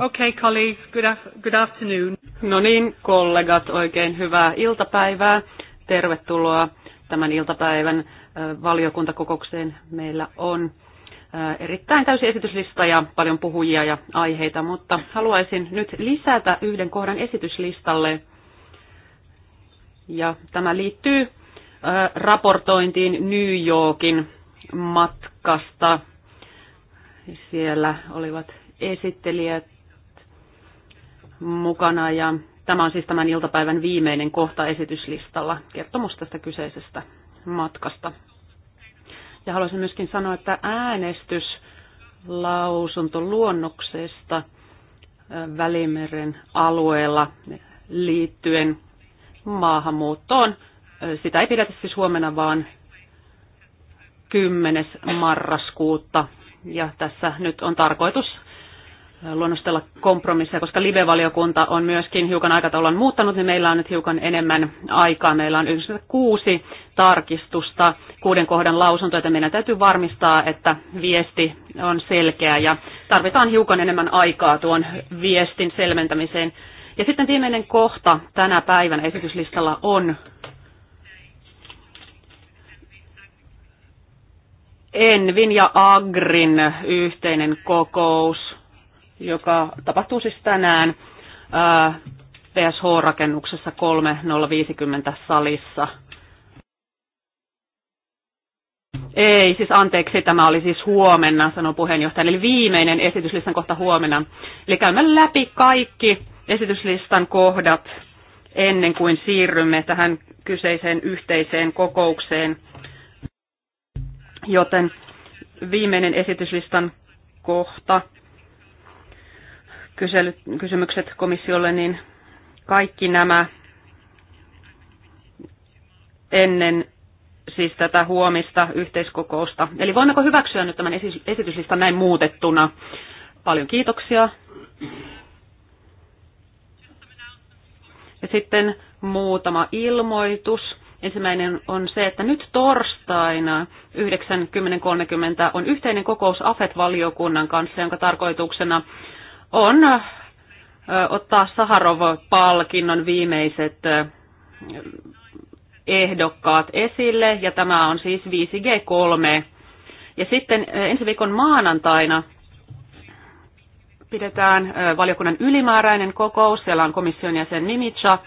Okay, colleagues, good, af- good afternoon. No niin, kollegat, oikein hyvää iltapäivää. Tervetuloa tämän iltapäivän valiokuntakokoukseen. Meillä on erittäin täysi esityslista ja paljon puhujia ja aiheita, mutta haluaisin nyt lisätä yhden kohdan esityslistalle. Ja tämä liittyy raportointiin New Yorkin matkasta. Siellä olivat esittelijät mukana ja tämä on siis tämän iltapäivän viimeinen kohta esityslistalla kertomus tästä kyseisestä matkasta. Ja haluaisin myöskin sanoa, että äänestys lausuntoluonnoksesta Välimeren alueella liittyen maahanmuuttoon. Sitä ei pidetä siis huomenna, vaan 10. marraskuutta. Ja tässä nyt on tarkoitus luonnostella kompromisseja, koska live-valiokunta on myöskin hiukan aikataulun muuttanut, niin meillä on nyt hiukan enemmän aikaa. Meillä on kuusi tarkistusta, kuuden kohdan lausunto, että meidän täytyy varmistaa, että viesti on selkeä ja tarvitaan hiukan enemmän aikaa tuon viestin selventämiseen. Ja sitten viimeinen kohta tänä päivänä esityslistalla on Envin ja Agrin yhteinen kokous joka tapahtuu siis tänään PSH-rakennuksessa 3050 salissa. Ei, siis anteeksi, tämä oli siis huomenna, sanoi puheenjohtaja, eli viimeinen esityslistan kohta huomenna. Eli käymme läpi kaikki esityslistan kohdat ennen kuin siirrymme tähän kyseiseen yhteiseen kokoukseen. Joten viimeinen esityslistan kohta kyselyt, kysymykset komissiolle, niin kaikki nämä ennen siis tätä huomista yhteiskokousta. Eli voimmeko hyväksyä nyt tämän esityslistan näin muutettuna? Paljon kiitoksia. Ja sitten muutama ilmoitus. Ensimmäinen on se, että nyt torstaina 9.10.30 on yhteinen kokous AFET-valiokunnan kanssa, jonka tarkoituksena on ottaa Saharov-palkinnon viimeiset ehdokkaat esille, ja tämä on siis 5G3. Ja sitten ensi viikon maanantaina pidetään valiokunnan ylimääräinen kokous. Siellä on komission jäsen Nimitsa,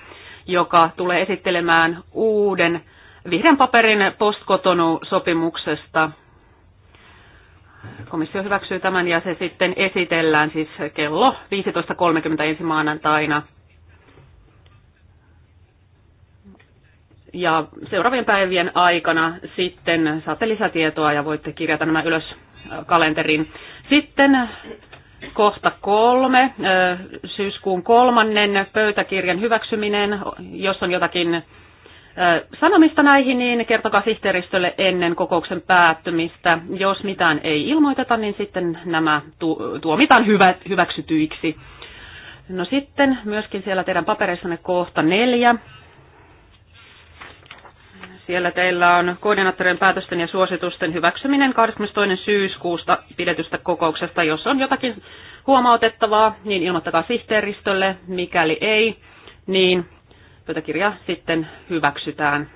joka tulee esittelemään uuden vihreän paperin postkotonu-sopimuksesta – komissio hyväksyy tämän ja se sitten esitellään siis kello 15.30 ensi maanantaina. Ja seuraavien päivien aikana sitten saatte lisätietoa ja voitte kirjata nämä ylös äh, kalenteriin. Sitten äh, kohta kolme, äh, syyskuun kolmannen pöytäkirjan hyväksyminen, jos on jotakin sanomista näihin, niin kertokaa sihteeristölle ennen kokouksen päättymistä. Jos mitään ei ilmoiteta, niin sitten nämä tu- tuomitaan hyvä- hyväksytyiksi. No sitten myöskin siellä teidän papereissanne kohta neljä. Siellä teillä on koordinaattorien päätösten ja suositusten hyväksyminen 22. syyskuusta pidetystä kokouksesta. Jos on jotakin huomautettavaa, niin ilmoittakaa sihteeristölle. Mikäli ei, niin pöytäkirja sitten hyväksytään.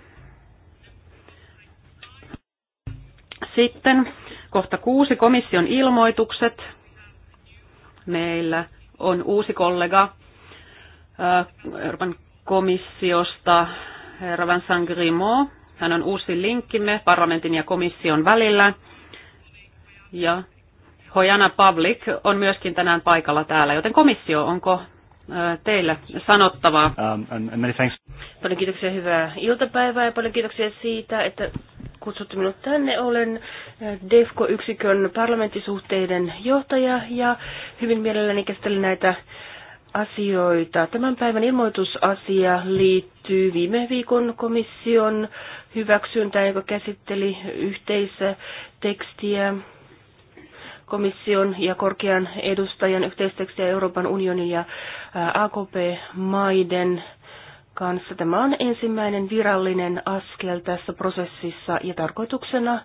Sitten kohta kuusi komission ilmoitukset. Meillä on uusi kollega äh, Euroopan komissiosta, herra Vincent Grimaud. Hän on uusi linkkimme parlamentin ja komission välillä. Ja Hojana Public on myöskin tänään paikalla täällä, joten komissio, onko teillä sanottavaa. Um, paljon kiitoksia, hyvää iltapäivää ja paljon kiitoksia siitä, että kutsutte minut tänne. Olen DEFCO-yksikön parlamenttisuhteiden johtaja ja hyvin mielelläni käsittelen näitä asioita. Tämän päivän ilmoitusasia liittyy viime viikon komission hyväksyntään, joka käsitteli yhteistekstiä. tekstiä komission ja korkean edustajan yhteistekstiä Euroopan unionin ja AKP-maiden kanssa. Tämä on ensimmäinen virallinen askel tässä prosessissa ja tarkoituksena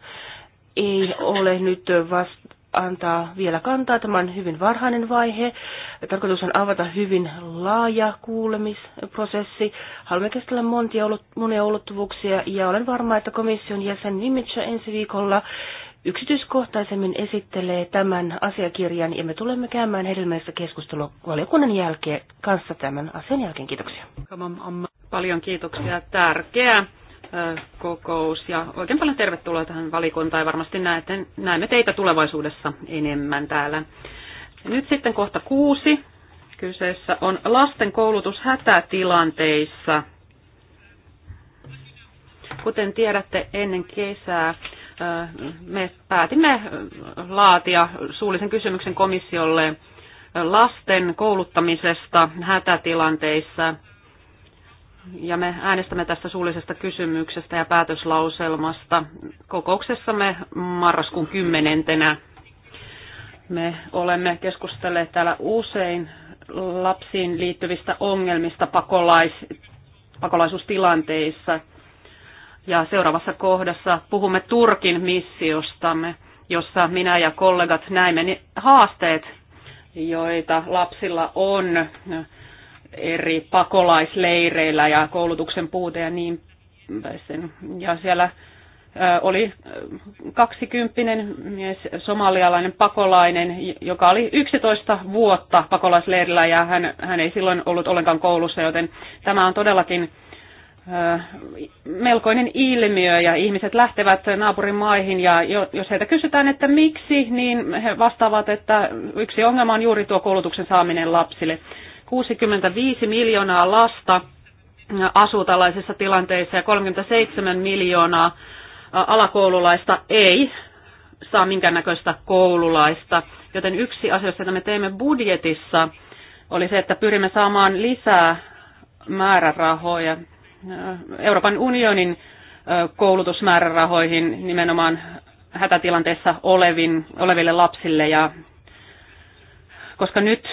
ei ole nyt vasta antaa vielä kantaa. Tämä on hyvin varhainen vaihe. Tarkoitus on avata hyvin laaja kuulemisprosessi. Haluamme kestellä monia ulottuvuuksia ja olen varma, että komission jäsen Nimitsä ensi viikolla yksityiskohtaisemmin esittelee tämän asiakirjan ja me tulemme käymään hedelmällistä keskustelua valiokunnan jälkeen kanssa tämän asian jälkeen. Kiitoksia. Paljon kiitoksia. Tärkeä kokous ja oikein paljon tervetuloa tähän valikuntaan ja varmasti näette, näemme teitä tulevaisuudessa enemmän täällä. Nyt sitten kohta kuusi. Kyseessä on lasten koulutus hätätilanteissa. Kuten tiedätte, ennen kesää me päätimme laatia suullisen kysymyksen komissiolle lasten kouluttamisesta hätätilanteissa. Ja me äänestämme tästä suullisesta kysymyksestä ja päätöslauselmasta kokouksessamme marraskuun kymmenentenä. Me olemme keskustelleet täällä usein lapsiin liittyvistä ongelmista pakolais, pakolaisuustilanteissa – ja seuraavassa kohdassa puhumme Turkin missiostamme, jossa minä ja kollegat näimme haasteet, joita lapsilla on eri pakolaisleireillä ja koulutuksen puute ja niin päin. Ja siellä oli kaksikymppinen mies, somalialainen pakolainen, joka oli 11 vuotta pakolaisleirillä ja hän, hän ei silloin ollut ollenkaan koulussa, joten tämä on todellakin melkoinen ilmiö ja ihmiset lähtevät maihin ja jos heiltä kysytään, että miksi, niin he vastaavat, että yksi ongelma on juuri tuo koulutuksen saaminen lapsille. 65 miljoonaa lasta asuu tällaisissa tilanteissa ja 37 miljoonaa alakoululaista ei saa minkäännäköistä koululaista. Joten yksi asioista, jota me teemme budjetissa, oli se, että pyrimme saamaan lisää määrärahoja Euroopan unionin koulutusmäärärahoihin nimenomaan hätätilanteessa olevin, oleville lapsille ja koska nyt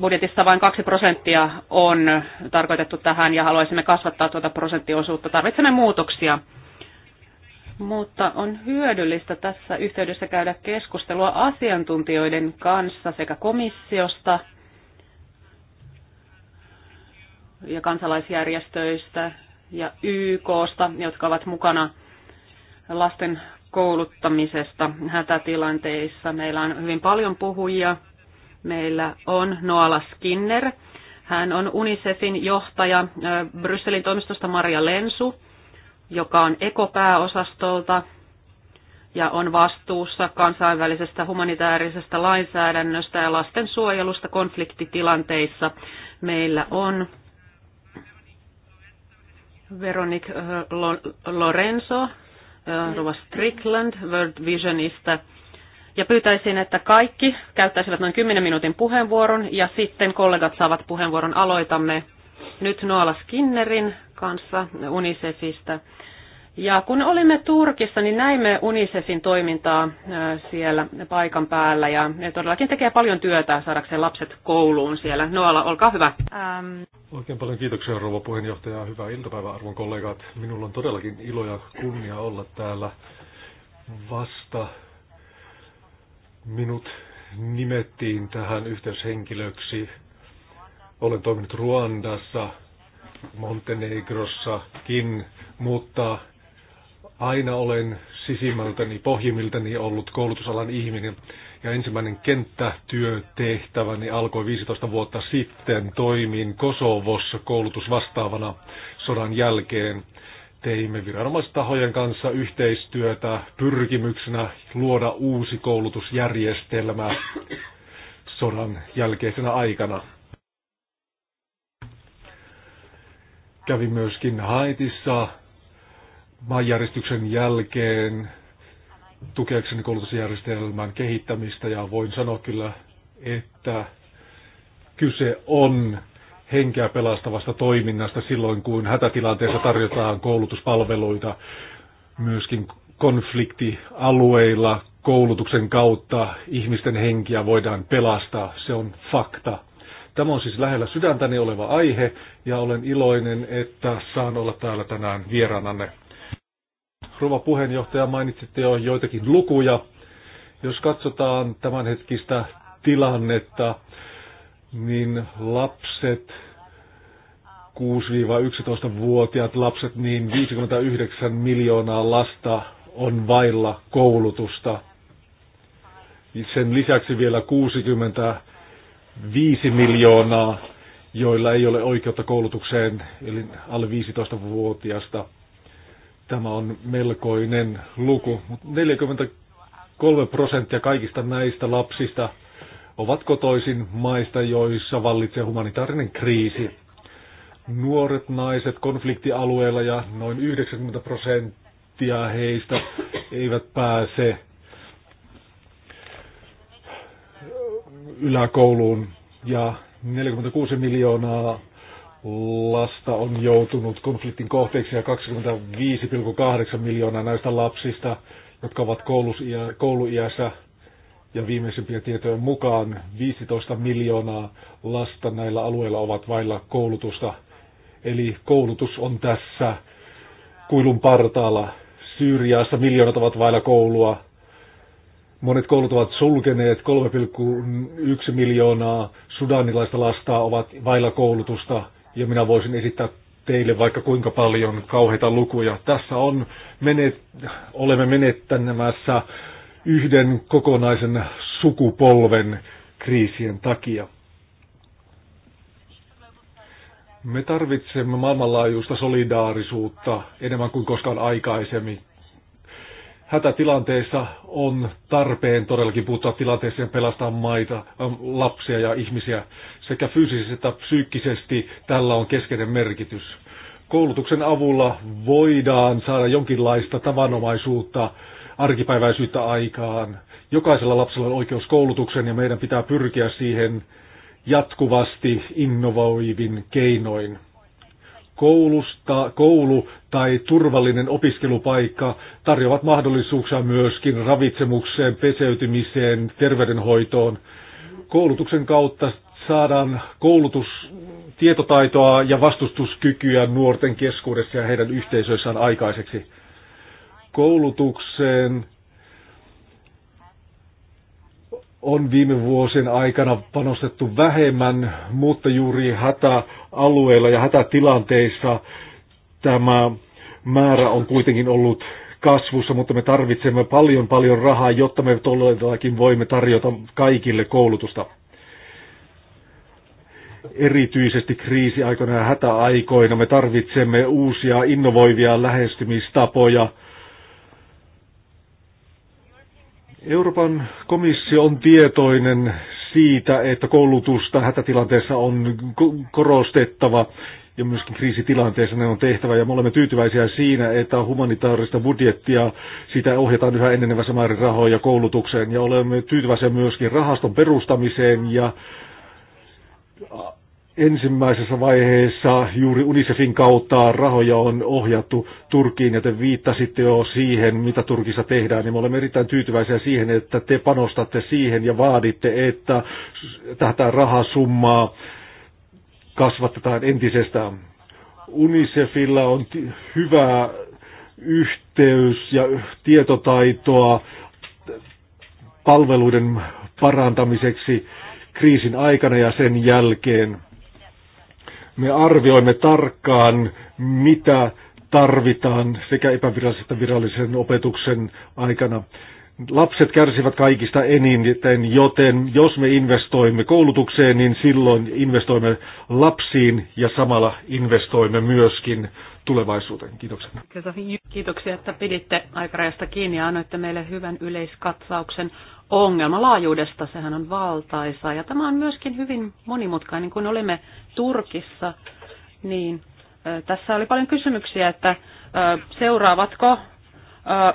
budjetissa vain 2 prosenttia on tarkoitettu tähän ja haluaisimme kasvattaa tuota prosenttiosuutta, tarvitsemme muutoksia. Mutta on hyödyllistä tässä yhteydessä käydä keskustelua asiantuntijoiden kanssa sekä komissiosta ja kansalaisjärjestöistä ja YKsta, jotka ovat mukana lasten kouluttamisesta hätätilanteissa. Meillä on hyvin paljon puhujia. Meillä on Noala Skinner. Hän on UNICEFin johtaja Brysselin toimistosta Maria Lensu, joka on ekopääosastolta ja on vastuussa kansainvälisestä humanitaarisesta lainsäädännöstä ja lastensuojelusta konfliktitilanteissa. Meillä on Veronik eh, Lorenzo, eh, Rova Strickland World Visionista. Ja pyytäisin, että kaikki käyttäisivät noin 10 minuutin puheenvuoron ja sitten kollegat saavat puheenvuoron. Aloitamme nyt Noala Skinnerin kanssa Unicefista. Ja kun olimme Turkissa, niin näimme UNICEFin toimintaa äh, siellä paikan päällä ja ne todellakin tekee paljon työtä saadakseen lapset kouluun siellä. Noala, olkaa hyvä. Ähm. Oikein paljon kiitoksia rouva puheenjohtaja hyvää iltapäivää arvon kollegat. Minulla on todellakin ilo ja kunnia olla täällä vasta minut nimettiin tähän yhteyshenkilöksi. Olen toiminut Ruandassa, Montenegrossakin, mutta Aina olen sisimmältäni, pohjimmiltäni ollut koulutusalan ihminen ja ensimmäinen kenttätyötehtäväni alkoi 15 vuotta sitten. Toimin Kosovossa koulutusvastaavana sodan jälkeen. Teimme viranomaistahojen kanssa yhteistyötä pyrkimyksenä luoda uusi koulutusjärjestelmä sodan jälkeisenä aikana. Kävin myöskin Haitissa maanjäristyksen jälkeen tukeakseni koulutusjärjestelmän kehittämistä ja voin sanoa kyllä, että kyse on henkeä pelastavasta toiminnasta silloin, kun hätätilanteessa tarjotaan koulutuspalveluita myöskin konfliktialueilla koulutuksen kautta ihmisten henkiä voidaan pelastaa. Se on fakta. Tämä on siis lähellä sydäntäni oleva aihe ja olen iloinen, että saan olla täällä tänään vieraananne. Rova puheenjohtaja, mainitsitte jo joitakin lukuja. Jos katsotaan tämänhetkistä tilannetta, niin lapset, 6-11-vuotiaat lapset, niin 59 miljoonaa lasta on vailla koulutusta. Sen lisäksi vielä 65 miljoonaa, joilla ei ole oikeutta koulutukseen, eli alle 15-vuotiaasta Tämä on melkoinen luku, mutta 43 prosenttia kaikista näistä lapsista ovat kotoisin maista, joissa vallitsee humanitaarinen kriisi. Nuoret naiset konfliktialueella ja noin 90 prosenttia heistä eivät pääse yläkouluun ja 46 miljoonaa lasta on joutunut konfliktin kohteeksi ja 25,8 miljoonaa näistä lapsista, jotka ovat kouluiässä ja viimeisimpiä tietojen mukaan 15 miljoonaa lasta näillä alueilla ovat vailla koulutusta. Eli koulutus on tässä kuilun partaalla. Syyriassa miljoonat ovat vailla koulua. Monet koulut ovat sulkeneet, 3,1 miljoonaa sudanilaista lasta ovat vailla koulutusta ja minä voisin esittää teille vaikka kuinka paljon kauheita lukuja. Tässä on menet, olemme menettämässä yhden kokonaisen sukupolven kriisien takia. Me tarvitsemme maailmanlaajuista solidaarisuutta enemmän kuin koskaan aikaisemmin. Hätätilanteessa on tarpeen todellakin puuttua tilanteeseen pelastaa maita, lapsia ja ihmisiä sekä fyysisesti että psyykkisesti tällä on keskeinen merkitys. Koulutuksen avulla voidaan saada jonkinlaista tavanomaisuutta, arkipäiväisyyttä aikaan. Jokaisella lapsella on oikeus koulutukseen ja meidän pitää pyrkiä siihen jatkuvasti innovoivin keinoin. Koulusta, koulu tai turvallinen opiskelupaikka tarjoavat mahdollisuuksia myöskin ravitsemukseen, peseytymiseen, terveydenhoitoon. Koulutuksen kautta saadaan koulutus, tietotaitoa ja vastustuskykyä nuorten keskuudessa ja heidän yhteisöissään aikaiseksi. Koulutukseen on viime vuosien aikana panostettu vähemmän, mutta juuri hätäalueilla ja hätätilanteissa tämä määrä on kuitenkin ollut kasvussa, mutta me tarvitsemme paljon paljon rahaa, jotta me todellakin voimme tarjota kaikille koulutusta erityisesti kriisiaikoina ja hätäaikoina. Me tarvitsemme uusia innovoivia lähestymistapoja. Euroopan komissio on tietoinen siitä, että koulutusta hätätilanteessa on korostettava ja myöskin kriisitilanteessa ne on tehtävä. Ja me olemme tyytyväisiä siinä, että humanitaarista budjettia, sitä ohjataan yhä enenevässä määrin rahoja koulutukseen. Ja olemme tyytyväisiä myöskin rahaston perustamiseen ja ensimmäisessä vaiheessa juuri UNICEFin kautta rahoja on ohjattu Turkiin ja te viittasitte jo siihen, mitä Turkissa tehdään, niin me olemme erittäin tyytyväisiä siihen, että te panostatte siihen ja vaaditte, että tätä rahasummaa kasvatetaan entisestään. UNICEFilla on hyvä yhteys ja tietotaitoa palveluiden parantamiseksi kriisin aikana ja sen jälkeen. Me arvioimme tarkkaan, mitä tarvitaan sekä epävirallisen että virallisen opetuksen aikana. Lapset kärsivät kaikista eniten, joten jos me investoimme koulutukseen, niin silloin investoimme lapsiin ja samalla investoimme myöskin tulevaisuuteen. Kiitoksia. Kiitoksia, että piditte aikarajasta kiinni ja annoitte meille hyvän yleiskatsauksen Ongelma laajuudesta, sehän on valtaisa. Ja tämä on myöskin hyvin monimutkainen, kun olimme Turkissa, niin tässä oli paljon kysymyksiä, että seuraavatko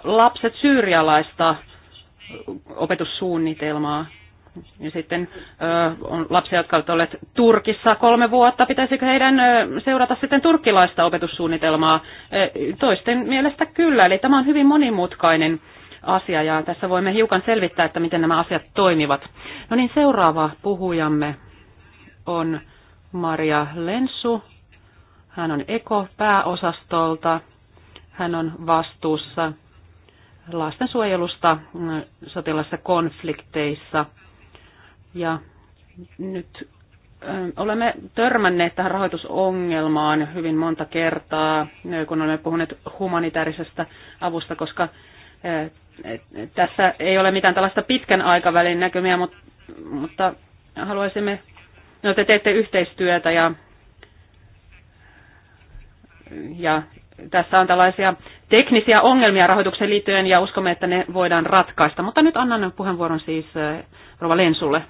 lapset syyrialaista opetussuunnitelmaa. Ja sitten on lapsia, jotka ovat olleet Turkissa kolme vuotta. Pitäisikö heidän seurata sitten turkkilaista opetussuunnitelmaa? Toisten mielestä kyllä. Eli tämä on hyvin monimutkainen asia ja tässä voimme hiukan selvittää, että miten nämä asiat toimivat. No niin, seuraava puhujamme on Maria Lensu. Hän on ekopääosastolta. pääosastolta Hän on vastuussa lastensuojelusta mm, sotilaisissa konflikteissa. Ja nyt mm, olemme törmänneet tähän rahoitusongelmaan hyvin monta kertaa, mm, kun olemme puhuneet humanitaarisesta avusta, koska tässä ei ole mitään tällaista pitkän aikavälin näkymiä, mutta haluaisimme, no te teette yhteistyötä ja, ja tässä on tällaisia teknisiä ongelmia rahoituksen liittyen ja uskomme, että ne voidaan ratkaista. Mutta nyt annan puheenvuoron siis Rova Lensulle.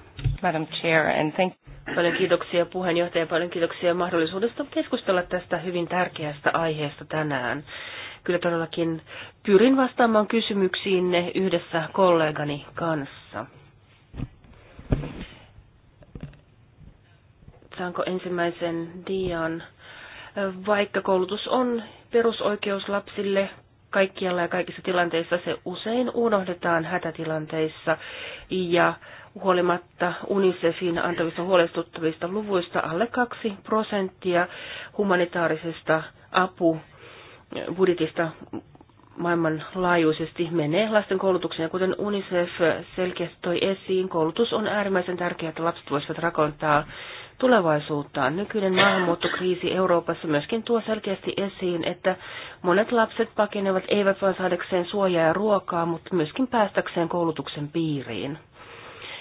Madam Chair, and thank Paljon kiitoksia puheenjohtaja, paljon kiitoksia mahdollisuudesta keskustella tästä hyvin tärkeästä aiheesta tänään. Kyllä todellakin pyrin vastaamaan kysymyksiinne yhdessä kollegani kanssa. Saanko ensimmäisen dian? Vaikka koulutus on perusoikeus lapsille, kaikkialla ja kaikissa tilanteissa se usein unohdetaan hätätilanteissa ja huolimatta UNICEFin antavista huolestuttavista luvuista alle 2 prosenttia humanitaarisesta apubudjetista maailmanlaajuisesti menee lasten koulutukseen. Ja kuten UNICEF selkeästi toi esiin, koulutus on äärimmäisen tärkeää, että lapset voisivat rakentaa tulevaisuuttaan. Nykyinen maahanmuuttokriisi Euroopassa myöskin tuo selkeästi esiin, että monet lapset pakenevat eivät vain saadakseen suojaa ja ruokaa, mutta myöskin päästäkseen koulutuksen piiriin.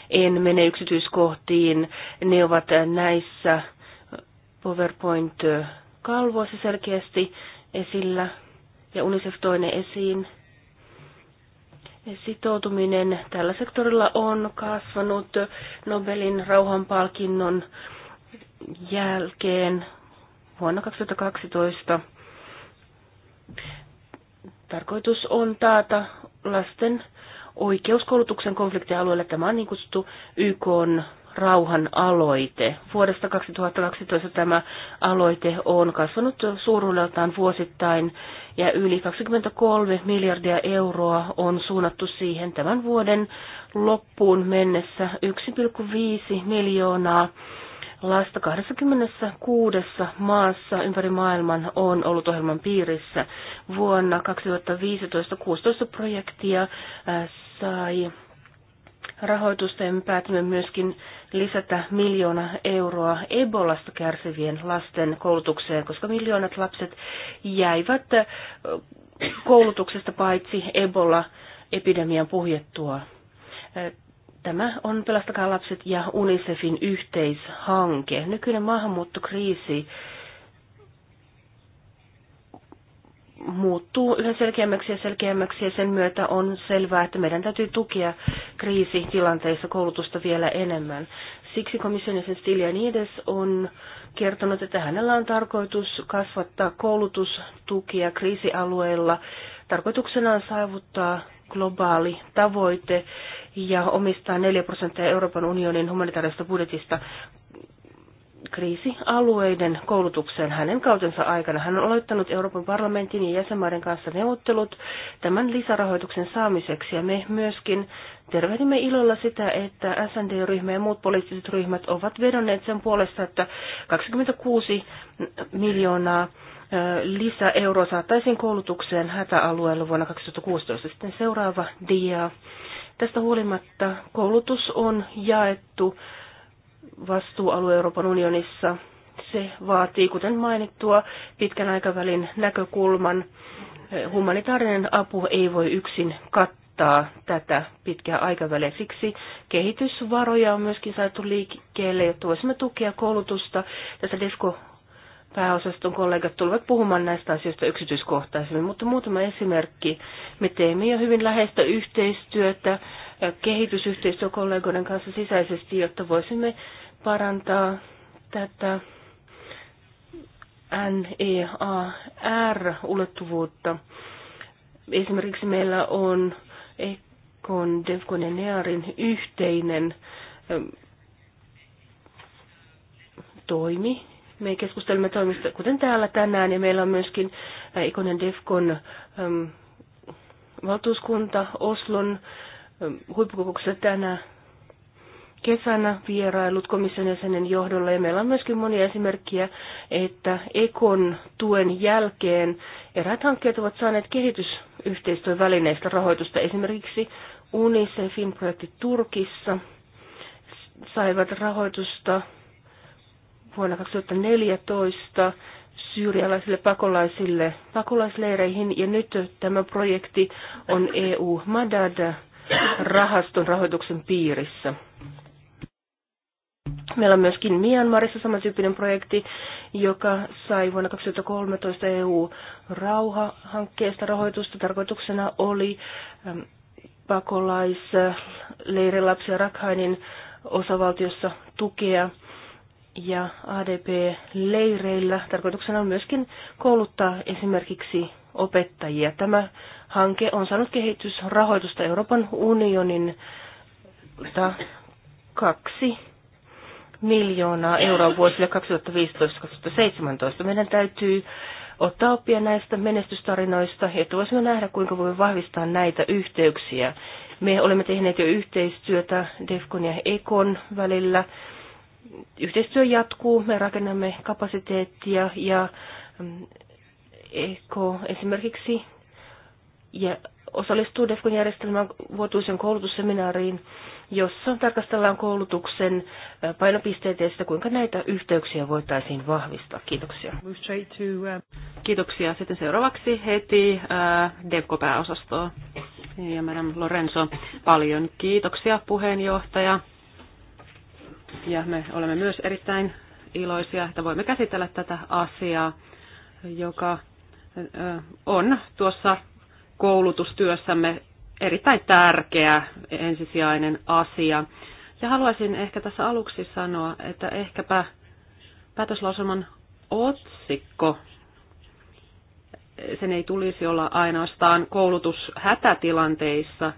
En mene yksityiskohtiin. Ne ovat näissä PowerPoint-kalvoissa selkeästi esillä ja UNICEF toinen esiin. Sitoutuminen tällä sektorilla on kasvanut Nobelin rauhanpalkinnon jälkeen vuonna 2012. Tarkoitus on taata lasten oikeuskoulutuksen konfliktialueelle. Tämä on niin kutsuttu YK on rauhan aloite. Vuodesta 2012 tämä aloite on kasvanut suuruudeltaan vuosittain ja yli 23 miljardia euroa on suunnattu siihen tämän vuoden loppuun mennessä 1,5 miljoonaa lasta 26 maassa ympäri maailman on ollut ohjelman piirissä. Vuonna 2015 16 projektia äh, sai rahoitusta ja me päätimme myöskin lisätä miljoona euroa Ebolasta kärsivien lasten koulutukseen, koska miljoonat lapset jäivät äh, koulutuksesta paitsi Ebola-epidemian puhjettua. Äh, Tämä on Pelastakaa lapset ja UNICEFin yhteishanke. Nykyinen maahanmuuttokriisi muuttuu yhä selkeämmäksi ja selkeämmäksi ja sen myötä on selvää, että meidän täytyy tukea kriisitilanteissa koulutusta vielä enemmän. Siksi komission jäsen Stylianides on kertonut, että hänellä on tarkoitus kasvattaa koulutustukia kriisialueilla. Tarkoituksena on saavuttaa globaali tavoite ja omistaa 4 prosenttia Euroopan unionin humanitaarista budjetista kriisialueiden koulutukseen hänen kautensa aikana. Hän on aloittanut Euroopan parlamentin ja jäsenmaiden kanssa neuvottelut tämän lisärahoituksen saamiseksi ja me myöskin tervehdimme ilolla sitä, että SND-ryhmä ja muut poliittiset ryhmät ovat vedonneet sen puolesta, että 26 miljoonaa lisäeuro saataisiin koulutukseen hätäalueella vuonna 2016. Sitten seuraava dia. Tästä huolimatta koulutus on jaettu vastuualue Euroopan unionissa. Se vaatii, kuten mainittua, pitkän aikavälin näkökulman. Humanitaarinen apu ei voi yksin kattaa tätä pitkää aikaväliä. Siksi kehitysvaroja on myöskin saatu liikkeelle, jotta voisimme tukea koulutusta tässä Desko pääosaston kollegat tulevat puhumaan näistä asioista yksityiskohtaisemmin, mutta muutama esimerkki. Me teemme jo hyvin läheistä yhteistyötä kehitysyhteistyökollegoiden kanssa sisäisesti, jotta voisimme parantaa tätä NEAR-ulottuvuutta. Esimerkiksi meillä on Ekon, Defcon ja Nearin yhteinen toimi, me keskustelemme toimista kuten täällä tänään ja meillä on myöskin Ikonen Defcon äm, valtuuskunta Oslon äm, huippukokouksessa tänä kesänä vierailut komission jäsenen johdolla ja meillä on myöskin monia esimerkkiä, että Ekon tuen jälkeen eräät hankkeet ovat saaneet kehitysyhteistyövälineistä rahoitusta esimerkiksi UNICEFin projekti Turkissa saivat rahoitusta vuonna 2014 syyrialaisille pakolaisille pakolaisleireihin ja nyt tämä projekti on EU Madad rahaston rahoituksen piirissä. Meillä on myöskin Myanmarissa samantyyppinen projekti, joka sai vuonna 2013 EU-rauha-hankkeesta rahoitusta. Tarkoituksena oli pakolaisleirin lapsia Rakhainin osavaltiossa tukea ja ADP-leireillä. Tarkoituksena on myöskin kouluttaa esimerkiksi opettajia. Tämä hanke on saanut kehitysrahoitusta Euroopan unionin kaksi miljoonaa euroa vuosille 2015-2017. Meidän täytyy ottaa oppia näistä menestystarinoista, että voisimme nähdä, kuinka voimme vahvistaa näitä yhteyksiä. Me olemme tehneet jo yhteistyötä Defcon ja Ekon välillä yhteistyö jatkuu, me rakennamme kapasiteettia ja mm, EK esimerkiksi ja osallistuu DEFCON järjestelmään vuotuisen koulutusseminaariin, jossa tarkastellaan koulutuksen painopisteitä ja sitä, kuinka näitä yhteyksiä voitaisiin vahvistaa. Kiitoksia. Kiitoksia. Sitten seuraavaksi heti DEFCO-pääosastoa. Ja Lorenzo, paljon kiitoksia puheenjohtaja. Ja me olemme myös erittäin iloisia, että voimme käsitellä tätä asiaa, joka on tuossa koulutustyössämme erittäin tärkeä ensisijainen asia. Ja haluaisin ehkä tässä aluksi sanoa, että ehkäpä päätöslauselman otsikko, sen ei tulisi olla ainoastaan koulutushätätilanteissa,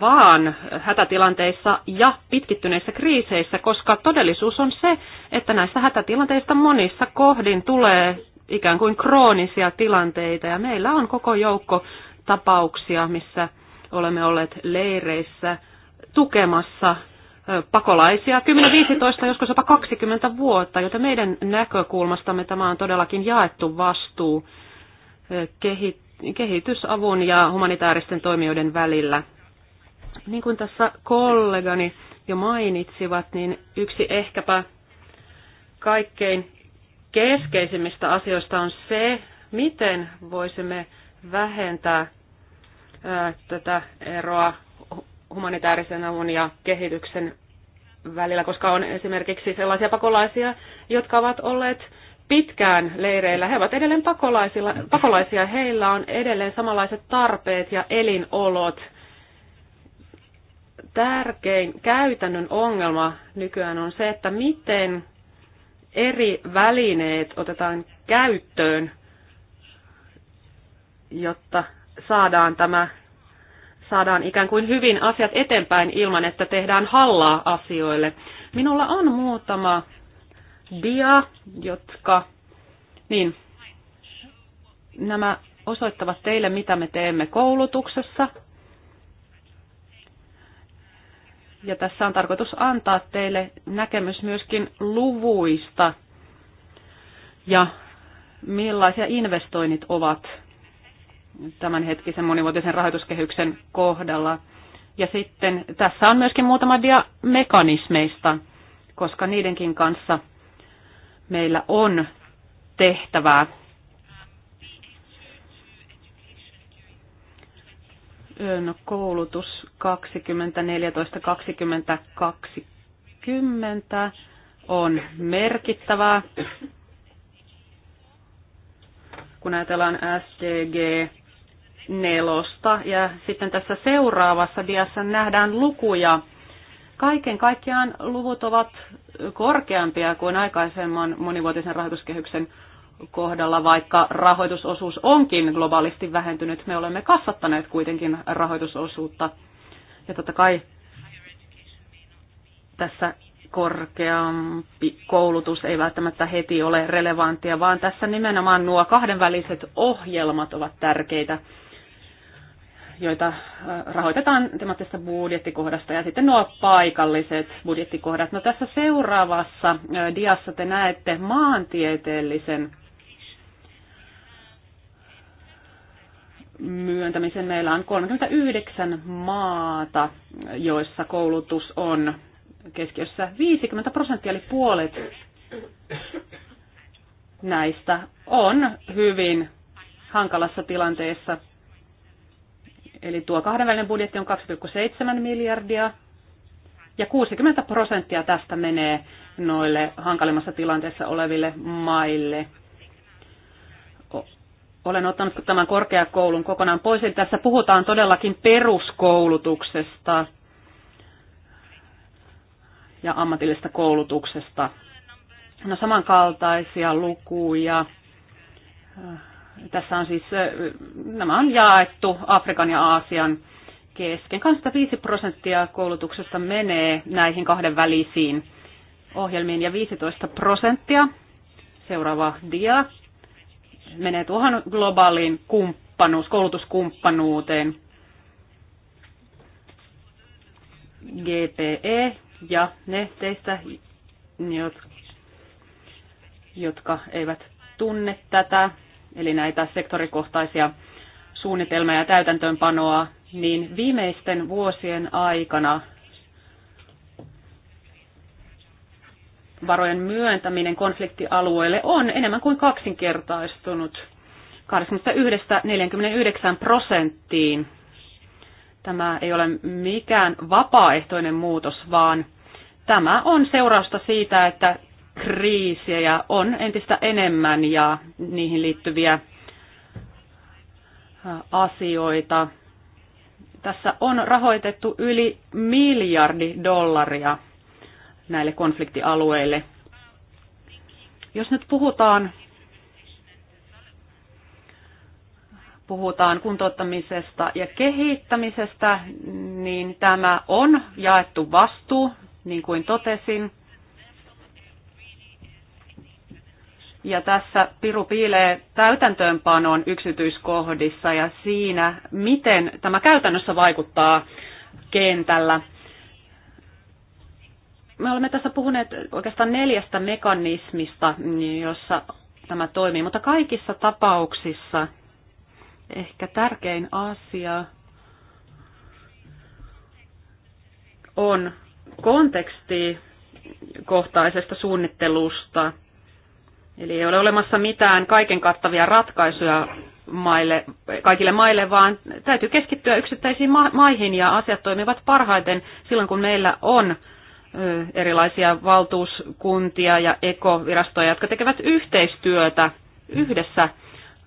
vaan hätätilanteissa ja pitkittyneissä kriiseissä, koska todellisuus on se, että näistä hätätilanteista monissa kohdin tulee ikään kuin kroonisia tilanteita ja meillä on koko joukko tapauksia, missä olemme olleet leireissä tukemassa pakolaisia 10-15, joskus jopa 20 vuotta, joten meidän näkökulmastamme tämä on todellakin jaettu vastuu kehitysavun ja humanitaaristen toimijoiden välillä. Niin kuin tässä kollegani jo mainitsivat, niin yksi ehkäpä kaikkein keskeisimmistä asioista on se, miten voisimme vähentää tätä eroa humanitaarisen avun ja kehityksen välillä, koska on esimerkiksi sellaisia pakolaisia, jotka ovat olleet pitkään leireillä. He ovat edelleen pakolaisia, heillä on edelleen samanlaiset tarpeet ja elinolot tärkein käytännön ongelma nykyään on se, että miten eri välineet otetaan käyttöön, jotta saadaan tämä saadaan ikään kuin hyvin asiat eteenpäin ilman, että tehdään hallaa asioille. Minulla on muutama dia, jotka niin, nämä osoittavat teille, mitä me teemme koulutuksessa, Ja tässä on tarkoitus antaa teille näkemys myöskin luvuista ja millaisia investoinnit ovat tämänhetkisen monivuotisen rahoituskehyksen kohdalla. Ja sitten tässä on myöskin muutama dia mekanismeista, koska niidenkin kanssa meillä on tehtävää yön koulutus 2014-2020 on merkittävää. Kun ajatellaan SDG nelosta ja sitten tässä seuraavassa diassa nähdään lukuja. Kaiken kaikkiaan luvut ovat korkeampia kuin aikaisemman monivuotisen rahoituskehyksen kohdalla, vaikka rahoitusosuus onkin globaalisti vähentynyt, me olemme kasvattaneet kuitenkin rahoitusosuutta. Ja totta kai tässä korkeampi koulutus ei välttämättä heti ole relevanttia, vaan tässä nimenomaan nuo kahdenväliset ohjelmat ovat tärkeitä, joita äh, rahoitetaan temaattisesta budjettikohdasta ja sitten nuo paikalliset budjettikohdat. No tässä seuraavassa äh, diassa te näette maantieteellisen myöntämisen meillä on 39 maata, joissa koulutus on keskiössä 50 prosenttia, eli puolet näistä on hyvin hankalassa tilanteessa. Eli tuo kahdenvälinen budjetti on 2,7 miljardia ja 60 prosenttia tästä menee noille hankalimmassa tilanteessa oleville maille olen ottanut tämän korkeakoulun kokonaan pois. Eli tässä puhutaan todellakin peruskoulutuksesta ja ammatillisesta koulutuksesta. No samankaltaisia lukuja. Tässä on siis, nämä on jaettu Afrikan ja Aasian kesken. 25 prosenttia koulutuksesta menee näihin kahden välisiin ohjelmiin ja 15 prosenttia, seuraava dia, menee tuohon globaaliin kumppanuus, koulutuskumppanuuteen. GPE ja ne teistä, jotka eivät tunne tätä, eli näitä sektorikohtaisia suunnitelmia ja täytäntöönpanoa, niin viimeisten vuosien aikana varojen myöntäminen konfliktialueelle on enemmän kuin kaksinkertaistunut 21-49 prosenttiin. Tämä ei ole mikään vapaaehtoinen muutos, vaan tämä on seurausta siitä, että kriisejä on entistä enemmän ja niihin liittyviä asioita. Tässä on rahoitettu yli miljardi dollaria näille konfliktialueille. Jos nyt puhutaan, puhutaan kuntouttamisesta ja kehittämisestä, niin tämä on jaettu vastuu, niin kuin totesin. Ja tässä Piru piilee täytäntöönpanoon yksityiskohdissa ja siinä, miten tämä käytännössä vaikuttaa kentällä me olemme tässä puhuneet oikeastaan neljästä mekanismista, jossa tämä toimii, mutta kaikissa tapauksissa ehkä tärkein asia on konteksti kohtaisesta suunnittelusta. Eli ei ole olemassa mitään kaiken kattavia ratkaisuja maille, kaikille maille, vaan täytyy keskittyä yksittäisiin ma- maihin ja asiat toimivat parhaiten silloin, kun meillä on erilaisia valtuuskuntia ja ekovirastoja, jotka tekevät yhteistyötä yhdessä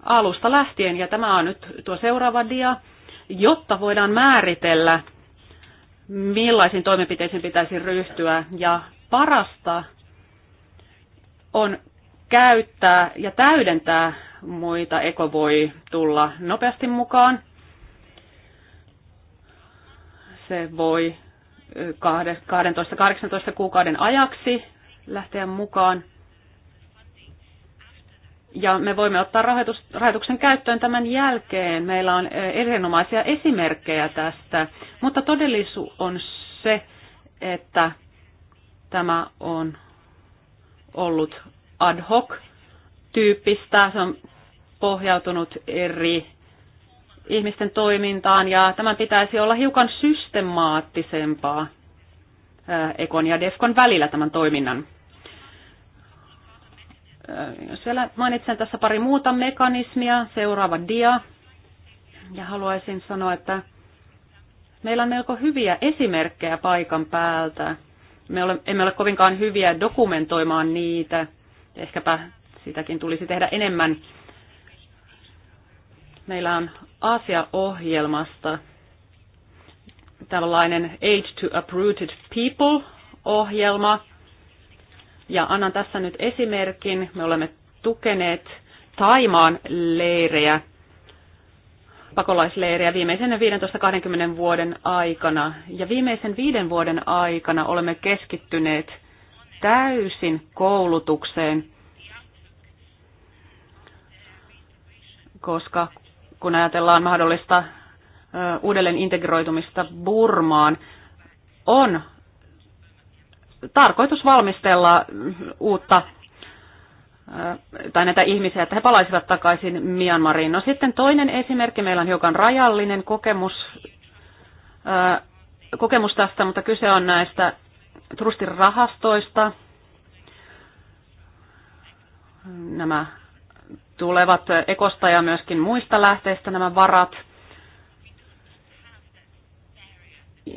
alusta lähtien. Ja tämä on nyt tuo seuraava dia, jotta voidaan määritellä, millaisiin toimenpiteisiin pitäisi ryhtyä. Ja parasta on käyttää ja täydentää muita. Eko voi tulla nopeasti mukaan. Se voi 12-18 kuukauden ajaksi lähteä mukaan. Ja me voimme ottaa rahoitus, rahoituksen käyttöön tämän jälkeen. Meillä on eh, erinomaisia esimerkkejä tästä, mutta todellisuus on se, että tämä on ollut ad hoc tyyppistä. Se on pohjautunut eri ihmisten toimintaan ja tämän pitäisi olla hiukan systemaattisempaa äh, Ekon ja Defkon välillä tämän toiminnan. Äh, Siellä mainitsen tässä pari muuta mekanismia, seuraava dia. Ja haluaisin sanoa, että meillä on melko hyviä esimerkkejä paikan päältä. Me ole, emme ole kovinkaan hyviä dokumentoimaan niitä. Ehkäpä sitäkin tulisi tehdä enemmän Meillä on Aasia-ohjelmasta tällainen "Age to Uprooted People-ohjelma. Ja annan tässä nyt esimerkin. Me olemme tukeneet Taimaan leirejä, pakolaisleirejä viimeisen 15-20 vuoden aikana. Ja viimeisen viiden vuoden aikana olemme keskittyneet täysin koulutukseen, koska kun ajatellaan mahdollista uudelleen integroitumista Burmaan, on tarkoitus valmistella uutta tai näitä ihmisiä, että he palaisivat takaisin Myanmariin. No sitten toinen esimerkki, meillä on hiukan rajallinen kokemus, kokemus tästä, mutta kyse on näistä trustin rahastoista. Nämä tulevat ekosta ja myöskin muista lähteistä nämä varat.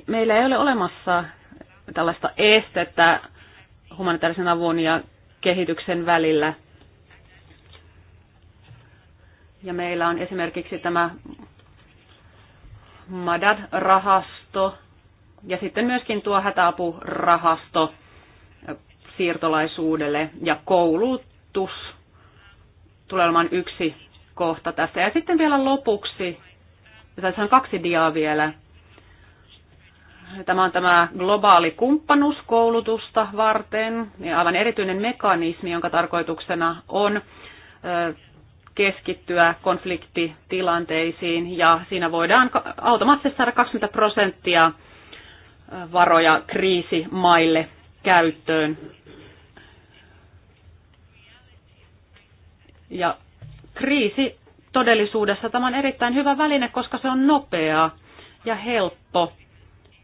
Meillä ei ole olemassa tällaista estettä humanitaarisen avun ja kehityksen välillä. Ja meillä on esimerkiksi tämä MADAD-rahasto ja sitten myöskin tuo hätäapurahasto siirtolaisuudelle ja koulutus tulee olemaan yksi kohta tässä. Ja sitten vielä lopuksi, tässä on kaksi diaa vielä. Tämä on tämä globaali kumppanuus koulutusta varten, ja aivan erityinen mekanismi, jonka tarkoituksena on keskittyä konfliktitilanteisiin, ja siinä voidaan automaattisesti saada 20 prosenttia varoja kriisimaille käyttöön Ja kriisi todellisuudessa tämä on erittäin hyvä väline, koska se on nopea ja helppo.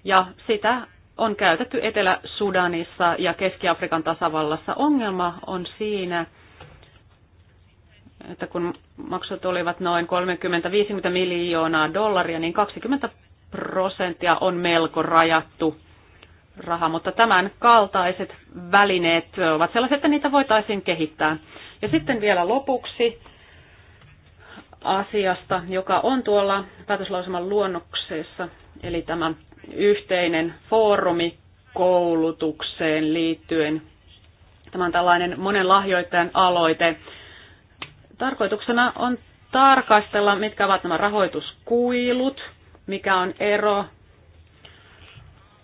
Ja sitä on käytetty Etelä-Sudanissa ja Keski-Afrikan tasavallassa. Ongelma on siinä, että kun maksut olivat noin 30-50 miljoonaa dollaria, niin 20 prosenttia on melko rajattu raha, mutta tämän kaltaiset välineet ovat sellaiset, että niitä voitaisiin kehittää. Ja sitten vielä lopuksi asiasta, joka on tuolla päätöslauseman luonnoksessa, eli tämä yhteinen foorumi koulutukseen liittyen. Tämä on tällainen monen lahjoittajan aloite. Tarkoituksena on tarkastella, mitkä ovat nämä rahoituskuilut, mikä on ero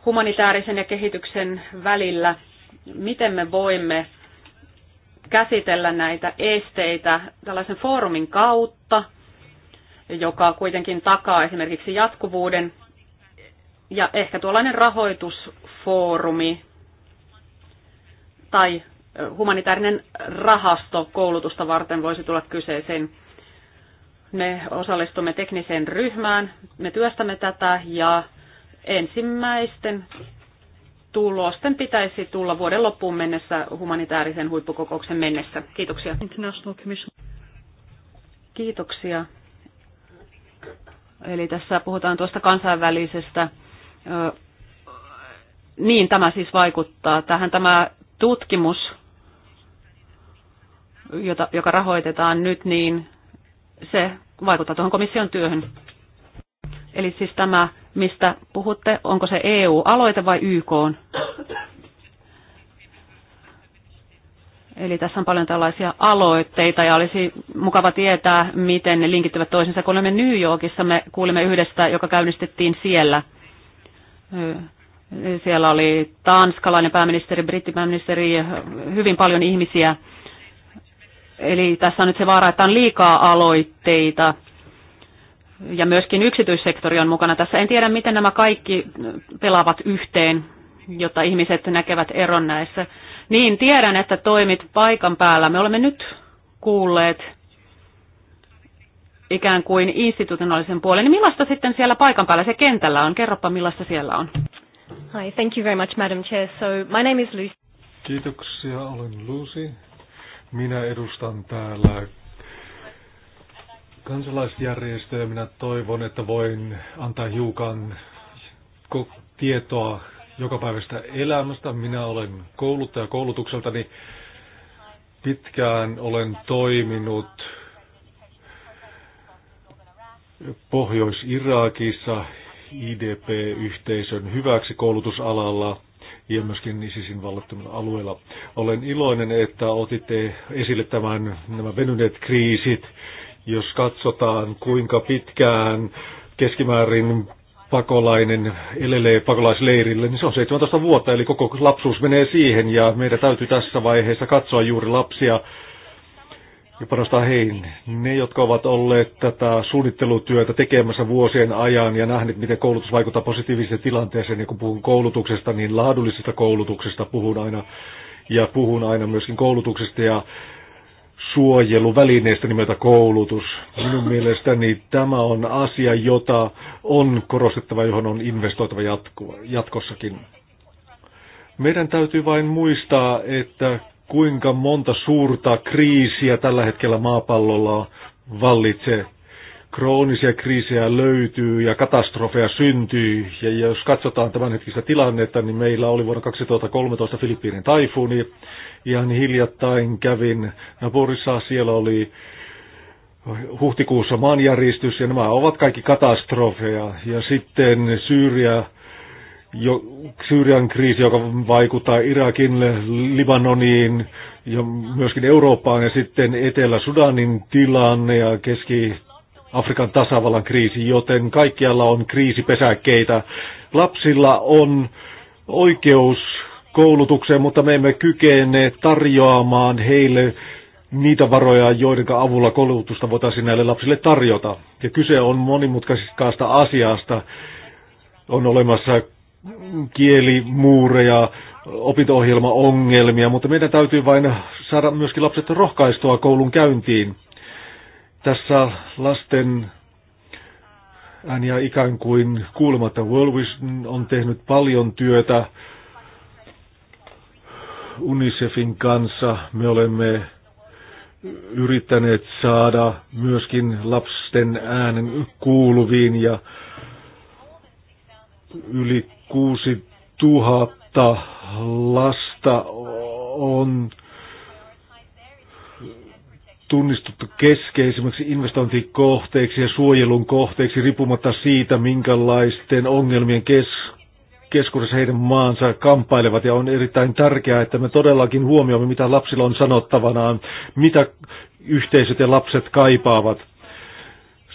humanitaarisen ja kehityksen välillä, miten me voimme käsitellä näitä esteitä tällaisen foorumin kautta, joka kuitenkin takaa esimerkiksi jatkuvuuden. Ja ehkä tuollainen rahoitusfoorumi tai humanitaarinen rahasto koulutusta varten voisi tulla kyseeseen. Me osallistumme tekniseen ryhmään, me työstämme tätä ja ensimmäisten tulosten pitäisi tulla vuoden loppuun mennessä humanitaarisen huippukokouksen mennessä. Kiitoksia. Kiitoksia. Eli tässä puhutaan tuosta kansainvälisestä. Niin, tämä siis vaikuttaa. Tähän tämä tutkimus, jota, joka rahoitetaan nyt, niin se vaikuttaa tuohon komission työhön. Eli siis tämä mistä puhutte, onko se EU-aloite vai YK? On? Eli tässä on paljon tällaisia aloitteita ja olisi mukava tietää, miten ne linkittyvät toisensa. Kun olemme New Yorkissa, me kuulimme yhdestä, joka käynnistettiin siellä. Siellä oli tanskalainen pääministeri, brittipääministeri, hyvin paljon ihmisiä. Eli tässä on nyt se vaara, että on liikaa aloitteita ja myöskin yksityissektori on mukana tässä. En tiedä, miten nämä kaikki pelaavat yhteen, jotta ihmiset näkevät eron näissä. Niin, tiedän, että toimit paikan päällä. Me olemme nyt kuulleet ikään kuin institutionaalisen puolen. Niin millaista sitten siellä paikan päällä se kentällä on? Kerropa, millaista siellä on. Hi, thank you very much, Madam Chair. So, my name is Lucy. Kiitoksia, olen Lucy. Minä edustan täällä kansalaisjärjestöjä. Minä toivon, että voin antaa hiukan tietoa jokapäiväistä elämästä. Minä olen kouluttaja koulutukseltani. Pitkään olen toiminut Pohjois-Irakissa IDP-yhteisön hyväksi koulutusalalla ja myöskin ISISin vallattomilla alueilla. Olen iloinen, että otitte esille tämän, nämä venyneet kriisit, jos katsotaan, kuinka pitkään keskimäärin pakolainen elelee pakolaisleirille, niin se on 17 vuotta, eli koko lapsuus menee siihen, ja meidän täytyy tässä vaiheessa katsoa juuri lapsia ja panostaa heihin. Ne, jotka ovat olleet tätä suunnittelutyötä tekemässä vuosien ajan ja nähneet, miten koulutus vaikuttaa positiiviseen tilanteeseen, ja kun puhun koulutuksesta, niin laadullisesta koulutuksesta puhun aina, ja puhun aina myöskin koulutuksesta ja suojeluvälineistä nimeltä koulutus. Minun mielestäni tämä on asia, jota on korostettava, johon on investoitava jatkuva, jatkossakin. Meidän täytyy vain muistaa, että kuinka monta suurta kriisiä tällä hetkellä maapallolla vallitsee kroonisia kriisejä löytyy ja katastrofeja syntyy. Ja jos katsotaan tämänhetkistä tilannetta, niin meillä oli vuonna 2013 Filippiinin taifuuni. Ihan hiljattain kävin Naporissa, siellä oli huhtikuussa maanjäristys ja nämä ovat kaikki katastrofeja. Ja sitten Syyria, jo, Syyrian kriisi, joka vaikuttaa Irakin, Libanoniin ja myöskin Eurooppaan ja sitten Etelä-Sudanin tilanne ja Keski- Afrikan tasavallan kriisi, joten kaikkialla on kriisipesäkkeitä. Lapsilla on oikeus koulutukseen, mutta me emme kykene tarjoamaan heille niitä varoja, joiden avulla koulutusta voitaisiin näille lapsille tarjota. Ja kyse on monimutkaisesta asiasta. On olemassa kielimuureja, opinto-ohjelmaongelmia, mutta meidän täytyy vain saada myöskin lapset rohkaistua koulun käyntiin. Tässä lasten ääniä ikään kuin kuulematta World Vision on tehnyt paljon työtä UNICEFin kanssa. Me olemme yrittäneet saada myöskin lapsen äänen kuuluviin ja yli 6000 lasta on tunnistuttu keskeisimmäksi investointikohteeksi ja suojelun kohteiksi riippumatta siitä, minkälaisten ongelmien kes keskuudessa heidän maansa kamppailevat ja on erittäin tärkeää, että me todellakin huomioimme, mitä lapsilla on sanottavanaan, mitä yhteisöt ja lapset kaipaavat.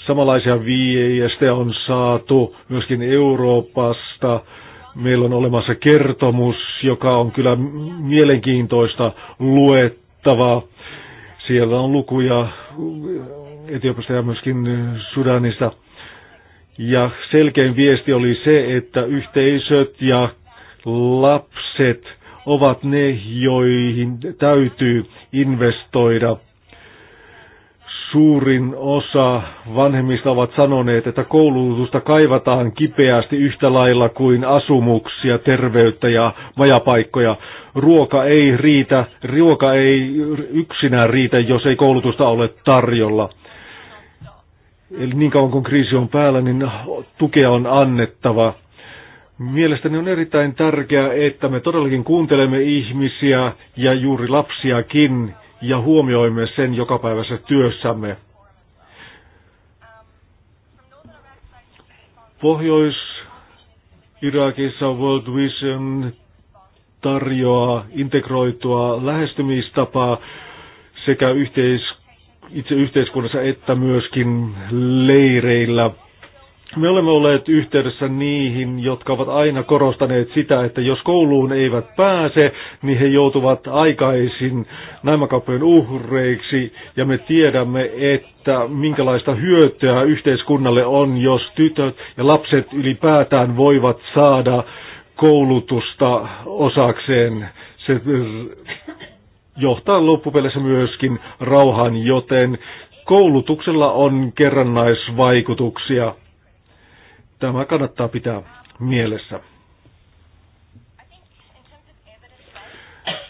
Samanlaisia viestejä on saatu myöskin Euroopasta. Meillä on olemassa kertomus, joka on kyllä mielenkiintoista luettavaa. Siellä on lukuja Etiopista ja myöskin Sudanista. Ja selkein viesti oli se, että yhteisöt ja lapset ovat ne, joihin täytyy investoida suurin osa vanhemmista ovat sanoneet, että koulutusta kaivataan kipeästi yhtä lailla kuin asumuksia, terveyttä ja majapaikkoja. Ruoka ei riitä, ruoka ei yksinään riitä, jos ei koulutusta ole tarjolla. Eli niin kauan kun kriisi on päällä, niin tukea on annettava. Mielestäni on erittäin tärkeää, että me todellakin kuuntelemme ihmisiä ja juuri lapsiakin ja huomioimme sen jokapäiväisessä työssämme. Pohjois-Irakissa World Vision tarjoaa integroitua lähestymistapaa sekä yhteis, itse yhteiskunnassa että myöskin leireillä – me olemme olleet yhteydessä niihin, jotka ovat aina korostaneet sitä, että jos kouluun eivät pääse, niin he joutuvat aikaisin naimakauppojen uhreiksi. Ja me tiedämme, että minkälaista hyötyä yhteiskunnalle on, jos tytöt ja lapset ylipäätään voivat saada koulutusta osakseen. Se johtaa loppupeleissä myöskin rauhan, joten koulutuksella on kerrannaisvaikutuksia. Tämä kannattaa pitää mielessä.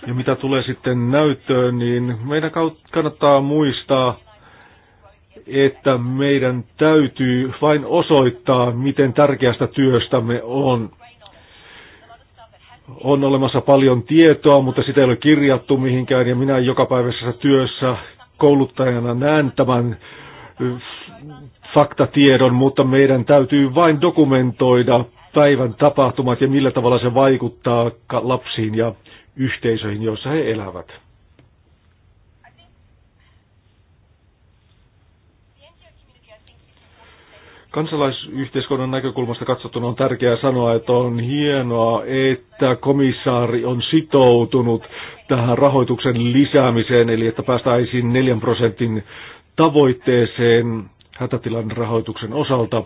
Ja mitä tulee sitten näyttöön, niin meidän kannattaa muistaa, että meidän täytyy vain osoittaa, miten tärkeästä työstämme on. On olemassa paljon tietoa, mutta sitä ei ole kirjattu mihinkään, ja minä jokapäiväisessä työssä kouluttajana näen tämän faktatiedon, mutta meidän täytyy vain dokumentoida päivän tapahtumat ja millä tavalla se vaikuttaa lapsiin ja yhteisöihin, joissa he elävät. Kansalaisyhteiskunnan näkökulmasta katsottuna on tärkeää sanoa, että on hienoa, että komissaari on sitoutunut tähän rahoituksen lisäämiseen, eli että päästäisiin 4 prosentin tavoitteeseen hätätilan rahoituksen osalta.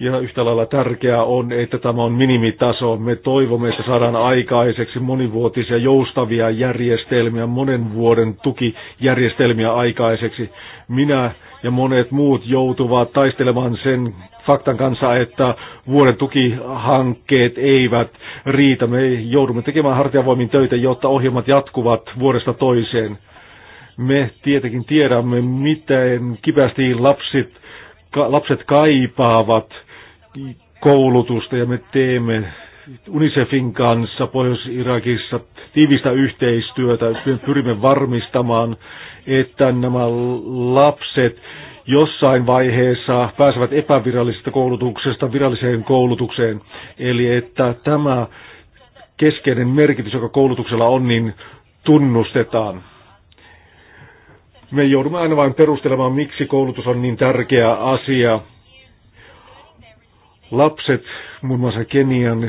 Ja yhtä lailla tärkeää on, että tämä on minimitaso. Me toivomme, että saadaan aikaiseksi monivuotisia joustavia järjestelmiä, monen vuoden tukijärjestelmiä aikaiseksi. Minä ja monet muut joutuvat taistelemaan sen faktan kanssa, että vuoden tukihankkeet eivät riitä. Me joudumme tekemään hartiavoimin töitä, jotta ohjelmat jatkuvat vuodesta toiseen. Me tietenkin tiedämme, miten kipästi lapset, lapset kaipaavat koulutusta ja me teemme UNICEFin kanssa Pohjois-Irakissa tiivistä yhteistyötä. Me pyrimme varmistamaan, että nämä lapset jossain vaiheessa pääsevät epävirallisesta koulutuksesta viralliseen koulutukseen. Eli että tämä keskeinen merkitys, joka koulutuksella on, niin tunnustetaan. Me joudumme aina vain perustelemaan, miksi koulutus on niin tärkeä asia. Lapset, muun muassa Kenian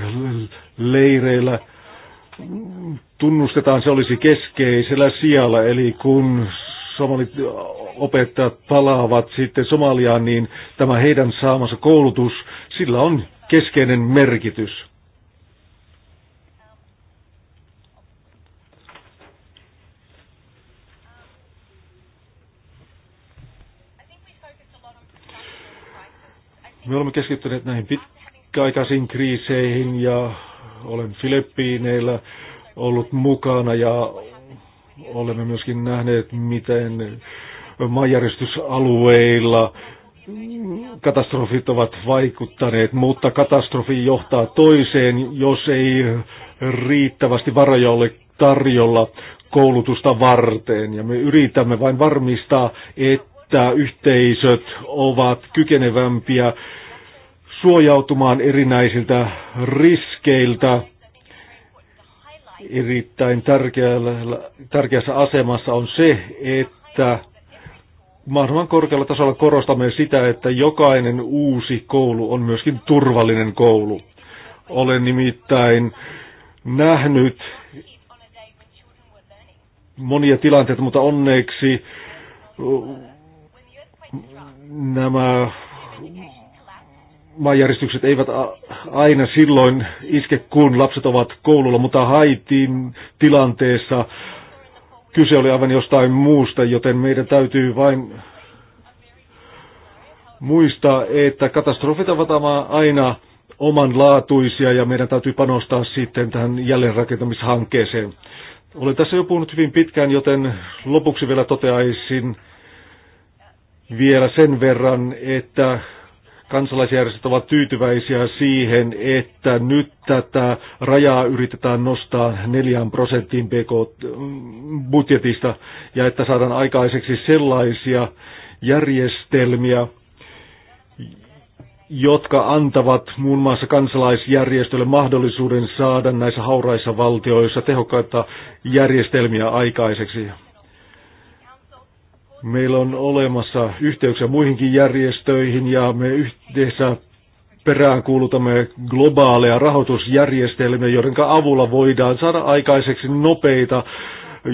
leireillä, tunnustetaan, se olisi keskeisellä sijalla, eli kun somalit opettajat palaavat sitten Somaliaan, niin tämä heidän saamansa koulutus, sillä on keskeinen merkitys. Me olemme keskittyneet näihin pitkäaikaisiin kriiseihin ja olen Filippiineillä ollut mukana ja olemme myöskin nähneet, miten maanjäristysalueilla katastrofit ovat vaikuttaneet, mutta katastrofi johtaa toiseen, jos ei riittävästi varoja ole tarjolla koulutusta varten. Ja me yritämme vain varmistaa, että että yhteisöt ovat kykenevämpiä suojautumaan erinäisiltä riskeiltä. Erittäin tärkeässä asemassa on se, että mahdollisimman korkealla tasolla korostamme sitä, että jokainen uusi koulu on myöskin turvallinen koulu. Olen nimittäin nähnyt monia tilanteita, mutta onneksi nämä maanjäristykset eivät aina silloin iske, kun lapset ovat koululla, mutta Haitin tilanteessa kyse oli aivan jostain muusta, joten meidän täytyy vain muistaa, että katastrofit ovat aina omanlaatuisia ja meidän täytyy panostaa sitten tähän jälleenrakentamishankkeeseen. Olen tässä jo puhunut hyvin pitkään, joten lopuksi vielä toteaisin, vielä sen verran, että kansalaisjärjestöt ovat tyytyväisiä siihen, että nyt tätä rajaa yritetään nostaa 4 prosenttiin mm, budjetista ja että saadaan aikaiseksi sellaisia järjestelmiä, jotka antavat muun muassa kansalaisjärjestölle mahdollisuuden saada näissä hauraissa valtioissa tehokkaita järjestelmiä aikaiseksi. Meillä on olemassa yhteyksiä muihinkin järjestöihin ja me yhdessä peräänkuulutamme globaaleja rahoitusjärjestelmiä, joiden avulla voidaan saada aikaiseksi nopeita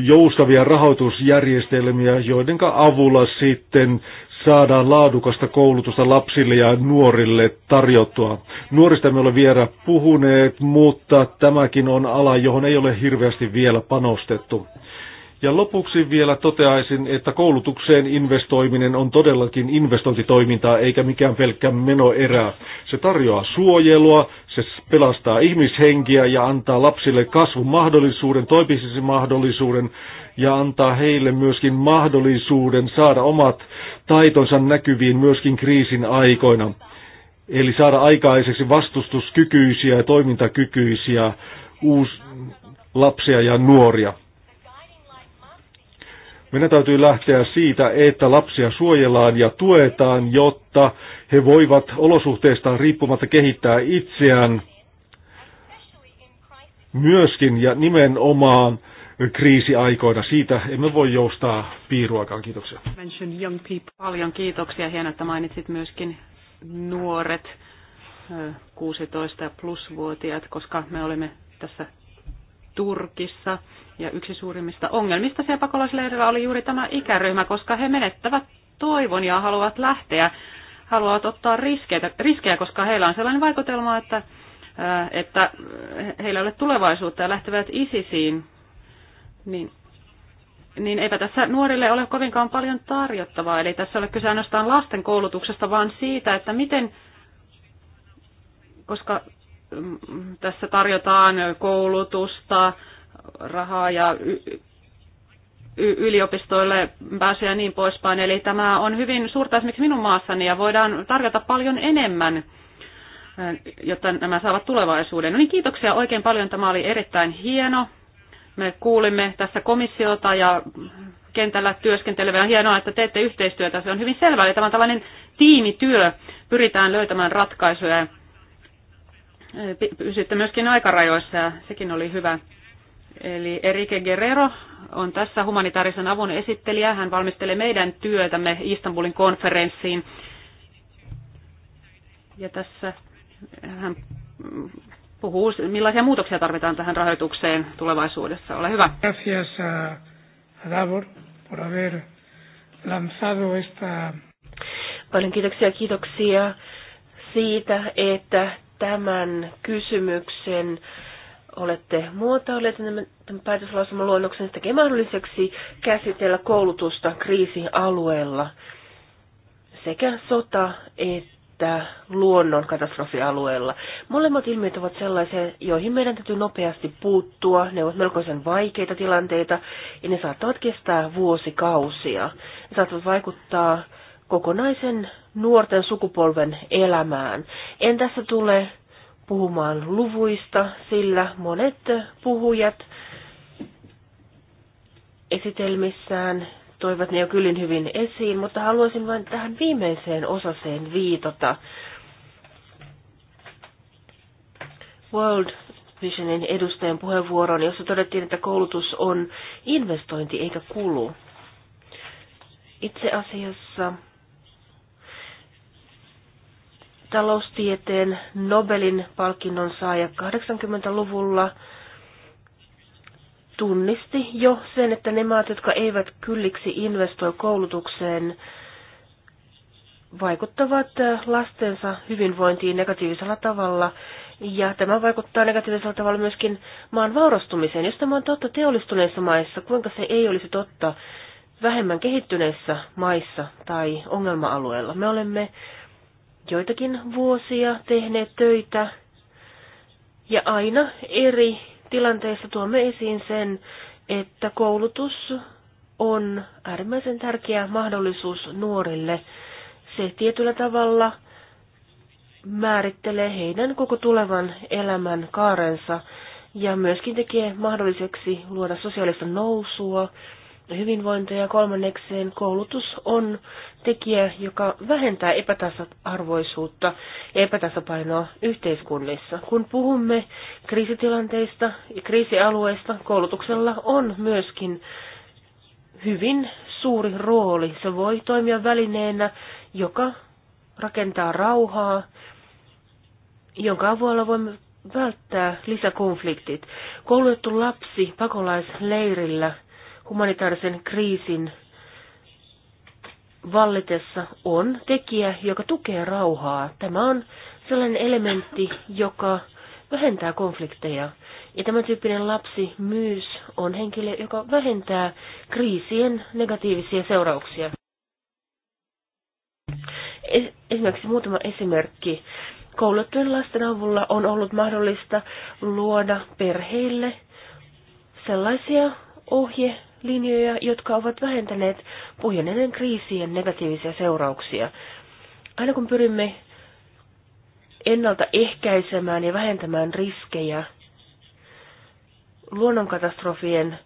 joustavia rahoitusjärjestelmiä, joiden avulla sitten saadaan laadukasta koulutusta lapsille ja nuorille tarjottua. Nuorista me ole vielä puhuneet, mutta tämäkin on ala, johon ei ole hirveästi vielä panostettu. Ja lopuksi vielä toteaisin, että koulutukseen investoiminen on todellakin investointitoimintaa eikä mikään pelkkä menoerä. Se tarjoaa suojelua, se pelastaa ihmishenkiä ja antaa lapsille kasvun mahdollisuuden, toipisisen mahdollisuuden ja antaa heille myöskin mahdollisuuden saada omat taitonsa näkyviin myöskin kriisin aikoina. Eli saada aikaiseksi vastustuskykyisiä ja toimintakykyisiä uusi lapsia ja nuoria. Meidän täytyy lähteä siitä, että lapsia suojellaan ja tuetaan, jotta he voivat olosuhteistaan riippumatta kehittää itseään myöskin ja nimenomaan kriisiaikoina. Siitä emme voi joustaa piiruakaan. Kiitoksia. Paljon kiitoksia. Hienoa, että mainitsit myöskin nuoret 16 plus vuotiaat, koska me olemme tässä Turkissa ja yksi suurimmista ongelmista siellä pakolaisleirillä oli juuri tämä ikäryhmä, koska he menettävät toivon ja haluavat lähteä, haluavat ottaa riskeitä, riskejä, koska heillä on sellainen vaikutelma, että, että heillä ei ole tulevaisuutta ja lähtevät ISISiin. Niin niin eipä tässä nuorille ole kovinkaan paljon tarjottavaa. Eli tässä ole kyse ainoastaan lasten koulutuksesta, vaan siitä, että miten, koska mm, tässä tarjotaan koulutusta, rahaa ja yliopistoille pääsyä ja niin poispäin. Eli tämä on hyvin suurta esimerkiksi minun maassani ja voidaan tarjota paljon enemmän, eh, jotta nämä saavat tulevaisuuden. No niin, kiitoksia oikein paljon. Tämä oli erittäin hieno. Me kuulimme tässä komissiota ja kentällä työskenteleviä. Hienoa, että teette yhteistyötä. Se on hyvin selvää. Eli tämä on tällainen tiimityö. Pyritään löytämään ratkaisuja. Eh, Pysytte myöskin aikarajoissa ja sekin oli hyvä. Eli Erike Guerrero on tässä humanitaarisen avun esittelijä. Hän valmistelee meidän työtämme Istanbulin konferenssiin. Ja tässä hän puhuu, millaisia muutoksia tarvitaan tähän rahoitukseen tulevaisuudessa. Ole hyvä. Gracias a Davor por haber lanzado esta... Paljon kiitoksia, kiitoksia siitä, että tämän kysymyksen olette muotoilleet tämän päätöslausuman luonnoksen, se tekee mahdolliseksi käsitellä koulutusta kriisialueella sekä sota että luonnon katastrofialueella. Molemmat ilmiöt ovat sellaisia, joihin meidän täytyy nopeasti puuttua. Ne ovat melkoisen vaikeita tilanteita ja ne saattavat kestää vuosikausia. Ne saattavat vaikuttaa kokonaisen nuorten sukupolven elämään. En tässä tule puhumaan luvuista, sillä monet puhujat esitelmissään toivat ne jo kyllin hyvin esiin, mutta haluaisin vain tähän viimeiseen osaseen viitata. World Visionin edustajan puheenvuoroon, jossa todettiin, että koulutus on investointi eikä kulu. Itse asiassa taloustieteen Nobelin palkinnon saaja 80-luvulla tunnisti jo sen, että ne maat, jotka eivät kylliksi investoi koulutukseen, vaikuttavat äh, lastensa hyvinvointiin negatiivisella tavalla. Ja tämä vaikuttaa negatiivisella tavalla myöskin maan vaurastumiseen. Jos tämä on totta teollistuneissa maissa, kuinka se ei olisi totta vähemmän kehittyneissä maissa tai ongelma-alueilla? Me olemme joitakin vuosia tehneet töitä ja aina eri tilanteissa tuomme esiin sen, että koulutus on äärimmäisen tärkeä mahdollisuus nuorille. Se tietyllä tavalla määrittelee heidän koko tulevan elämän kaarensa ja myöskin tekee mahdolliseksi luoda sosiaalista nousua, hyvinvointia ja kolmannekseen koulutus on tekijä, joka vähentää epätasa-arvoisuutta ja epätasapainoa yhteiskunnissa. Kun puhumme kriisitilanteista ja kriisialueista, koulutuksella on myöskin hyvin suuri rooli. Se voi toimia välineenä, joka rakentaa rauhaa, jonka avulla voimme välttää lisäkonfliktit. Koulutettu lapsi pakolaisleirillä – humanitaarisen kriisin vallitessa on tekijä, joka tukee rauhaa. Tämä on sellainen elementti, joka vähentää konflikteja. Ja tämän tyyppinen lapsi myös on henkilö, joka vähentää kriisien negatiivisia seurauksia. Esimerkiksi muutama esimerkki. Kouluttujen lasten avulla on ollut mahdollista luoda perheille sellaisia ohje linjoja, jotka ovat vähentäneet puhjenneiden kriisien negatiivisia seurauksia. Aina kun pyrimme ennaltaehkäisemään ja vähentämään riskejä luonnonkatastrofien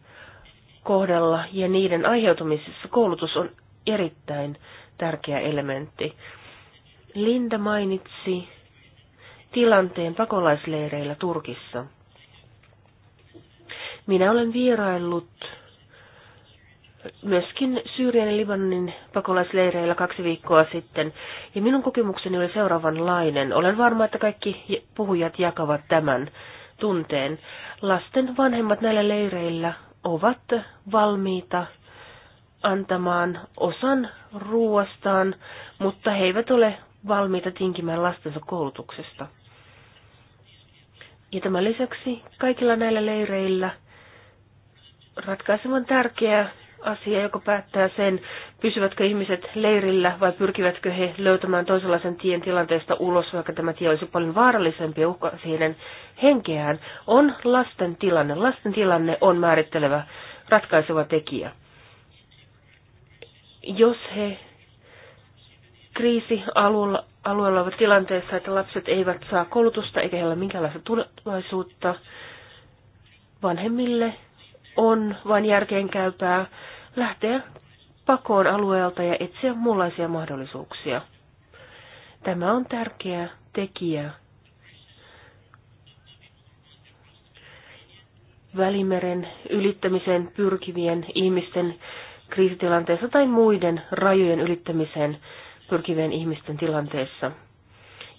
kohdalla ja niiden aiheutumisessa, koulutus on erittäin tärkeä elementti. Linda mainitsi tilanteen pakolaisleireillä Turkissa. Minä olen vieraillut myöskin Syyrian ja Libanonin pakolaisleireillä kaksi viikkoa sitten. Ja minun kokemukseni oli seuraavanlainen. Olen varma, että kaikki puhujat jakavat tämän tunteen. Lasten vanhemmat näillä leireillä ovat valmiita antamaan osan ruoastaan, mutta he eivät ole valmiita tinkimään lastensa koulutuksesta. Ja tämän lisäksi kaikilla näillä leireillä ratkaisevan tärkeää asia, joka päättää sen, pysyvätkö ihmiset leirillä vai pyrkivätkö he löytämään toisenlaisen tien tilanteesta ulos, vaikka tämä tie olisi paljon vaarallisempi ja uhka siihen henkeään, on lasten tilanne. Lasten tilanne on määrittelevä ratkaiseva tekijä. Jos he kriisialueella alueella ovat tilanteessa, että lapset eivät saa koulutusta eikä heillä ole minkäänlaista tulevaisuutta, vanhemmille on vain järkeenkäypää lähteä pakoon alueelta ja etsiä muunlaisia mahdollisuuksia. Tämä on tärkeä tekijä Välimeren ylittämiseen pyrkivien ihmisten kriisitilanteessa tai muiden rajojen ylittämiseen pyrkivien ihmisten tilanteessa.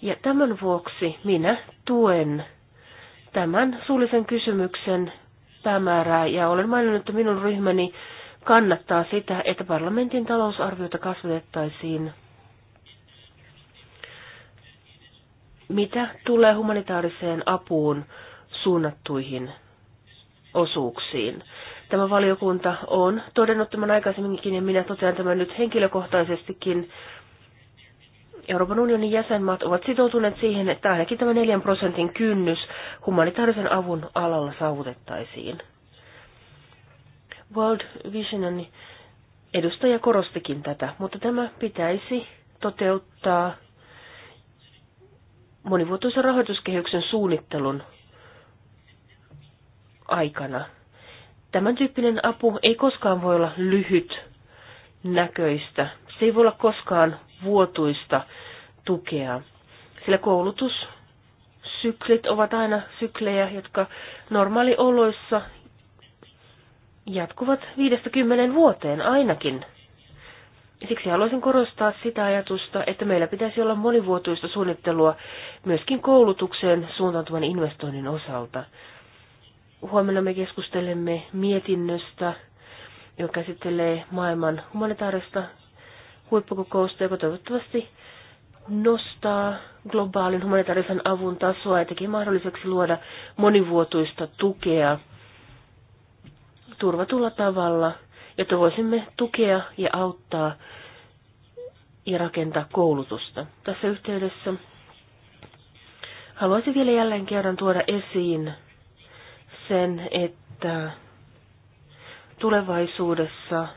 Ja tämän vuoksi minä tuen tämän suullisen kysymyksen päämäärää ja olen maininnut, että minun ryhmäni kannattaa sitä, että parlamentin talousarviota kasvatettaisiin. Mitä tulee humanitaariseen apuun suunnattuihin osuuksiin? Tämä valiokunta on todennut tämän aikaisemminkin ja minä totean tämän nyt henkilökohtaisestikin Euroopan unionin jäsenmaat ovat sitoutuneet siihen, että ainakin tämä 4 prosentin kynnys humanitaarisen avun alalla saavutettaisiin. World Visionin edustaja korostikin tätä, mutta tämä pitäisi toteuttaa monivuotoisen rahoituskehyksen suunnittelun aikana. Tämän tyyppinen apu ei koskaan voi olla lyhyt näköistä. Se ei voi olla koskaan vuotuista tukea. Sillä koulutussyklit ovat aina syklejä, jotka normaalioloissa jatkuvat 50 vuoteen ainakin. Siksi haluaisin korostaa sitä ajatusta, että meillä pitäisi olla monivuotuista suunnittelua myöskin koulutukseen suuntautuvan investoinnin osalta. Huomenna me keskustelemme mietinnöstä, joka käsittelee maailman humanitaarista huippukokousta, joka toivottavasti nostaa globaalin humanitaarisen avun tasoa ja teki mahdolliseksi luoda monivuotuista tukea turvatulla tavalla, jotta voisimme tukea ja auttaa ja rakentaa koulutusta. Tässä yhteydessä haluaisin vielä jälleen kerran tuoda esiin sen, että tulevaisuudessa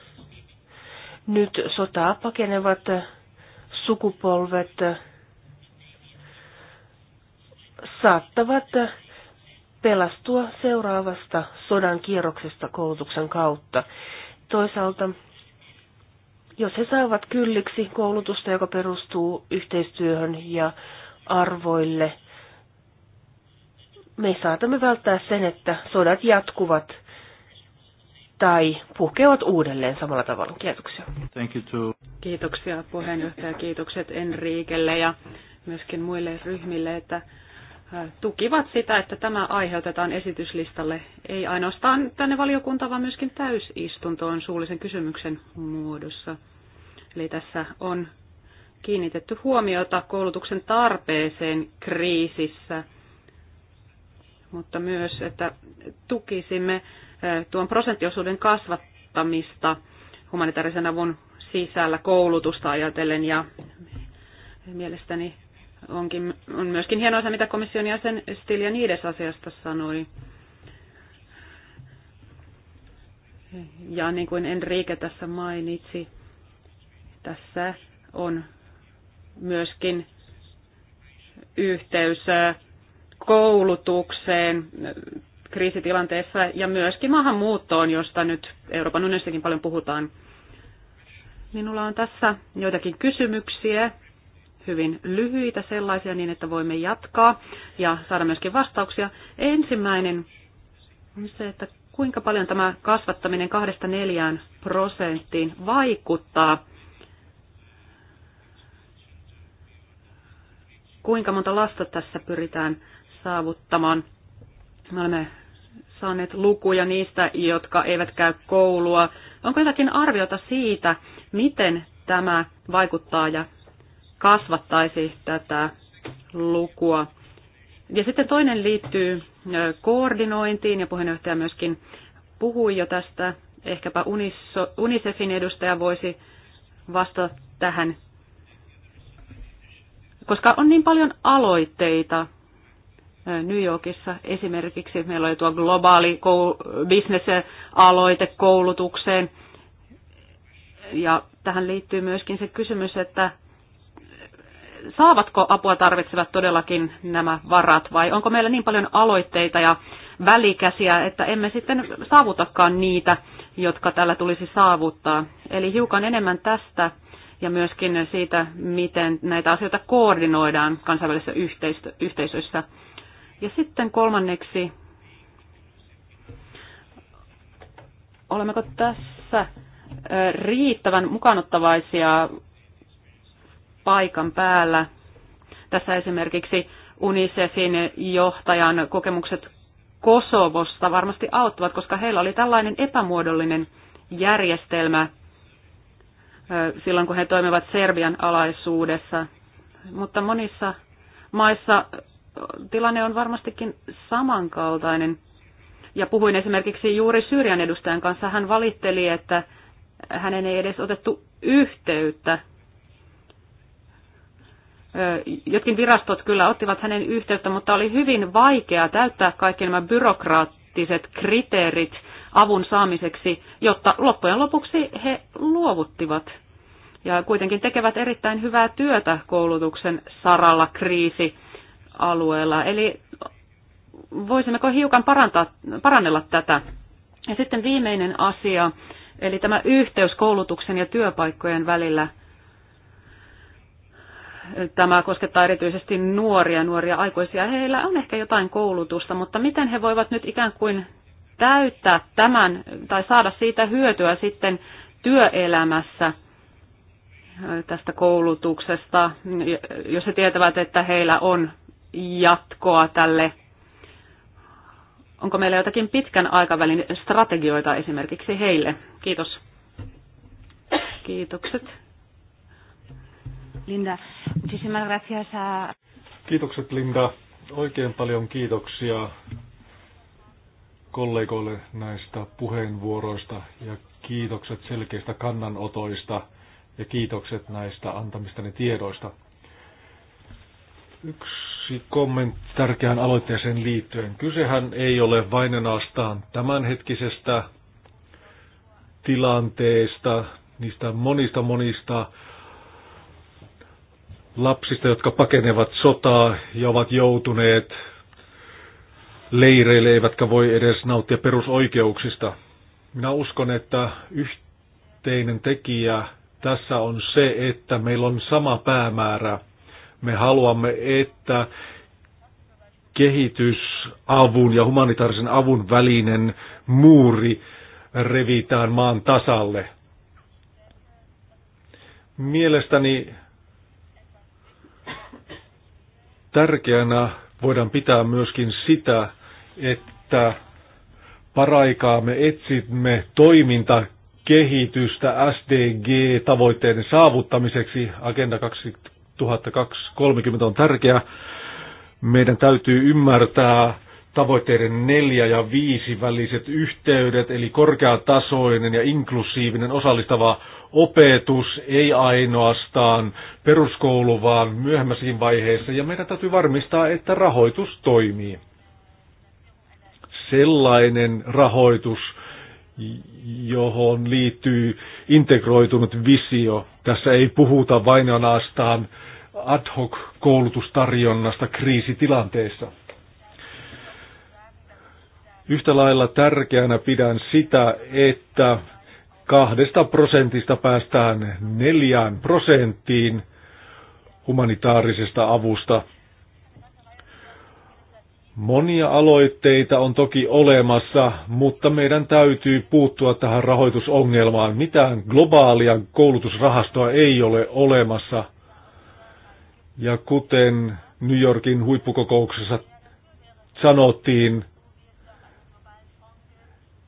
nyt sotaa pakenevat sukupolvet saattavat pelastua seuraavasta sodan kierroksesta koulutuksen kautta. Toisaalta, jos he saavat kylliksi koulutusta, joka perustuu yhteistyöhön ja arvoille, me saatamme välttää sen, että sodat jatkuvat – tai puhkeavat uudelleen samalla tavalla. Kiitoksia. Thank you too. Kiitoksia puheenjohtaja, kiitokset Enriikelle ja myöskin muille ryhmille, että äh, tukivat sitä, että tämä aiheutetaan esityslistalle, ei ainoastaan tänne valiokunta, vaan myöskin täysistuntoon suullisen kysymyksen muodossa. Eli tässä on kiinnitetty huomiota koulutuksen tarpeeseen kriisissä, mutta myös, että tukisimme tuon prosenttiosuuden kasvattamista humanitaarisen avun sisällä koulutusta ajatellen ja mielestäni onkin, on myöskin hienoa se, mitä komission jäsen Stilja Niides asiasta sanoi. Ja niin kuin Enrique tässä mainitsi, tässä on myöskin yhteys koulutukseen, kriisitilanteessa ja myöskin maahanmuuttoon, josta nyt Euroopan unionissakin paljon puhutaan. Minulla on tässä joitakin kysymyksiä, hyvin lyhyitä sellaisia niin, että voimme jatkaa ja saada myöskin vastauksia. Ensimmäinen on se, että kuinka paljon tämä kasvattaminen kahdesta 4 prosenttiin vaikuttaa kuinka monta lasta tässä pyritään saavuttamaan. Me olemme saaneet lukuja niistä, jotka eivät käy koulua. Onko jotakin arviota siitä, miten tämä vaikuttaa ja kasvattaisi tätä lukua? Ja sitten toinen liittyy koordinointiin, ja puheenjohtaja myöskin puhui jo tästä. Ehkäpä UNICEFin edustaja voisi vastata tähän, koska on niin paljon aloitteita New Yorkissa esimerkiksi meillä oli tuo globaali bisnesaloite koulutukseen. Ja tähän liittyy myöskin se kysymys, että saavatko apua tarvitsevat todellakin nämä varat vai onko meillä niin paljon aloitteita ja välikäsiä, että emme sitten saavutakaan niitä, jotka tällä tulisi saavuttaa. Eli hiukan enemmän tästä ja myöskin siitä, miten näitä asioita koordinoidaan kansainvälisessä yhteisössä. Ja sitten kolmanneksi, olemmeko tässä riittävän mukaanottavaisia paikan päällä. Tässä esimerkiksi UNICEFin johtajan kokemukset Kosovosta varmasti auttavat, koska heillä oli tällainen epämuodollinen järjestelmä silloin, kun he toimivat Serbian alaisuudessa. Mutta monissa maissa tilanne on varmastikin samankaltainen. Ja puhuin esimerkiksi juuri Syyrian edustajan kanssa. Hän valitteli, että hänen ei edes otettu yhteyttä. Jotkin virastot kyllä ottivat hänen yhteyttä, mutta oli hyvin vaikea täyttää kaikki nämä byrokraattiset kriteerit avun saamiseksi, jotta loppujen lopuksi he luovuttivat. Ja kuitenkin tekevät erittäin hyvää työtä koulutuksen saralla kriisi alueella. Eli voisimmeko hiukan parantaa, parannella tätä? Ja sitten viimeinen asia, eli tämä yhteys koulutuksen ja työpaikkojen välillä. Tämä koskettaa erityisesti nuoria, nuoria aikuisia. Heillä on ehkä jotain koulutusta, mutta miten he voivat nyt ikään kuin täyttää tämän tai saada siitä hyötyä sitten työelämässä tästä koulutuksesta, jos he tietävät, että heillä on jatkoa tälle? Onko meillä jotakin pitkän aikavälin strategioita esimerkiksi heille? Kiitos. Kiitokset. Linda, muchísimas gracias a... Kiitokset Linda. Oikein paljon kiitoksia kollegoille näistä puheenvuoroista ja kiitokset selkeistä kannanotoista ja kiitokset näistä antamistani tiedoista. Yksi Yksi kommentti tärkeään aloitteeseen liittyen. Kysehän ei ole vain ainoastaan tämänhetkisestä tilanteesta, niistä monista monista lapsista, jotka pakenevat sotaa ja ovat joutuneet leireille, eivätkä voi edes nauttia perusoikeuksista. Minä uskon, että yhteinen tekijä tässä on se, että meillä on sama päämäärä – me haluamme, että kehitysavun ja humanitaarisen avun välinen muuri revitään maan tasalle. Mielestäni tärkeänä voidaan pitää myöskin sitä, että paraikaa me etsimme toimintakehitystä SDG-tavoitteiden saavuttamiseksi Agenda 20 2030 on tärkeä. Meidän täytyy ymmärtää tavoitteiden neljä ja viisi väliset yhteydet, eli korkeatasoinen ja inklusiivinen osallistava opetus, ei ainoastaan peruskoulu, vaan myöhemmässäkin vaiheessa, ja meidän täytyy varmistaa, että rahoitus toimii. Sellainen rahoitus, johon liittyy integroitunut visio. Tässä ei puhuta vain ainoastaan ad hoc koulutustarjonnasta kriisitilanteessa. Yhtä lailla tärkeänä pidän sitä, että kahdesta prosentista päästään neljään prosenttiin humanitaarisesta avusta. Monia aloitteita on toki olemassa, mutta meidän täytyy puuttua tähän rahoitusongelmaan. Mitään globaalia koulutusrahastoa ei ole olemassa – ja kuten New Yorkin huippukokouksessa sanottiin,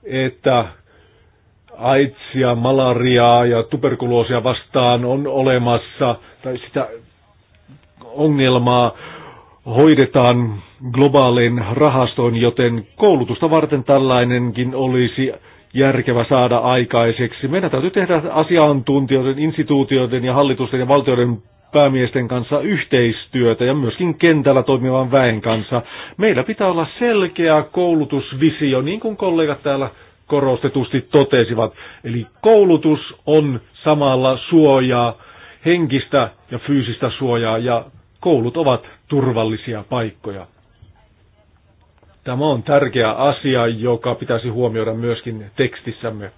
että aitsia, malariaa ja tuberkuloosia vastaan on olemassa, tai sitä ongelmaa hoidetaan globaalin rahaston, joten koulutusta varten tällainenkin olisi järkevä saada aikaiseksi. Meidän täytyy tehdä asiantuntijoiden, instituutioiden ja hallitusten ja valtioiden päämiesten kanssa yhteistyötä ja myöskin kentällä toimivan väen kanssa. Meillä pitää olla selkeä koulutusvisio, niin kuin kollegat täällä korostetusti totesivat. Eli koulutus on samalla suojaa, henkistä ja fyysistä suojaa ja koulut ovat turvallisia paikkoja. Tämä on tärkeä asia, joka pitäisi huomioida myöskin tekstissämme.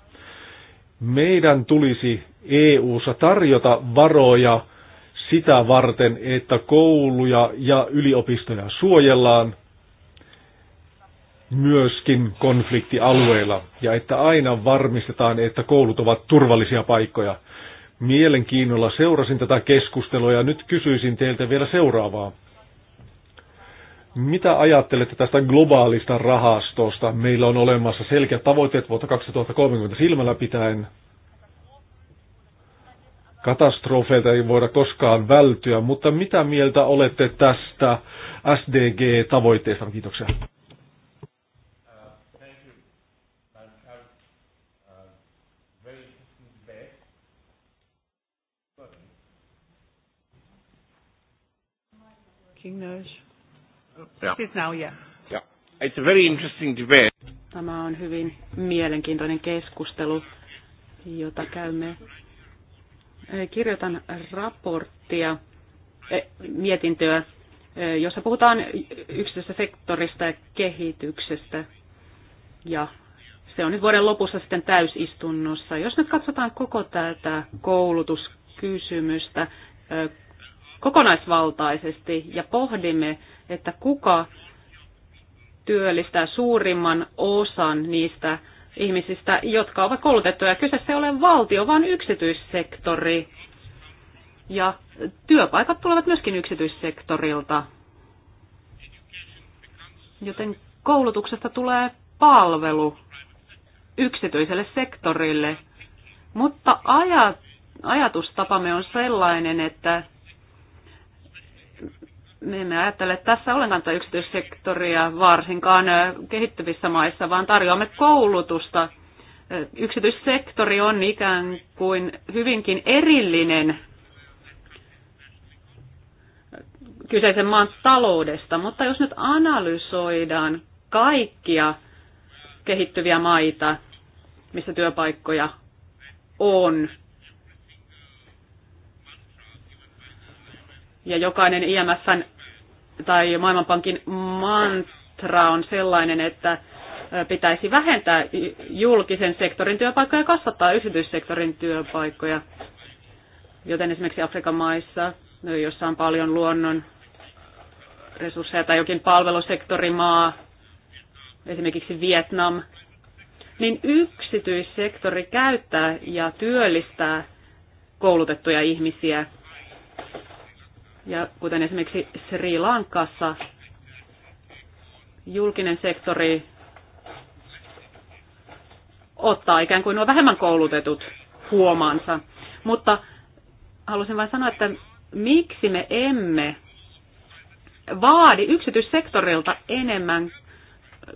Meidän tulisi EU-ssa tarjota varoja sitä varten, että kouluja ja yliopistoja suojellaan myöskin konfliktialueilla ja että aina varmistetaan, että koulut ovat turvallisia paikkoja. Mielenkiinnolla seurasin tätä keskustelua ja nyt kysyisin teiltä vielä seuraavaa. Mitä ajattelette tästä globaalista rahastosta? Meillä on olemassa selkeät tavoitteet vuotta 2030 silmällä pitäen. Katastrofeilta ei voida koskaan vältyä, mutta mitä mieltä olette tästä SDG-tavoitteesta? Kiitoksia. Uh, uh, It's a very interesting debate. Tämä on hyvin mielenkiintoinen keskustelu, jota käymme kirjoitan raporttia, mietintöä, jossa puhutaan yksityisestä sektorista ja kehityksestä. Ja se on nyt vuoden lopussa sitten täysistunnossa. Jos nyt katsotaan koko tätä koulutuskysymystä kokonaisvaltaisesti ja pohdimme, että kuka työllistää suurimman osan niistä ihmisistä, jotka ovat koulutettuja. Kyseessä ei ole valtio, vaan yksityissektori. Ja työpaikat tulevat myöskin yksityissektorilta. Joten koulutuksesta tulee palvelu yksityiselle sektorille. Mutta ajatustapamme on sellainen, että me emme että tässä ollenkaan tätä yksityissektoria varsinkaan kehittyvissä maissa, vaan tarjoamme koulutusta. Yksityissektori on ikään kuin hyvinkin erillinen kyseisen maan taloudesta, mutta jos nyt analysoidaan kaikkia kehittyviä maita, missä työpaikkoja on, ja jokainen IMFn tai Maailmanpankin mantra on sellainen, että pitäisi vähentää julkisen sektorin työpaikkoja ja kasvattaa yksityissektorin työpaikkoja. Joten esimerkiksi Afrikan maissa, jossa on paljon luonnon resursseja tai jokin palvelusektorimaa, esimerkiksi Vietnam, niin yksityissektori käyttää ja työllistää koulutettuja ihmisiä – ja kuten esimerkiksi Sri Lankassa julkinen sektori ottaa ikään kuin nuo vähemmän koulutetut huomaansa. Mutta halusin vain sanoa, että miksi me emme vaadi yksityissektorilta enemmän,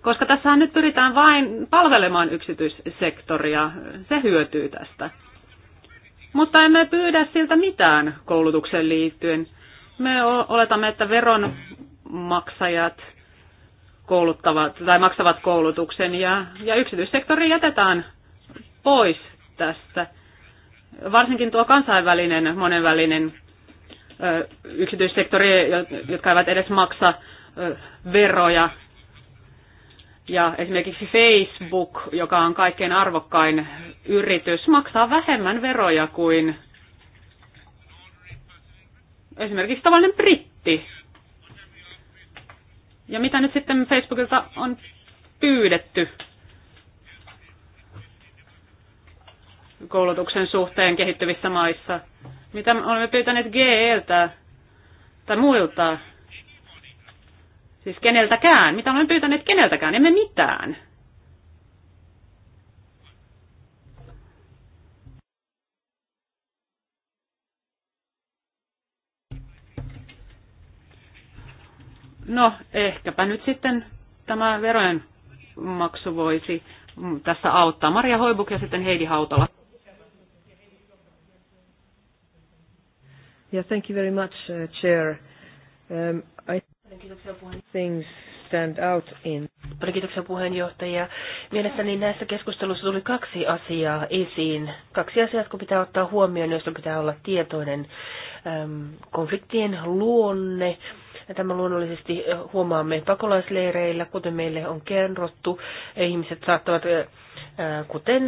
koska tässä nyt pyritään vain palvelemaan yksityissektoria, se hyötyy tästä. Mutta emme pyydä siltä mitään koulutukseen liittyen. Me oletamme, että veronmaksajat kouluttavat tai maksavat koulutuksen ja, ja yksityissektori jätetään pois tästä. Varsinkin tuo kansainvälinen, monenvälinen ö, yksityissektori, jotka eivät edes maksa ö, veroja. Ja esimerkiksi Facebook, joka on kaikkein arvokkain yritys, maksaa vähemmän veroja kuin esimerkiksi tavallinen britti. Ja mitä nyt sitten Facebookilta on pyydetty koulutuksen suhteen kehittyvissä maissa? Mitä olemme pyytäneet GEltä tai muilta? Siis keneltäkään. Mitä olemme pyytäneet keneltäkään? Emme mitään. No, ehkäpä nyt sitten tämä verojen maksu voisi tässä auttaa. Maria Hoibuk ja sitten Heidi Hautala. Yeah, thank you very much, uh, Chair. Um, I things stand out in. kiitoksia puheenjohtaja. Mielestäni näissä keskustelussa tuli kaksi asiaa esiin. Kaksi asiaa, jotka pitää ottaa huomioon, joista pitää olla tietoinen. Ähm, konfliktien luonne ja tämä luonnollisesti eh, huomaamme pakolaisleireillä, kuten meille on kerrottu. Eh, ihmiset saattavat, eh, kuten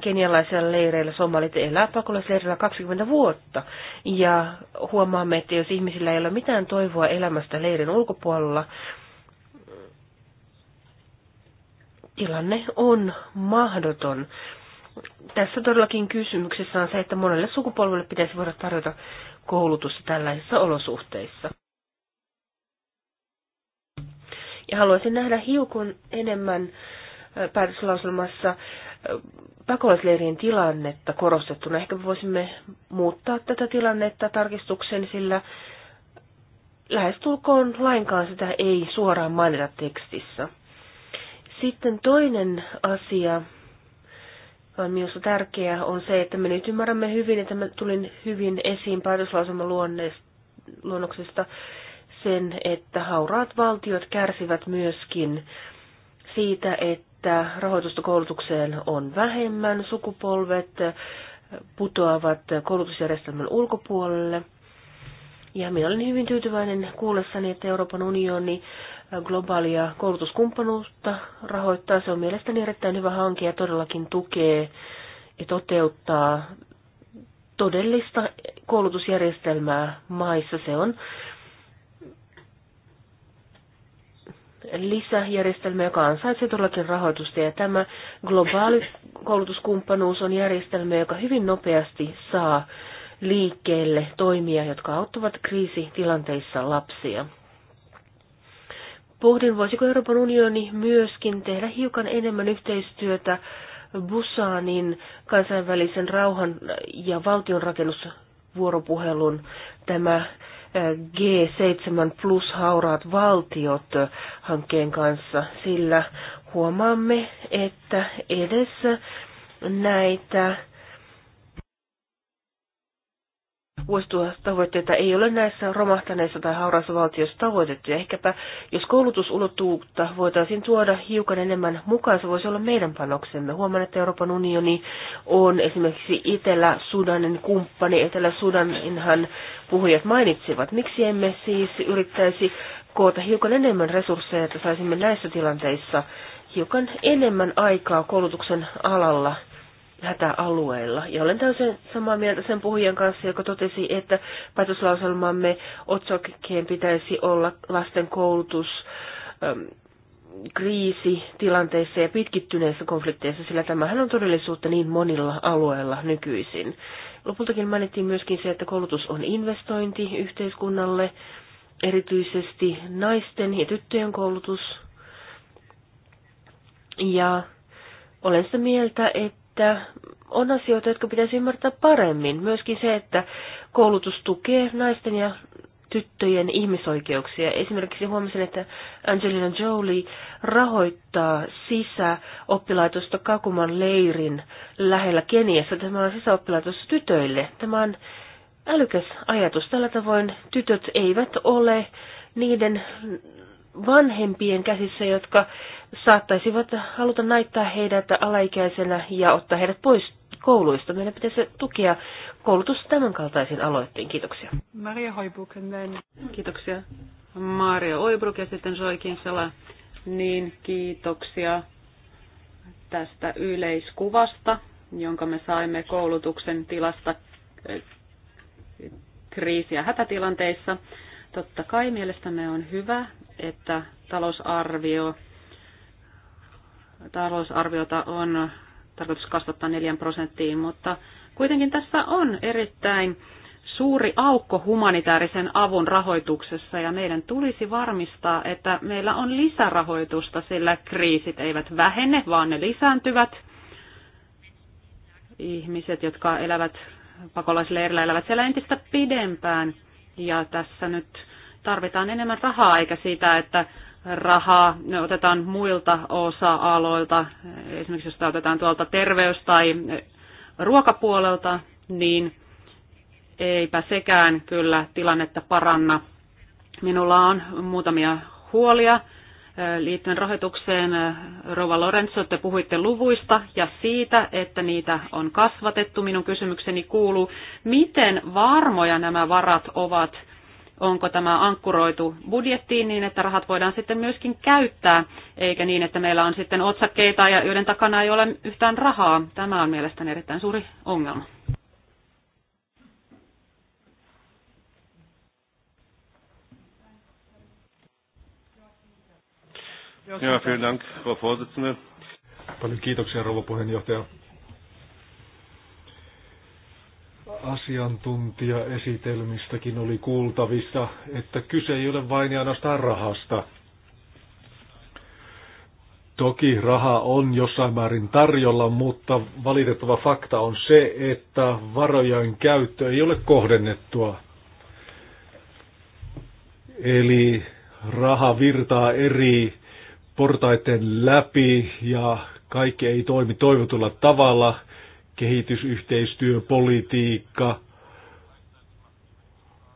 kenialaisilla leireillä, somalit elää pakolaisleireillä 20 vuotta. Ja huomaamme, että jos ihmisillä ei ole mitään toivoa elämästä leirin ulkopuolella, tilanne on mahdoton. Tässä todellakin kysymyksessä on se, että monelle sukupolvelle pitäisi voida tarjota koulutusta tällaisissa olosuhteissa. Ja haluaisin nähdä hiukan enemmän päätöslauselmassa pakolaisleirien tilannetta korostettuna. Ehkä voisimme muuttaa tätä tilannetta tarkistuksen, sillä lähestulkoon lainkaan sitä ei suoraan mainita tekstissä. Sitten toinen asia, on minusta tärkeää, on se, että me nyt ymmärrämme hyvin, että mä tulin hyvin esiin päätöslauselman luonnoksesta, sen, että hauraat valtiot kärsivät myöskin siitä, että rahoitusta koulutukseen on vähemmän, sukupolvet putoavat koulutusjärjestelmän ulkopuolelle. Ja minä olin hyvin tyytyväinen kuullessani, että Euroopan unioni globaalia koulutuskumppanuutta rahoittaa. Se on mielestäni erittäin hyvä hanke ja todellakin tukee ja toteuttaa todellista koulutusjärjestelmää maissa. Se on lisäjärjestelmä, joka ansaitsee todellakin rahoitusta. Ja tämä globaali koulutuskumppanuus on järjestelmä, joka hyvin nopeasti saa liikkeelle toimia, jotka auttavat kriisitilanteissa lapsia. Pohdin, voisiko Euroopan unioni myöskin tehdä hiukan enemmän yhteistyötä Busanin kansainvälisen rauhan ja valtionrakennusvuoropuhelun. Tämä G7 plus hauraat valtiot hankkeen kanssa, sillä huomaamme, että edessä näitä vuosituhastavoitteita ei ole näissä romahtaneissa tai haurassa valtiossa tavoitettu. Ja ehkäpä jos koulutusulottuvuutta voitaisiin tuoda hiukan enemmän mukaan, se voisi olla meidän panoksemme. Huomaan, että Euroopan unioni on esimerkiksi Etelä-Sudanin kumppani. Etelä-Sudaninhan puhujat mainitsivat. Miksi emme siis yrittäisi koota hiukan enemmän resursseja, että saisimme näissä tilanteissa hiukan enemmän aikaa koulutuksen alalla – hätäalueilla. Ja olen täysin samaa mieltä sen puhujan kanssa, joka totesi, että päätöslauselmamme otsakkeen pitäisi olla lasten koulutus, ähm, kriisi tilanteissa ja pitkittyneissä konflikteissa, sillä tämähän on todellisuutta niin monilla alueilla nykyisin. Lopultakin mainittiin myöskin se, että koulutus on investointi yhteiskunnalle, erityisesti naisten ja tyttöjen koulutus. Ja olen sitä mieltä, että että on asioita, jotka pitäisi ymmärtää paremmin. Myöskin se, että koulutus tukee naisten ja tyttöjen ihmisoikeuksia. Esimerkiksi huomasin, että Angelina Jolie rahoittaa sisäoppilaitosta Kakuman leirin lähellä Keniassa. Tämä on sisäoppilaitos tytöille. Tämä on älykäs ajatus. Tällä tavoin tytöt eivät ole niiden vanhempien käsissä, jotka saattaisivat haluta näyttää heidät alaikäisenä ja ottaa heidät pois kouluista. Meidän pitäisi tukea koulutus tämän kaltaisiin aloitteen. Kiitoksia. Maria Hoibuken. Kiitoksia. Maria Oibruk ja sitten Soikinsala. Niin, kiitoksia tästä yleiskuvasta, jonka me saimme koulutuksen tilasta eh, kriisi- ja hätätilanteissa. Totta kai mielestämme on hyvä, että talousarvio, talousarviota on tarkoitus kasvattaa 4 prosenttiin, mutta kuitenkin tässä on erittäin suuri aukko humanitaarisen avun rahoituksessa ja meidän tulisi varmistaa, että meillä on lisärahoitusta, sillä kriisit eivät vähene, vaan ne lisääntyvät. Ihmiset, jotka elävät pakolaisleirillä, elävät siellä entistä pidempään. Ja tässä nyt tarvitaan enemmän rahaa, eikä sitä, että rahaa ne otetaan muilta osa-aloilta, esimerkiksi jos otetaan tuolta terveys- tai ruokapuolelta, niin eipä sekään kyllä tilannetta paranna. Minulla on muutamia huolia eh, liittyen rahoitukseen. Rova Lorenzo, te puhuitte luvuista ja siitä, että niitä on kasvatettu. Minun kysymykseni kuuluu, miten varmoja nämä varat ovat – onko tämä ankkuroitu budjettiin niin, että rahat voidaan sitten myöskin käyttää, eikä niin, että meillä on sitten otsakkeita ja joiden takana ei ole yhtään rahaa. Tämä on mielestäni erittäin suuri ongelma. Ja, vielen Dank, Frau Vorsitzende. Paljon kiitoksia, rouva puheenjohtaja. asiantuntijaesitelmistäkin oli kuultavissa, että kyse ei ole vain ja ainoastaan rahasta. Toki raha on jossain määrin tarjolla, mutta valitettava fakta on se, että varojen käyttö ei ole kohdennettua. Eli raha virtaa eri portaiden läpi ja kaikki ei toimi toivotulla tavalla – kehitysyhteistyöpolitiikka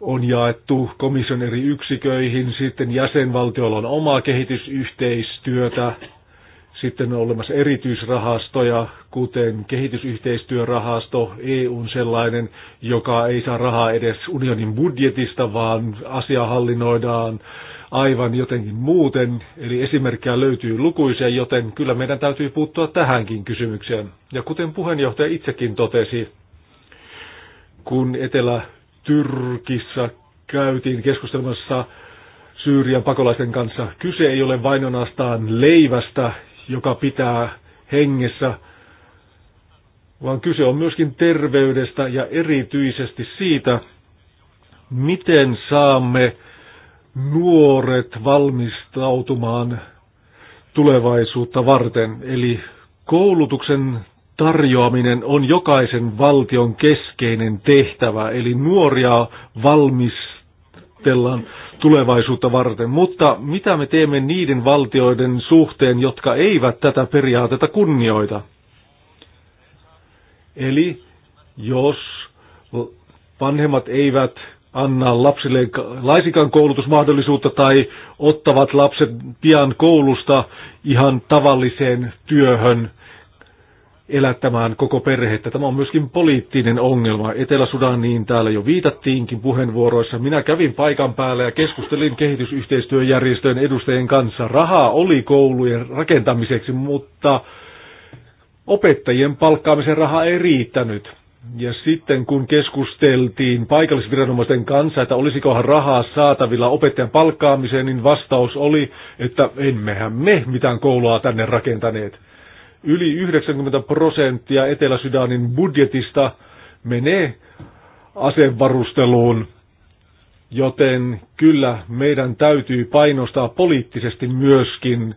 on jaettu komission eri yksiköihin, sitten jäsenvaltioilla on omaa kehitysyhteistyötä, sitten on olemassa erityisrahastoja, kuten kehitysyhteistyörahasto, on e sellainen, joka ei saa rahaa edes unionin budjetista, vaan asia hallinnoidaan aivan jotenkin muuten, eli esimerkkejä löytyy lukuisia, joten kyllä meidän täytyy puuttua tähänkin kysymykseen. Ja kuten puheenjohtaja itsekin totesi, kun Etelä-Tyrkissä käytiin keskustelmassa Syyrian pakolaisten kanssa, kyse ei ole vain ainoastaan leivästä, joka pitää hengessä, vaan kyse on myöskin terveydestä ja erityisesti siitä, miten saamme nuoret valmistautumaan tulevaisuutta varten. Eli koulutuksen tarjoaminen on jokaisen valtion keskeinen tehtävä, eli nuoria valmistellaan tulevaisuutta varten. Mutta mitä me teemme niiden valtioiden suhteen, jotka eivät tätä periaatetta kunnioita? Eli jos vanhemmat eivät anna lapsille laisikan koulutusmahdollisuutta tai ottavat lapset pian koulusta ihan tavalliseen työhön elättämään koko perhettä. Tämä on myöskin poliittinen ongelma. Etelä-Sudaniin täällä jo viitattiinkin puheenvuoroissa. Minä kävin paikan päällä ja keskustelin kehitysyhteistyöjärjestöjen edustajien kanssa. Rahaa oli koulujen rakentamiseksi, mutta opettajien palkkaamisen raha ei riittänyt. Ja sitten kun keskusteltiin paikallisviranomaisten kanssa, että olisikohan rahaa saatavilla opettajan palkkaamiseen, niin vastaus oli, että emmehän me mitään koulua tänne rakentaneet. Yli 90 prosenttia Etelä-Sydanin budjetista menee asevarusteluun, joten kyllä meidän täytyy painostaa poliittisesti myöskin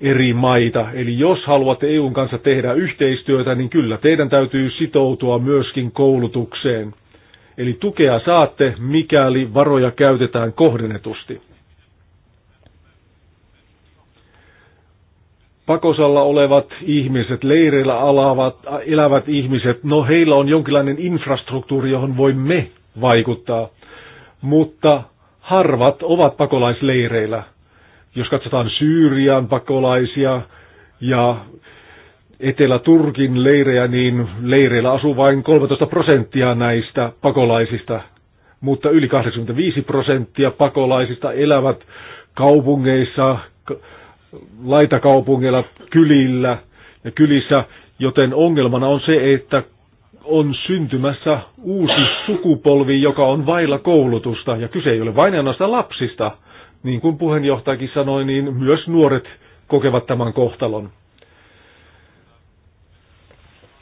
eri maita. Eli jos haluatte EUn kanssa tehdä yhteistyötä, niin kyllä teidän täytyy sitoutua myöskin koulutukseen. Eli tukea saatte, mikäli varoja käytetään kohdennetusti. pakosalla olevat ihmiset, leireillä alavat, elävät ihmiset, no heillä on jonkinlainen infrastruktuuri, johon voi me vaikuttaa, mutta harvat ovat pakolaisleireillä. Jos katsotaan Syyrian pakolaisia ja Etelä-Turkin leirejä, niin leireillä asuu vain 13 prosenttia näistä pakolaisista, mutta yli 85 prosenttia pakolaisista elävät kaupungeissa, laitakaupungeilla, kylillä ja kylissä, joten ongelmana on se, että on syntymässä uusi sukupolvi, joka on vailla koulutusta, ja kyse ei ole vain ainoastaan lapsista, niin kuin puheenjohtajakin sanoi, niin myös nuoret kokevat tämän kohtalon.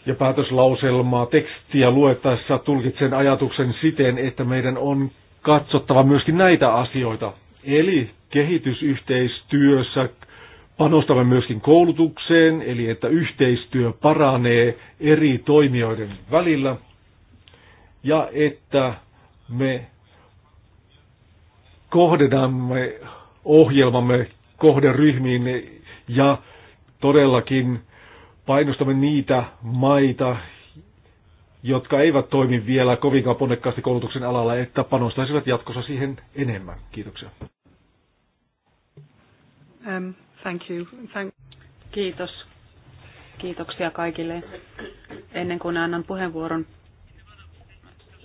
Ja päätöslauselmaa tekstiä luettaessa tulkitsen ajatuksen siten, että meidän on katsottava myöskin näitä asioita. Eli kehitysyhteistyössä panostamme myöskin koulutukseen, eli että yhteistyö paranee eri toimijoiden välillä ja että me kohdennamme ohjelmamme kohderyhmiin ja todellakin painostamme niitä maita, jotka eivät toimi vielä kovinkaan ponnekkaasti koulutuksen alalla, että panostaisivat jatkossa siihen enemmän. Kiitoksia. Um, thank you. Thank... Kiitos. Kiitoksia kaikille. Ennen kuin annan puheenvuoron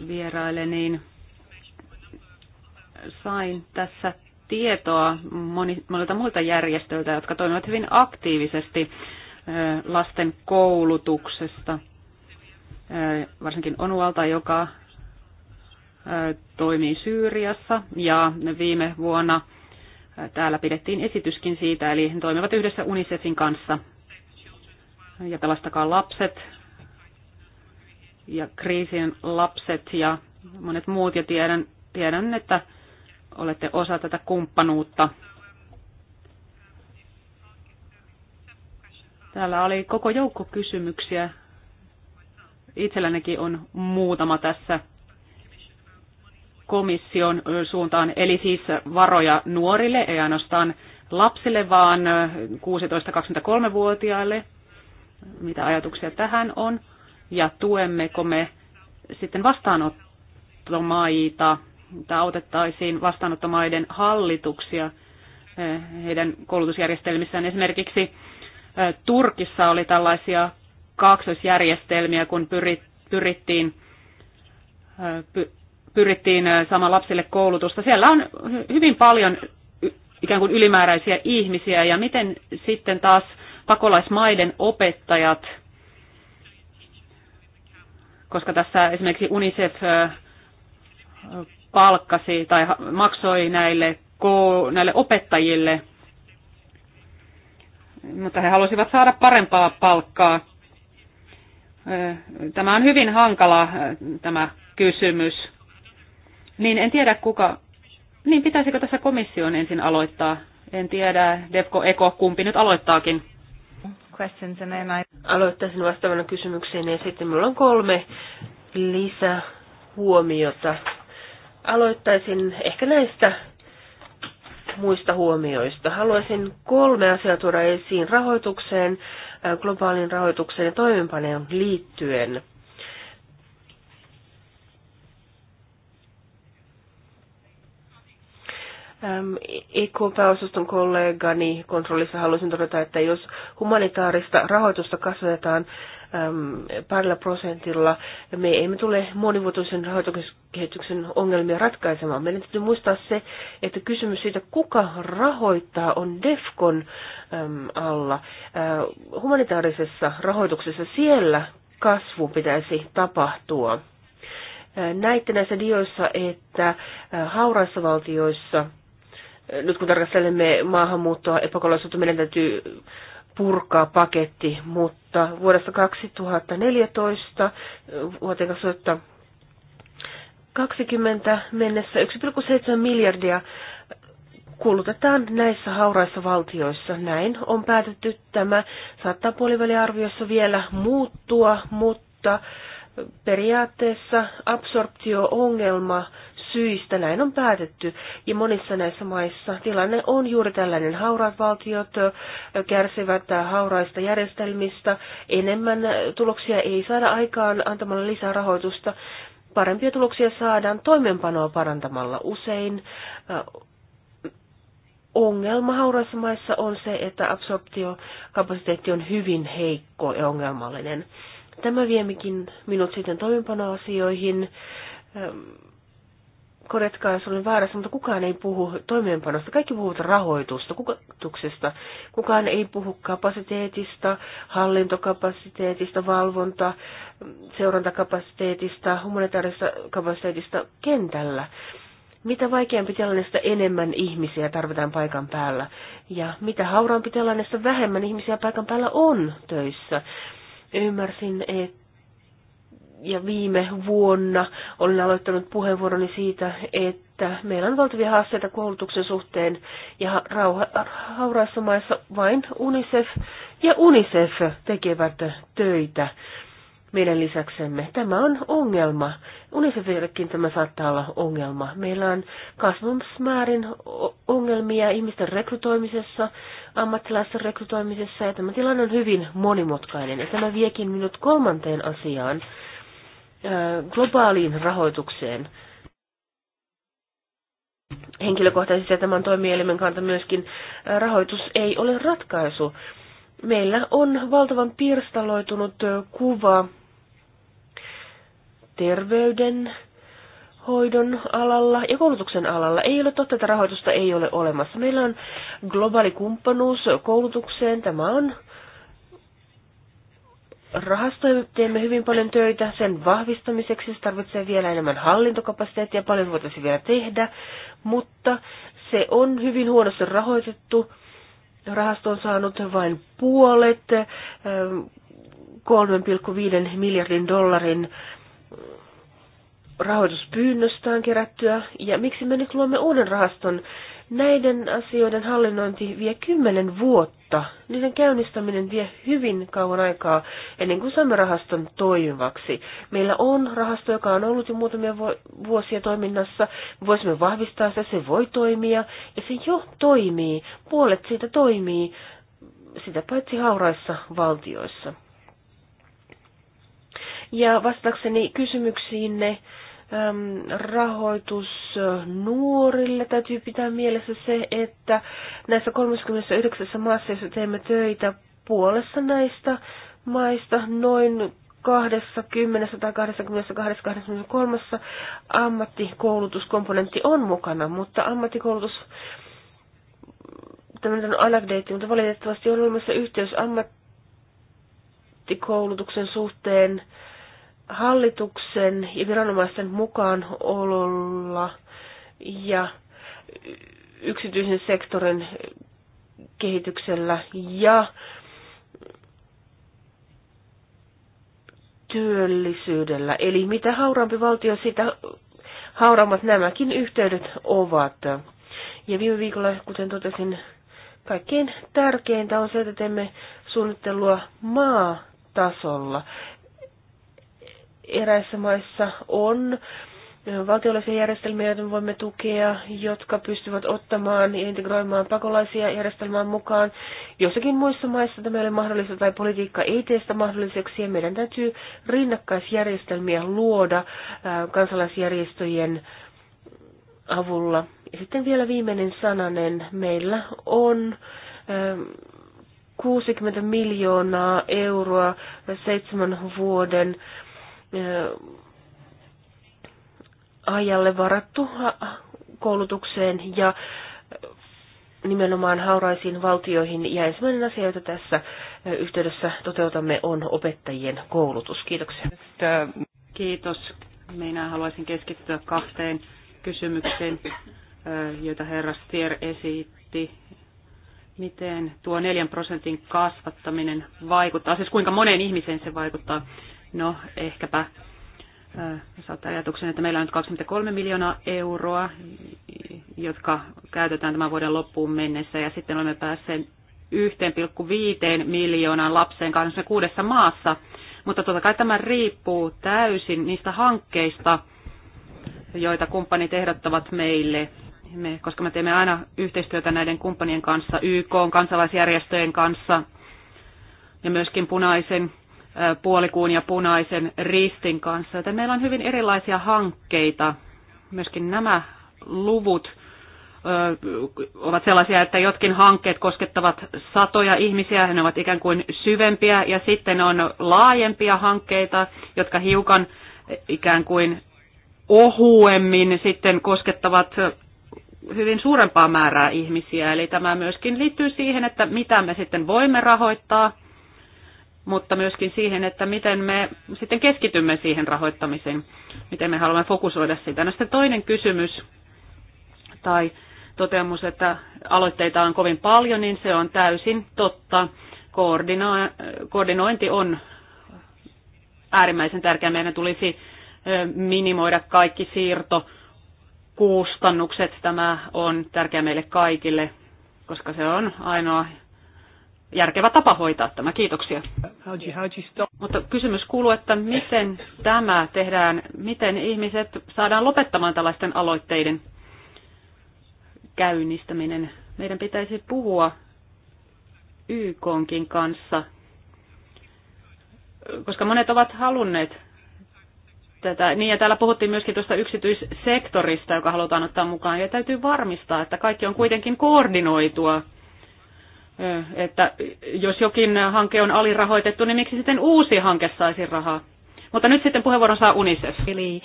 vieraille, niin sain tässä tietoa monilta muilta järjestöiltä, jotka toimivat hyvin aktiivisesti lasten koulutuksesta, varsinkin Onualta, joka toimii Syyriassa ja viime vuonna täällä pidettiin esityskin siitä, eli he toimivat yhdessä UNICEFin kanssa ja pelastakaa lapset ja kriisin lapset ja monet muut ja tiedän, tiedän että olette osa tätä kumppanuutta. Täällä oli koko joukko kysymyksiä. Itsellänikin on muutama tässä komission suuntaan, eli siis varoja nuorille, ei ainoastaan lapsille, vaan 16-23-vuotiaille. Mitä ajatuksia tähän on? Ja tuemmeko me sitten vastaanottomaita että autettaisiin vastaanottomaiden hallituksia eh, heidän koulutusjärjestelmissään. Esimerkiksi eh, Turkissa oli tällaisia kaksoisjärjestelmiä, kun pyrittiin, eh, pyrittiin saamaan lapsille koulutusta. Siellä on hyvin paljon ikään kuin ylimääräisiä ihmisiä ja miten sitten taas pakolaismaiden opettajat, koska tässä esimerkiksi UNICEF palkkasi tai maksoi näille, näille opettajille, mutta he halusivat saada parempaa palkkaa. Tämä on hyvin hankala tämä kysymys. Niin en tiedä kuka, niin pitäisikö tässä komission ensin aloittaa? En tiedä, Defco Eko, kumpi nyt aloittaakin? Questions and then I... Aloittaisin vastaavana kysymykseen ja sitten minulla on kolme lisähuomiota aloittaisin ehkä näistä muista huomioista. Haluaisin kolme asiaa tuoda esiin rahoitukseen, äh, globaalin rahoitukseen ja toimenpaneen liittyen. Ähm, EK-pääosaston kollegani kontrollissa haluaisin todeta, että jos humanitaarista rahoitusta kasvatetaan parilla prosentilla. Me emme tule monivuotoisen rahoituskehityksen ongelmia ratkaisemaan. Meidän täytyy muistaa se, että kysymys siitä, kuka rahoittaa, on DEFCON alla. Humanitaarisessa rahoituksessa siellä kasvu pitäisi tapahtua. Näitte näissä dioissa, että hauraissa valtioissa, nyt kun tarkastelemme maahanmuuttoa, epäkolaisuutta, meidän täytyy purkaa paketti, mutta vuodesta 2014 vuoteen 2020 mennessä 1,7 miljardia kulutetaan näissä hauraissa valtioissa. Näin on päätetty. Tämä saattaa puoliväliarviossa vielä muuttua, mutta periaatteessa absorptio-ongelma syistä näin on päätetty. Ja monissa näissä maissa tilanne on juuri tällainen. Hauraat valtiot kärsivät hauraista järjestelmistä. Enemmän tuloksia ei saada aikaan antamalla lisää rahoitusta. Parempia tuloksia saadaan toimenpanoa parantamalla usein. Ongelma hauraissa maissa on se, että absorptiokapasiteetti on hyvin heikko ja ongelmallinen. Tämä viemikin minut sitten toimenpanoasioihin korjatkaas olen väärässä, mutta kukaan ei puhu toimeenpanosta. Kaikki puhuvat rahoitusta, kukatuksesta. Kukaan ei puhu kapasiteetista, hallintokapasiteetista, valvonta, seurantakapasiteetista, humanitaarista kapasiteetista kentällä. Mitä vaikeampi tilanne, sitä enemmän ihmisiä tarvitaan paikan päällä. Ja mitä hauraampi tilanne, sitä vähemmän ihmisiä paikan päällä on töissä. Ymmärsin, että ja viime vuonna olen aloittanut puheenvuoroni siitä, että meillä on valtavia haasteita koulutuksen suhteen ja hauraissa maissa vain UNICEF ja UNICEF tekevät töitä meidän lisäksemme. Tämä on ongelma. Unicefillekin tämä saattaa olla ongelma. Meillä on kasvumismäärin ongelmia ihmisten rekrytoimisessa, ammattilaisten rekrytoimisessa ja tämä tilanne on hyvin monimutkainen. Ja tämä viekin minut kolmanteen asiaan globaaliin rahoitukseen. Henkilökohtaisesti ja tämän toimielimen kanta myöskin rahoitus ei ole ratkaisu. Meillä on valtavan pirstaloitunut kuva terveyden, hoidon alalla ja koulutuksen alalla. Ei ole totta, että rahoitusta ei ole olemassa. Meillä on globaali kumppanuus koulutukseen. Tämä on rahastoja teemme hyvin paljon töitä sen vahvistamiseksi. Se tarvitsee vielä enemmän hallintokapasiteettia, paljon voitaisiin vielä tehdä, mutta se on hyvin huonosti rahoitettu. Rahasto on saanut vain puolet 3,5 eh, miljardin dollarin rahoituspyynnöstään kerättyä. Ja miksi me nyt luomme uuden rahaston, Näiden asioiden hallinnointi vie kymmenen vuotta. Niiden käynnistäminen vie hyvin kauan aikaa ennen kuin saamme rahaston toimivaksi. Meillä on rahasto, joka on ollut jo muutamia vuosia toiminnassa. Voisimme vahvistaa se, se voi toimia ja se jo toimii. Puolet siitä toimii, sitä paitsi hauraissa valtioissa. Ja vastaakseni kysymyksiinne, rahoitus äh, nuorille. Täytyy pitää mielessä se, että näissä 39 maassa, joissa teemme töitä, puolessa näistä maista noin 20 tai 22, 23 ammattikoulutuskomponentti on mukana, mutta ammattikoulutus tämmöinen on anekdootti, mutta valitettavasti on olemassa yhteys ammattikoulutuksen suhteen äh, hallituksen ja viranomaisten mukaan ololla ja yksityisen sektorin kehityksellä ja työllisyydellä. Eli mitä hauraampi valtio, sitä hauraammat nämäkin yhteydet ovat. Ja viime viikolla, kuten totesin, kaikkein tärkeintä on se, että teemme suunnittelua maatasolla eräissä maissa on valtiollisia järjestelmiä, joita voimme tukea, jotka pystyvät ottamaan ja integroimaan pakolaisia järjestelmään mukaan. Jossakin muissa maissa tämä ei ole mahdollista tai politiikka ei tee sitä mahdolliseksi ja meidän täytyy rinnakkaisjärjestelmiä luoda kansalaisjärjestöjen avulla. Ja sitten vielä viimeinen sananen. Meillä on 60 miljoonaa euroa seitsemän vuoden ajalle varattu koulutukseen ja nimenomaan hauraisiin valtioihin. Ja ensimmäinen asia, jota tässä yhteydessä toteutamme, on opettajien koulutus. Kiitoksia. Kiitos. Minä haluaisin keskittyä kahteen kysymykseen, joita herra Stier esitti. Miten tuo 4 prosentin kasvattaminen vaikuttaa, siis kuinka moneen ihmiseen se vaikuttaa? No, ehkäpä saattaa ajatuksen, että meillä on nyt 23 miljoonaa euroa, jotka käytetään tämän vuoden loppuun mennessä, ja sitten olemme päässeet 1,5 miljoonaan lapseen 26 maassa. Mutta totta kai tämä riippuu täysin niistä hankkeista, joita kumppanit ehdottavat meille. Me, koska me teemme aina yhteistyötä näiden kumppanien kanssa, YK, kansalaisjärjestöjen kanssa ja myöskin punaisen puolikuun ja punaisen ristin kanssa. Joten meillä on hyvin erilaisia hankkeita. Myöskin nämä luvut ovat sellaisia, että jotkin hankkeet koskettavat satoja ihmisiä, ne ovat ikään kuin syvempiä, ja sitten on laajempia hankkeita, jotka hiukan ikään kuin ohuemmin sitten koskettavat hyvin suurempaa määrää ihmisiä. Eli tämä myöskin liittyy siihen, että mitä me sitten voimme rahoittaa, mutta myöskin siihen, että miten me sitten keskitymme siihen rahoittamiseen, miten me haluamme fokusoida sitä. No sitten toinen kysymys tai toteamus, että aloitteita on kovin paljon, niin se on täysin totta. koordinointi on äärimmäisen tärkeä. Meidän tulisi minimoida kaikki siirto kustannukset. Tämä on tärkeä meille kaikille, koska se on ainoa järkevä tapa hoitaa tämä. Kiitoksia. Mutta kysymys kuuluu, että miten tämä tehdään, miten ihmiset saadaan lopettamaan tällaisten aloitteiden käynnistäminen. Meidän pitäisi puhua YKonkin kanssa, koska monet ovat halunneet tätä. Niin, ja täällä puhuttiin myöskin tuosta yksityissektorista, joka halutaan ottaa mukaan, ja täytyy varmistaa, että kaikki on kuitenkin koordinoitua että jos jokin hanke on alirahoitettu, niin miksi sitten uusi hanke saisi rahaa? Mutta nyt sitten puheenvuoron saa UNICEF. Eli...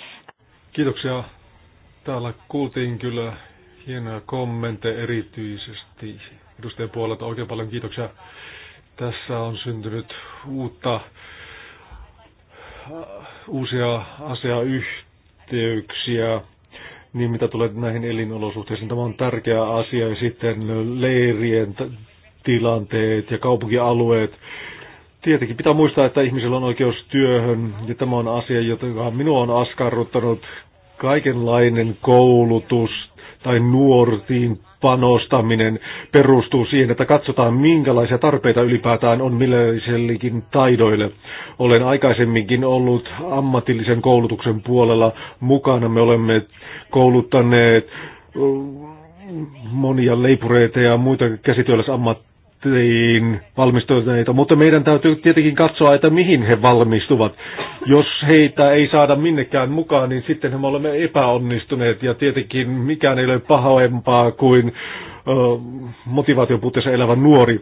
Kiitoksia. Täällä kuultiin kyllä hienoja kommentteja erityisesti edustajan puolelta. Oikein paljon kiitoksia. Tässä on syntynyt uutta, äh, uusia asiayhteyksiä, niin mitä tulee näihin elinolosuhteisiin. Tämä on tärkeä asia ja sitten leirien tilanteet ja kaupunkialueet. Tietenkin pitää muistaa, että ihmisellä on oikeus työhön ja tämä on asia, joka minua on askarruttanut kaikenlainen koulutus tai nuortiin panostaminen perustuu siihen, että katsotaan minkälaisia tarpeita ylipäätään on millaisellikin taidoille. Olen aikaisemminkin ollut ammatillisen koulutuksen puolella mukana. Me olemme kouluttaneet mm, monia leipureita ja muita käsityöläisammattilaisia ammattiin valmistuneita, mutta meidän täytyy tietenkin katsoa, että mihin he valmistuvat. Jos heitä ei saada minnekään mukaan, niin sitten me olemme epäonnistuneet ja tietenkin mikään ei ole pahoempaa kuin motivaatiopuutteessa elävä nuori.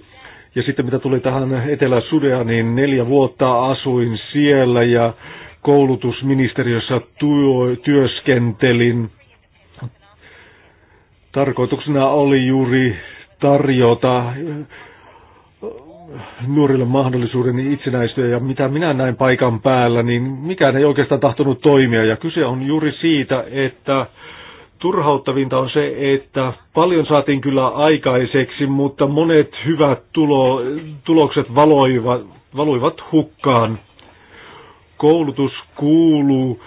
Ja sitten mitä tuli tähän Etelä-Sudeaan, niin neljä vuotta asuin siellä ja koulutusministeriössä työ, työskentelin. Tarkoituksena oli juuri tarjota nuorille mahdollisuuden niin itsenäistyä ja mitä minä näin paikan päällä, niin mikään ei oikeastaan tahtonut toimia. Ja kyse on juuri siitä, että turhauttavinta on se, että paljon saatiin kyllä aikaiseksi, mutta monet hyvät tulo, tulokset valoivat, valuivat hukkaan. Koulutus kuuluu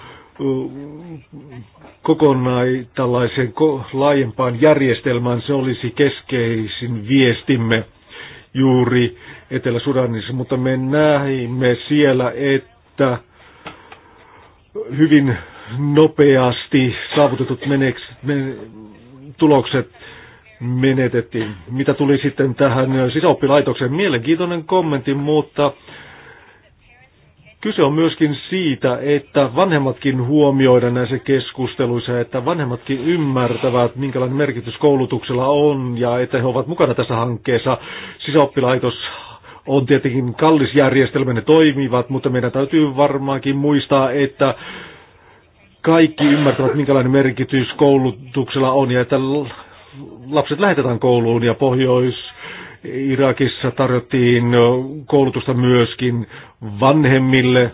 kokonaan tällaiseen laajempaan järjestelmään, se olisi keskeisin viestimme juuri Etelä-Sudanissa, mutta me näimme siellä, että hyvin nopeasti saavutetut meneks, men, tulokset menetettiin. Mitä tuli sitten tähän sisäoppilaitokseen? Mielenkiintoinen kommentti, mutta Kyse on myöskin siitä, että vanhemmatkin huomioida näissä keskusteluissa, että vanhemmatkin ymmärtävät, minkälainen merkitys koulutuksella on ja että he ovat mukana tässä hankkeessa. Sisäoppilaitos on tietenkin kallis järjestelmä, ne toimivat, mutta meidän täytyy varmaankin muistaa, että kaikki ymmärtävät, minkälainen merkitys koulutuksella on ja että lapset lähetetään kouluun ja Pohjois- Irakissa tarjottiin koulutusta myöskin vanhemmille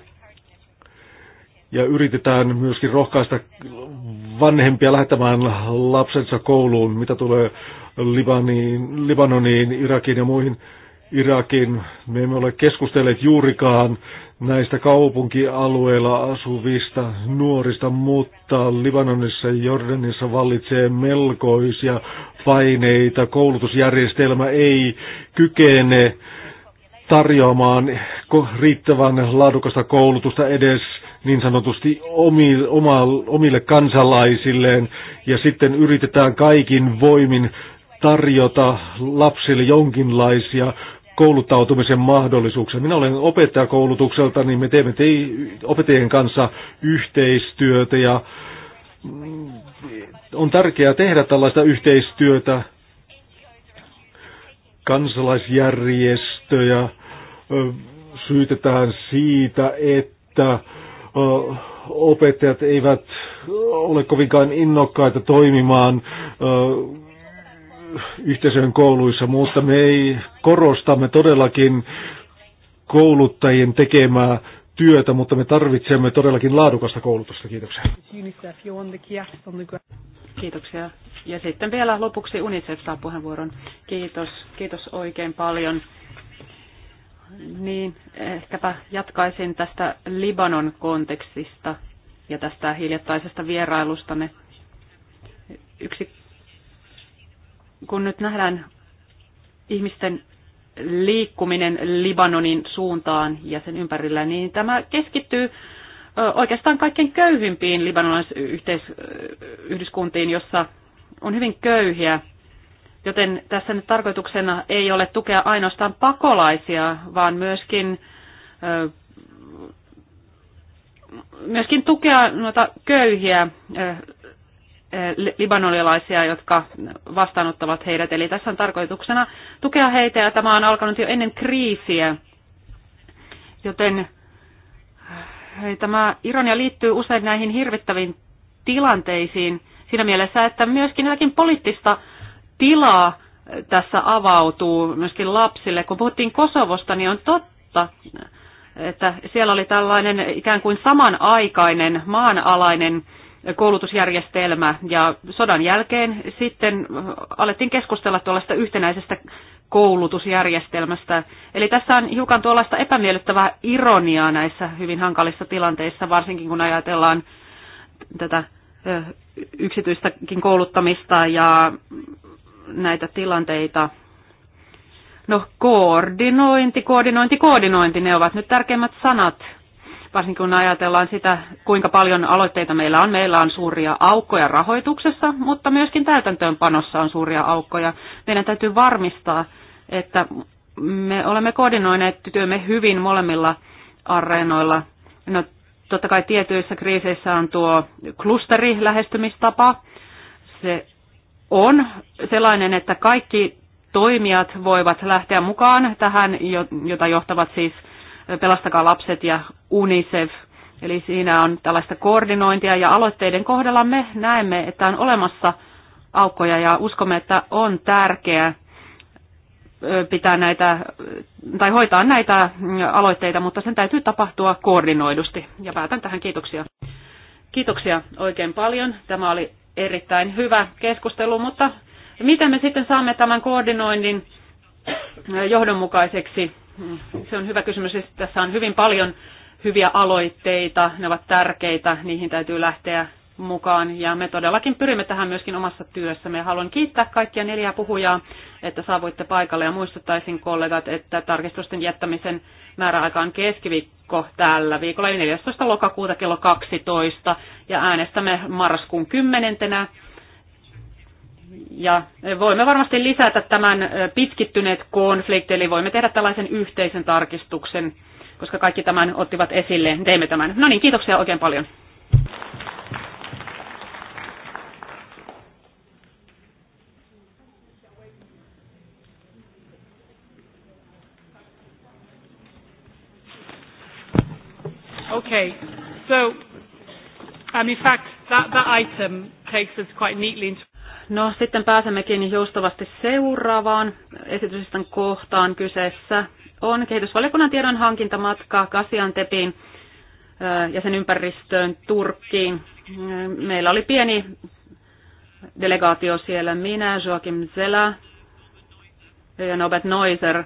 ja yritetään myöskin rohkaista vanhempia lähettämään lapsensa kouluun, mitä tulee Libaniin, Libanoniin, Irakiin ja muihin. Irakin me emme ole keskustelleet juurikaan näistä kaupunkialueilla asuvista nuorista, mutta Libanonissa ja Jordanissa vallitsee melkoisia paineita. Koulutusjärjestelmä ei kykene tarjoamaan riittävän laadukasta koulutusta edes niin sanotusti omi, oma, omille kansalaisilleen ja sitten yritetään kaikin voimin tarjota lapsille jonkinlaisia kouluttautumisen mahdollisuuksia. Minä olen opettajakoulutukselta, niin me teemme te- opettajien kanssa yhteistyötä ja mm, on tärkeää tehdä tällaista yhteistyötä kansalaisjärjestöjä syytetään siitä, että opettajat eivät ole kovinkaan innokkaita toimimaan yhteisöjen kouluissa, mutta me ei korostamme todellakin kouluttajien tekemää työtä, mutta me tarvitsemme todellakin laadukasta koulutusta. Kiitoksia. Kiitoksia. Ja sitten vielä lopuksi UNICEF saa puheenvuoron. Kiitos, kiitos oikein paljon. Niin, ehkäpä jatkaisin tästä Libanon kontekstista ja tästä hiljattaisesta vierailustanne. Yksi kun nyt nähdään ihmisten liikkuminen Libanonin suuntaan ja sen ympärillä, niin tämä keskittyy oikeastaan kaikkein köyhimpiin libanonaisyhdyskuntiin, jossa on hyvin köyhiä. Joten tässä nyt tarkoituksena ei ole tukea ainoastaan pakolaisia, vaan myöskin, myöskin tukea noita köyhiä Eh, libanonilaisia, jotka vastaanottavat heidät. Eli tässä on tarkoituksena tukea heitä ja tämä on alkanut jo ennen kriisiä. Joten eh, tämä ironia liittyy usein näihin hirvittäviin tilanteisiin siinä mielessä, että myöskin jotakin poliittista tilaa eh, tässä avautuu myöskin lapsille. Kun puhuttiin Kosovosta, niin on totta, että siellä oli tällainen ikään kuin samanaikainen maanalainen koulutusjärjestelmä. Ja sodan jälkeen sitten alettiin keskustella tuollaista yhtenäisestä koulutusjärjestelmästä. Eli tässä on hiukan tuollaista epämiellyttävää ironiaa näissä hyvin hankalissa tilanteissa, varsinkin kun ajatellaan tätä yksityistäkin kouluttamista ja näitä tilanteita. No koordinointi, koordinointi, koordinointi, ne ovat nyt tärkeimmät sanat varsinkin kun ajatellaan sitä, kuinka paljon aloitteita meillä on. Meillä on suuria aukkoja rahoituksessa, mutta myöskin täytäntöönpanossa on suuria aukkoja. Meidän täytyy varmistaa, että me olemme koordinoineet työmme hyvin molemmilla areenoilla. No, totta kai tietyissä kriiseissä on tuo klusterilähestymistapa. Se on sellainen, että kaikki toimijat voivat lähteä mukaan tähän, jota johtavat siis – Pelastakaa lapset ja UNICEF. Eli siinä on tällaista koordinointia ja aloitteiden kohdalla me näemme, että on olemassa aukkoja ja uskomme, että on tärkeää pitää näitä, tai hoitaa näitä mm, aloitteita, mutta sen täytyy tapahtua koordinoidusti. Ja päätän tähän kiitoksia. Kiitoksia oikein paljon. Tämä oli erittäin hyvä keskustelu, mutta miten me sitten saamme tämän koordinoinnin johdonmukaiseksi Mm-hmm. Se on hyvä kysymys. Siis tässä on hyvin paljon hyviä aloitteita, ne ovat tärkeitä, niihin täytyy lähteä mukaan ja me todellakin pyrimme tähän myöskin omassa työssämme. Haluan kiittää kaikkia neljää puhujaa, että saavuitte paikalle ja muistuttaisin kollegat, että tarkistusten jättämisen määräaika on keskiviikko tällä viikolla 14. lokakuuta kello 12 ja äänestämme marraskuun 10. Ja voimme varmasti lisätä tämän pitkittyneet konflikti, eli voimme tehdä tällaisen yhteisen tarkistuksen, koska kaikki tämän ottivat esille. Teimme tämän. No niin, kiitoksia oikein paljon. Okay. So, um, in fact, that, that item takes us quite neatly into No sitten pääsemmekin joustavasti seuraavaan esityslistan kohtaan kyseessä on kehitysvaliokunnan tiedon hankintamatka Kasiantepiin äh, ja sen ympäristöön Turkkiin. Äh, meillä oli pieni delegaatio siellä, minä, Joakim Zela ja Nobet Noiser.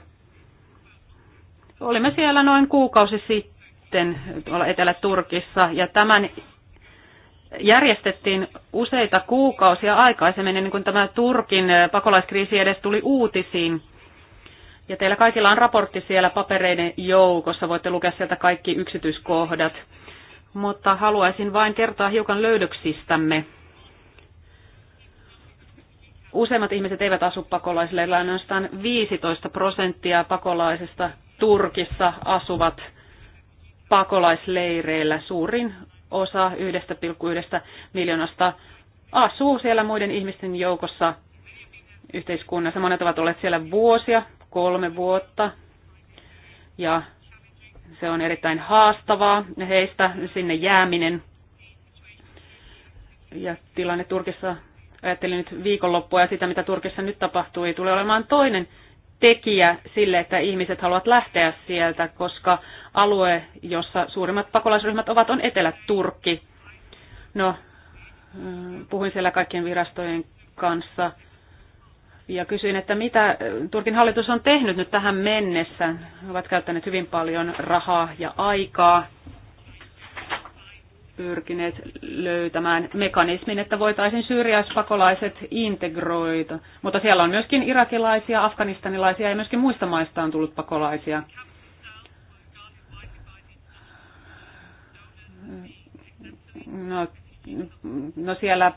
Olimme siellä noin kuukausi sitten tuolla Etelä-Turkissa ja tämän järjestettiin useita kuukausia aikaisemmin, ennen niin kuin tämä Turkin eh, pakolaiskriisi edes tuli uutisiin. Ja teillä kaikilla on raportti siellä papereiden joukossa, voitte lukea sieltä kaikki yksityiskohdat. Mutta haluaisin vain kertoa hiukan löydöksistämme. Useimmat ihmiset eivät asu pakolaisleirillä, ainoastaan 15 prosenttia pakolaisista Turkissa asuvat pakolaisleireillä. Suurin osa 1,1 miljoonasta asuu siellä muiden ihmisten joukossa yhteiskunnassa. Monet ovat olleet siellä vuosia, kolme vuotta, ja se on erittäin haastavaa heistä sinne jääminen. Ja tilanne Turkissa, ajattelin nyt viikonloppua ja sitä, mitä Turkissa nyt tapahtuu, ei tule olemaan toinen tekijä sille, että ihmiset haluavat lähteä sieltä, koska alue, jossa suurimmat pakolaisryhmät ovat, on Etelä-Turkki. No, mm, puhuin siellä kaikkien virastojen kanssa ja kysyin, että mitä äh, Turkin hallitus on tehnyt nyt tähän mennessä. He ovat käyttäneet hyvin paljon rahaa ja aikaa pyrkineet löytämään mekanismin, että voitaisiin syrjäispakolaiset integroida. Mutta siellä on myöskin irakilaisia, afganistanilaisia ja myöskin muista maista on tullut pakolaisia. No, no siellä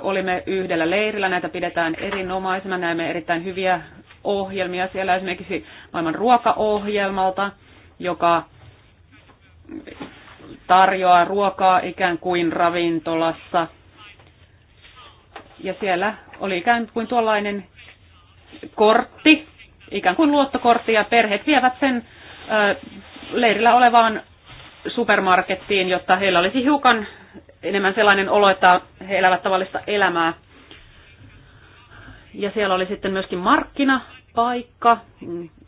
olimme yhdellä leirillä, näitä pidetään erinomaisena, näemme erittäin hyviä ohjelmia siellä esimerkiksi maailman ruokaohjelmalta, joka tarjoaa ruokaa ikään kuin ravintolassa. Ja siellä oli ikään kuin tuollainen kortti, ikään kuin luottokortti, ja perheet vievät sen ö, leirillä olevaan supermarkettiin, jotta heillä olisi hiukan enemmän sellainen olo, että he elävät tavallista elämää. Ja siellä oli sitten myöskin markkinapaikka.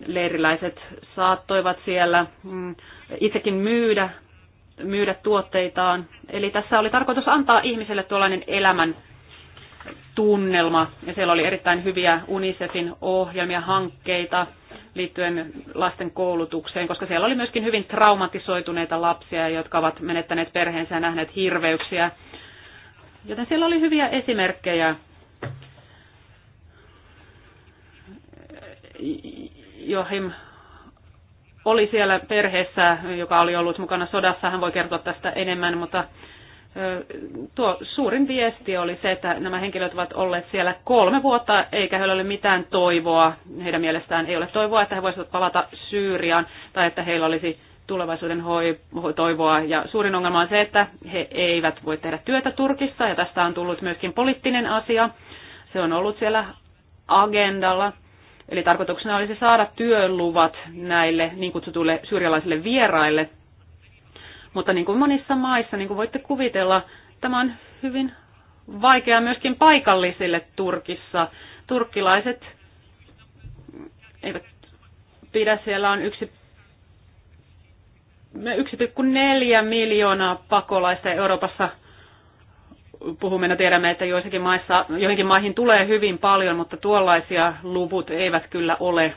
Leiriläiset saattoivat siellä mm, itsekin myydä myydä tuotteitaan. Eli tässä oli tarkoitus antaa ihmiselle tuollainen elämän tunnelma. Ja siellä oli erittäin hyviä UNICEFin ohjelmia, hankkeita liittyen lasten koulutukseen, koska siellä oli myöskin hyvin traumatisoituneita lapsia, jotka ovat menettäneet perheensä ja nähneet hirveyksiä. Joten siellä oli hyviä esimerkkejä, Joachim oli siellä perheessä, joka oli ollut mukana sodassa. Hän voi kertoa tästä enemmän, mutta tuo suurin viesti oli se, että nämä henkilöt ovat olleet siellä kolme vuotta, eikä heillä ole mitään toivoa. Heidän mielestään ei ole toivoa, että he voisivat palata Syyriaan tai että heillä olisi tulevaisuuden toivoa. Ja suurin ongelma on se, että he eivät voi tehdä työtä Turkissa, ja tästä on tullut myöskin poliittinen asia. Se on ollut siellä agendalla. Eli tarkoituksena olisi saada työluvat näille niin kutsutuille syyrialaisille vieraille. Mutta niin kuin monissa maissa, niin kuin voitte kuvitella, tämä on hyvin vaikeaa myöskin paikallisille Turkissa. Turkkilaiset eivät pidä, siellä on yksi 1,4 miljoonaa pakolaista Euroopassa puhumme ja tiedämme, että joissakin maissa, joihinkin maihin tulee hyvin paljon, mutta tuollaisia luvut eivät kyllä ole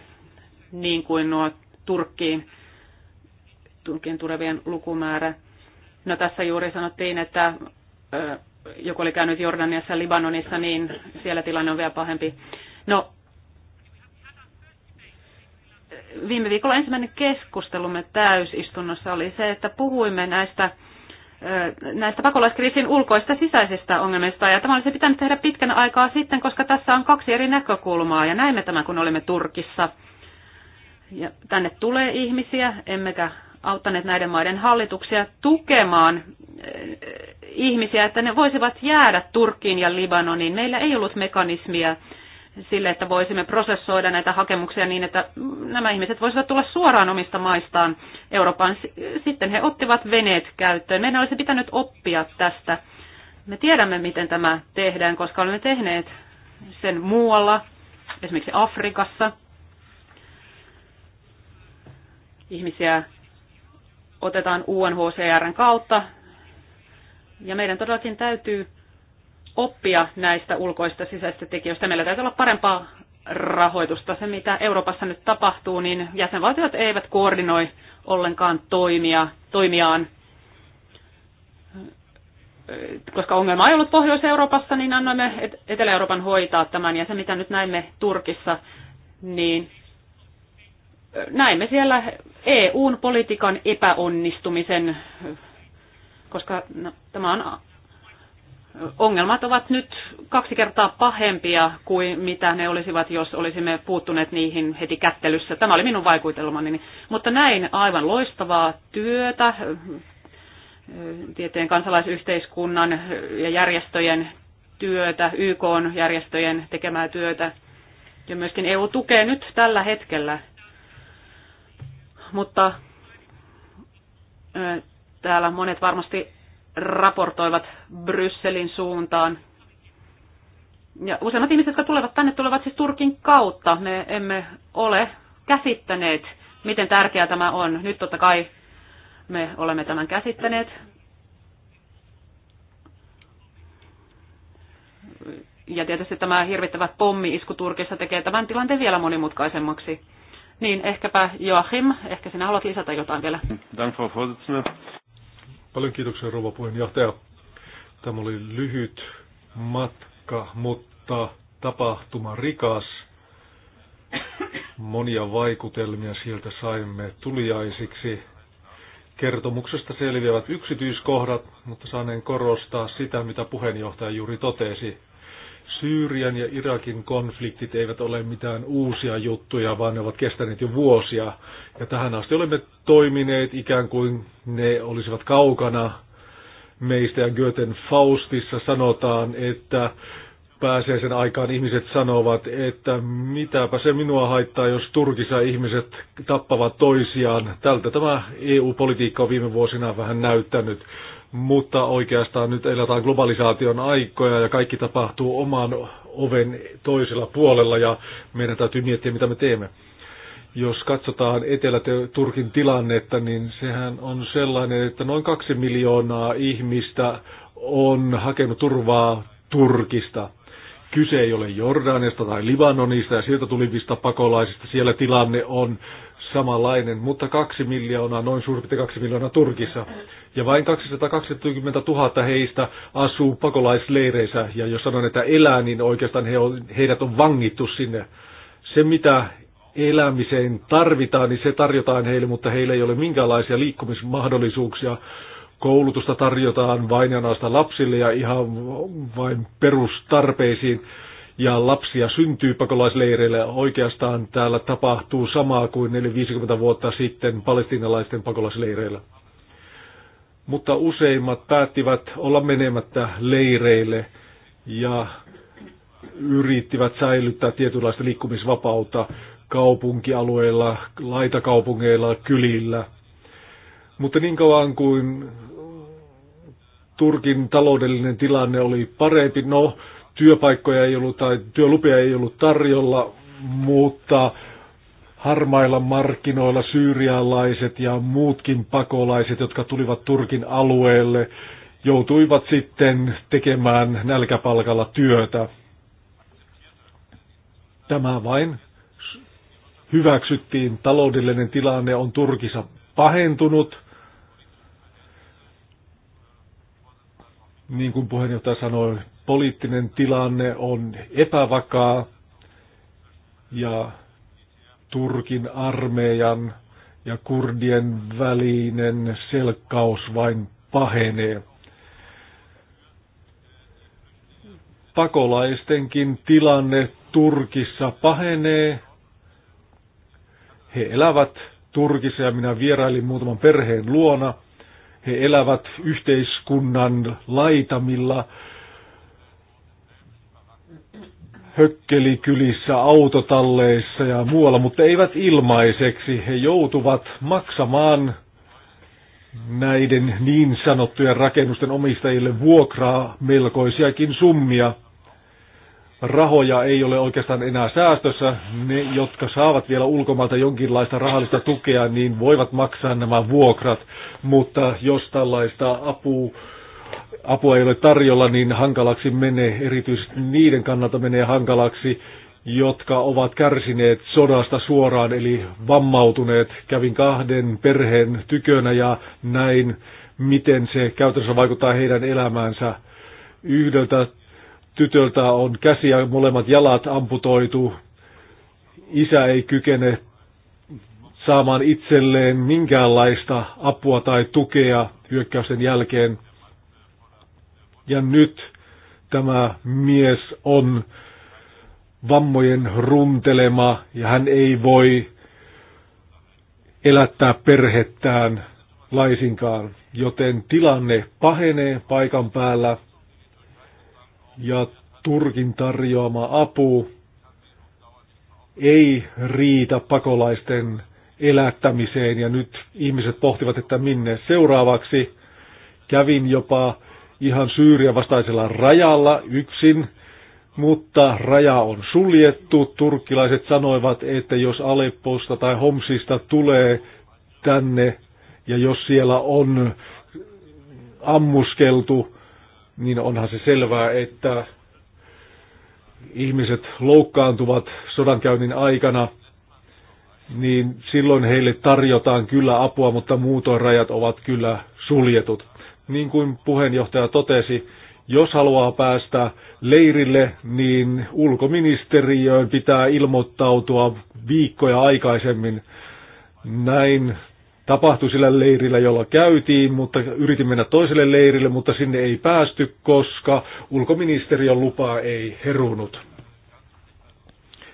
niin kuin nuo Turkkiin, Turkkiin tulevien lukumäärä. No tässä juuri sanottiin, että joku oli käynyt Jordaniassa, Libanonissa, niin siellä tilanne on vielä pahempi. No, viime viikolla ensimmäinen keskustelumme täysistunnossa oli se, että puhuimme näistä näistä pakolaiskriisin ulkoista sisäisistä ongelmista. Ja tämä olisi pitänyt tehdä pitkän aikaa sitten, koska tässä on kaksi eri näkökulmaa ja näimme tämän, kun olimme Turkissa. Ja tänne tulee ihmisiä, emmekä auttaneet näiden maiden hallituksia tukemaan ihmisiä, että ne voisivat jäädä Turkkiin ja Libanoniin. Meillä ei ollut mekanismia sille, että voisimme prosessoida näitä hakemuksia niin, että nämä ihmiset voisivat tulla suoraan omista maistaan Euroopan. Sitten he ottivat veneet käyttöön. Meidän olisi pitänyt oppia tästä. Me tiedämme, miten tämä tehdään, koska olemme tehneet sen muualla, esimerkiksi Afrikassa. Ihmisiä otetaan UNHCRn kautta. Ja meidän todellakin täytyy oppia näistä ulkoista sisäisistä tekijöistä. Meillä täytyy olla parempaa rahoitusta. Se, mitä Euroopassa nyt tapahtuu, niin jäsenvaltiot eivät koordinoi ollenkaan toimia, toimiaan. Koska ongelma ei ollut Pohjois-Euroopassa, niin annoimme Etelä-Euroopan hoitaa tämän. Ja se, mitä nyt näimme Turkissa, niin näimme siellä EUn politiikan epäonnistumisen, koska no, tämä on ongelmat ovat nyt kaksi kertaa pahempia kuin mitä ne olisivat, jos olisimme puuttuneet niihin heti kättelyssä. Tämä oli minun vaikutelmani. Mutta näin aivan loistavaa työtä tietojen kansalaisyhteiskunnan ja järjestöjen työtä, YK-järjestöjen tekemää työtä. Ja myöskin EU tukee nyt tällä hetkellä. Mutta täällä monet varmasti raportoivat Brysselin suuntaan. Ja useimmat ihmiset, jotka tulevat tänne, tulevat siis Turkin kautta. Me emme ole käsittäneet, miten tärkeää tämä on. Nyt totta kai me olemme tämän käsittäneet. Ja tietysti tämä hirvittävä pommi-isku Turkissa tekee tämän tilanteen vielä monimutkaisemmaksi. Niin, ehkäpä Joachim, ehkä sinä haluat lisätä jotain vielä. Danke, Frau Paljon kiitoksia rouva puheenjohtaja. Tämä oli lyhyt matka, mutta tapahtuma rikas. Monia vaikutelmia sieltä saimme tuliaisiksi. Kertomuksesta selviävät yksityiskohdat, mutta saaneen korostaa sitä, mitä puheenjohtaja juuri totesi. Syyrian ja Irakin konfliktit eivät ole mitään uusia juttuja, vaan ne ovat kestäneet jo vuosia. Ja tähän asti olemme toimineet ikään kuin ne olisivat kaukana meistä. Ja Goethen Faustissa sanotaan, että pääsee sen aikaan ihmiset sanovat, että mitäpä se minua haittaa, jos Turkissa ihmiset tappavat toisiaan. Tältä tämä EU-politiikka on viime vuosina vähän näyttänyt mutta oikeastaan nyt eletään globalisaation aikoja ja kaikki tapahtuu oman oven toisella puolella ja meidän täytyy miettiä, mitä me teemme. Jos katsotaan Etelä-Turkin tilannetta, niin sehän on sellainen, että noin kaksi miljoonaa ihmistä on hakenut turvaa Turkista. Kyse ei ole Jordanista tai Libanonista ja sieltä tulivista pakolaisista. Siellä tilanne on samanlainen, mutta kaksi miljoonaa, noin suurin piirtein kaksi miljoonaa Turkissa. Ja vain 220 000 heistä asuu pakolaisleireissä, ja jos sanon, että elää, niin oikeastaan he on, heidät on vangittu sinne. Se, mitä elämiseen tarvitaan, niin se tarjotaan heille, mutta heillä ei ole minkäänlaisia liikkumismahdollisuuksia. Koulutusta tarjotaan vain ja lapsille ja ihan vain perustarpeisiin ja lapsia syntyy pakolaisleireille. Oikeastaan täällä tapahtuu samaa kuin 50 vuotta sitten palestinalaisten pakolaisleireillä. Mutta useimmat päättivät olla menemättä leireille ja yrittivät säilyttää tietynlaista liikkumisvapautta kaupunkialueilla, laitakaupungeilla, kylillä. Mutta niin kauan kuin Turkin taloudellinen tilanne oli parempi, no työpaikkoja ei ollut tai työlupia ei ollut tarjolla, mutta harmailla markkinoilla syyrialaiset ja muutkin pakolaiset, jotka tulivat Turkin alueelle, joutuivat sitten tekemään nälkäpalkalla työtä. Tämä vain hyväksyttiin. Taloudellinen tilanne on Turkissa pahentunut. Niin kuin puheenjohtaja sanoi, poliittinen tilanne on epävakaa ja Turkin armeijan ja kurdien välinen selkkaus vain pahenee. Pakolaistenkin tilanne Turkissa pahenee. He elävät Turkissa ja minä vierailin muutaman perheen luona. He elävät yhteiskunnan laitamilla hökkelikylissä, autotalleissa ja muualla, mutta eivät ilmaiseksi. He joutuvat maksamaan näiden niin sanottujen rakennusten omistajille vuokraa melkoisiakin summia. Rahoja ei ole oikeastaan enää säästössä. Ne, jotka saavat vielä ulkomailta jonkinlaista rahallista tukea, niin voivat maksaa nämä vuokrat. Mutta jos tällaista apua apua ei ole tarjolla, niin hankalaksi menee, erityisesti niiden kannalta menee hankalaksi, jotka ovat kärsineet sodasta suoraan, eli vammautuneet. Kävin kahden perheen tykönä ja näin, miten se käytännössä vaikuttaa heidän elämäänsä. Yhdeltä tytöltä on käsi ja molemmat jalat amputoitu. Isä ei kykene saamaan itselleen minkäänlaista apua tai tukea hyökkäysten jälkeen – ja nyt tämä mies on vammojen runtelema ja hän ei voi elättää perhettään laisinkaan, joten tilanne pahenee paikan päällä ja Turkin tarjoama apu ei riitä pakolaisten elättämiseen ja nyt ihmiset pohtivat, että minne seuraavaksi. Kävin jopa ihan Syyrian vastaisella rajalla yksin, mutta raja on suljettu. Turkkilaiset sanoivat, että jos Alepposta tai Homsista tulee tänne ja jos siellä on ammuskeltu, niin onhan se selvää, että ihmiset loukkaantuvat sodankäynnin aikana, niin silloin heille tarjotaan kyllä apua, mutta muutoin rajat ovat kyllä suljetut. Niin kuin puheenjohtaja totesi, jos haluaa päästä leirille, niin ulkoministeriöön pitää ilmoittautua viikkoja aikaisemmin. Näin tapahtui sillä leirillä, jolla käytiin, mutta yritin mennä toiselle leirille, mutta sinne ei päästy, koska ulkoministeriön lupaa ei herunut.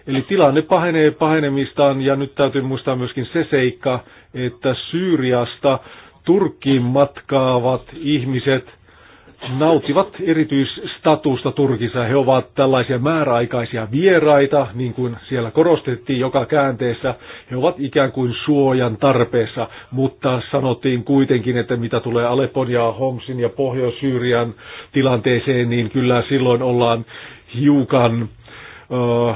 Eli tilanne pahenee pahenemistaan ja nyt täytyy muistaa myöskin se seikka, että Syyriasta Turkkiin matkaavat ihmiset nautivat erityisstatusta Turkissa. He ovat tällaisia määräaikaisia vieraita, niin kuin siellä korostettiin joka käänteessä. He ovat ikään kuin suojan tarpeessa, mutta sanottiin kuitenkin, että mitä tulee Alepon ja Homsin ja Pohjois-Syyrian tilanteeseen, niin kyllä silloin ollaan hiukan ö,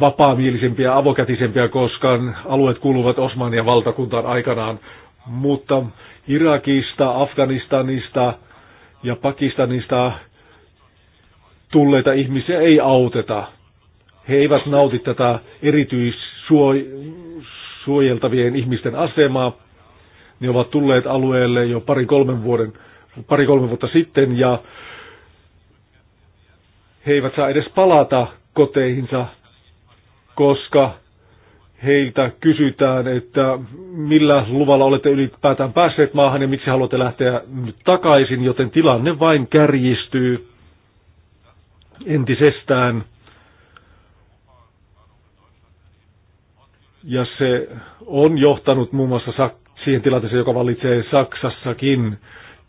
vapaamielisempiä, avokätisempiä, koska alueet kuuluvat Osmanian valtakuntaan aikanaan. Mutta Irakista, Afganistanista ja Pakistanista tulleita ihmisiä ei auteta. He eivät nauti tätä erityissuojeltavien ihmisten asemaa. Ne ovat tulleet alueelle jo pari kolmen vuoden, pari kolme vuotta sitten ja he eivät saa edes palata koteihinsa, koska heiltä kysytään, että millä luvalla olette ylipäätään päässeet maahan ja miksi haluatte lähteä nyt takaisin, joten tilanne vain kärjistyy entisestään. Ja se on johtanut muun muassa siihen tilanteeseen, joka valitsee Saksassakin.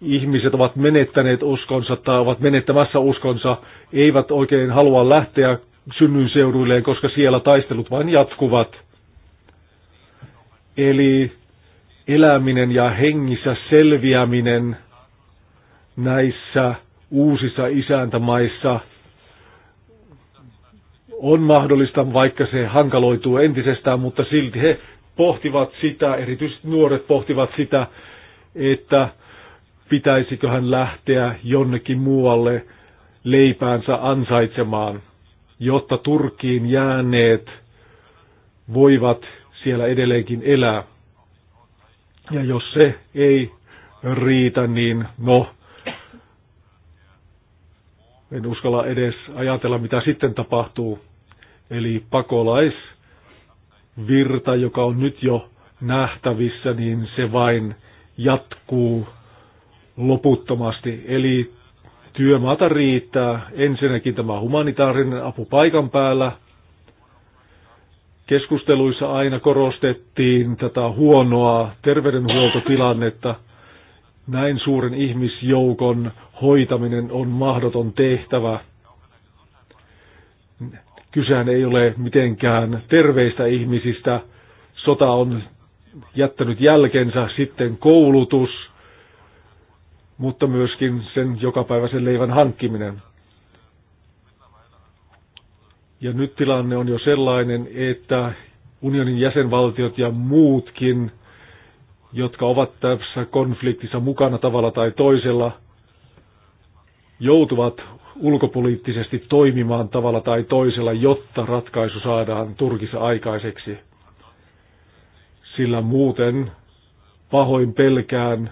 Ihmiset ovat menettäneet uskonsa tai ovat menettämässä uskonsa, eivät oikein halua lähteä synnyinseuduilleen, koska siellä taistelut vain jatkuvat. Eli eläminen ja hengissä selviäminen näissä uusissa isäntämaissa on mahdollista, vaikka se hankaloituu entisestään, mutta silti he pohtivat sitä, erityisesti nuoret pohtivat sitä, että pitäisikö hän lähteä jonnekin muualle leipäänsä ansaitsemaan, jotta Turkkiin jääneet voivat siellä edelleenkin elää. Ja jos se ei riitä, niin no, en uskalla edes ajatella, mitä sitten tapahtuu. Eli pakolaisvirta, joka on nyt jo nähtävissä, niin se vain jatkuu loputtomasti. Eli työmaata riittää. Ensinnäkin tämä humanitaarinen apu paikan päällä, Keskusteluissa aina korostettiin tätä huonoa terveydenhuoltotilannetta. Näin suuren ihmisjoukon hoitaminen on mahdoton tehtävä. Kysehän ei ole mitenkään terveistä ihmisistä. Sota on jättänyt jälkensä sitten koulutus, mutta myöskin sen jokapäiväisen leivän hankkiminen. Ja nyt tilanne on jo sellainen, että unionin jäsenvaltiot ja muutkin, jotka ovat tässä konfliktissa mukana tavalla tai toisella, joutuvat ulkopoliittisesti toimimaan tavalla tai toisella, jotta ratkaisu saadaan Turkissa aikaiseksi. Sillä muuten pahoin pelkään,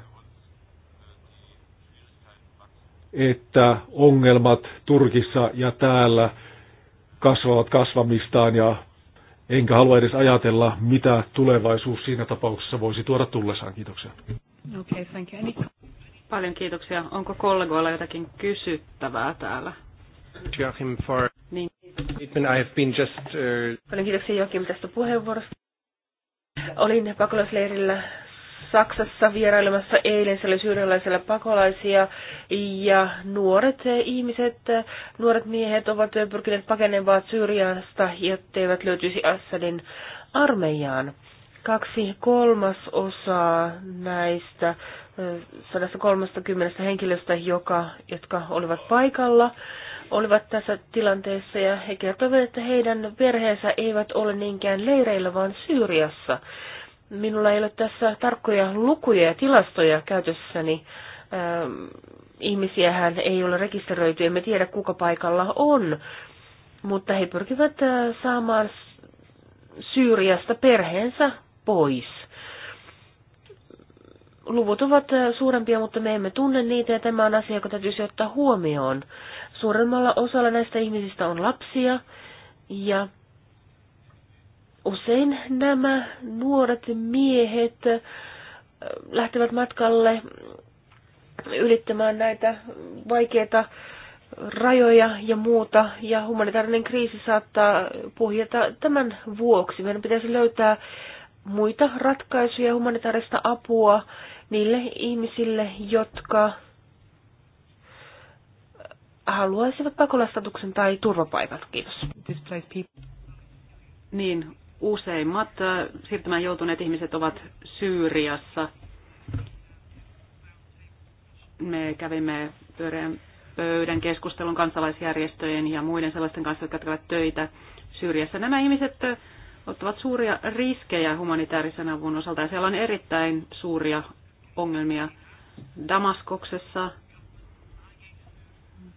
että ongelmat Turkissa ja täällä kasvavat kasvamistaan ja enkä halua edes ajatella, mitä tulevaisuus siinä tapauksessa voisi tuoda tullessaan. Kiitoksia. Okay, thank you. Paljon kiitoksia. Onko kollegoilla jotakin kysyttävää täällä? Joachim for niin. I have been just, uh... Paljon kiitoksia Joakim tästä puheenvuorosta. Olin pakolaisleirillä Saksassa vierailemassa eilen. Siellä oli syyrialaisilla pakolaisia ja nuoret ihmiset, nuoret miehet ovat pyrkineet pakenemaan Syyriasta, eivät löytyisi Assadin armeijaan. Kaksi kolmasosaa näistä 130 eh, henkilöstä, joka, jotka olivat paikalla, olivat tässä tilanteessa ja he kertovat, että heidän perheensä eivät ole niinkään leireillä, vaan Syyriassa. Minulla ei ole tässä tarkkoja lukuja ja tilastoja käytössäni. Ähm, ihmisiähän ei ole rekisteröity, emme tiedä kuka paikalla on, mutta he pyrkivät äh, saamaan Syyriasta perheensä pois. Luvut ovat äh, suurempia, mutta me emme tunne niitä ja tämä on asia, joka täytyisi ottaa huomioon. Suuremmalla osalla näistä ihmisistä on lapsia ja Usein nämä nuoret miehet äh, lähtevät matkalle ylittämään näitä vaikeita rajoja ja muuta, ja humanitaarinen kriisi saattaa puhjeta tämän vuoksi. Meidän pitäisi löytää muita ratkaisuja, humanitaarista apua niille ihmisille, jotka haluaisivat pakolastatuksen tai turvapaikan. Kiitos. Niin, useimmat äh, siirtymään joutuneet ihmiset ovat Syyriassa. Me kävimme pyöreän pöydän keskustelun kansalaisjärjestöjen ja muiden sellaisten kanssa, jotka tekevät töitä Syyriassa. Nämä ihmiset äh, ottavat suuria riskejä humanitaarisen avun osalta ja siellä on erittäin suuria ongelmia Damaskoksessa,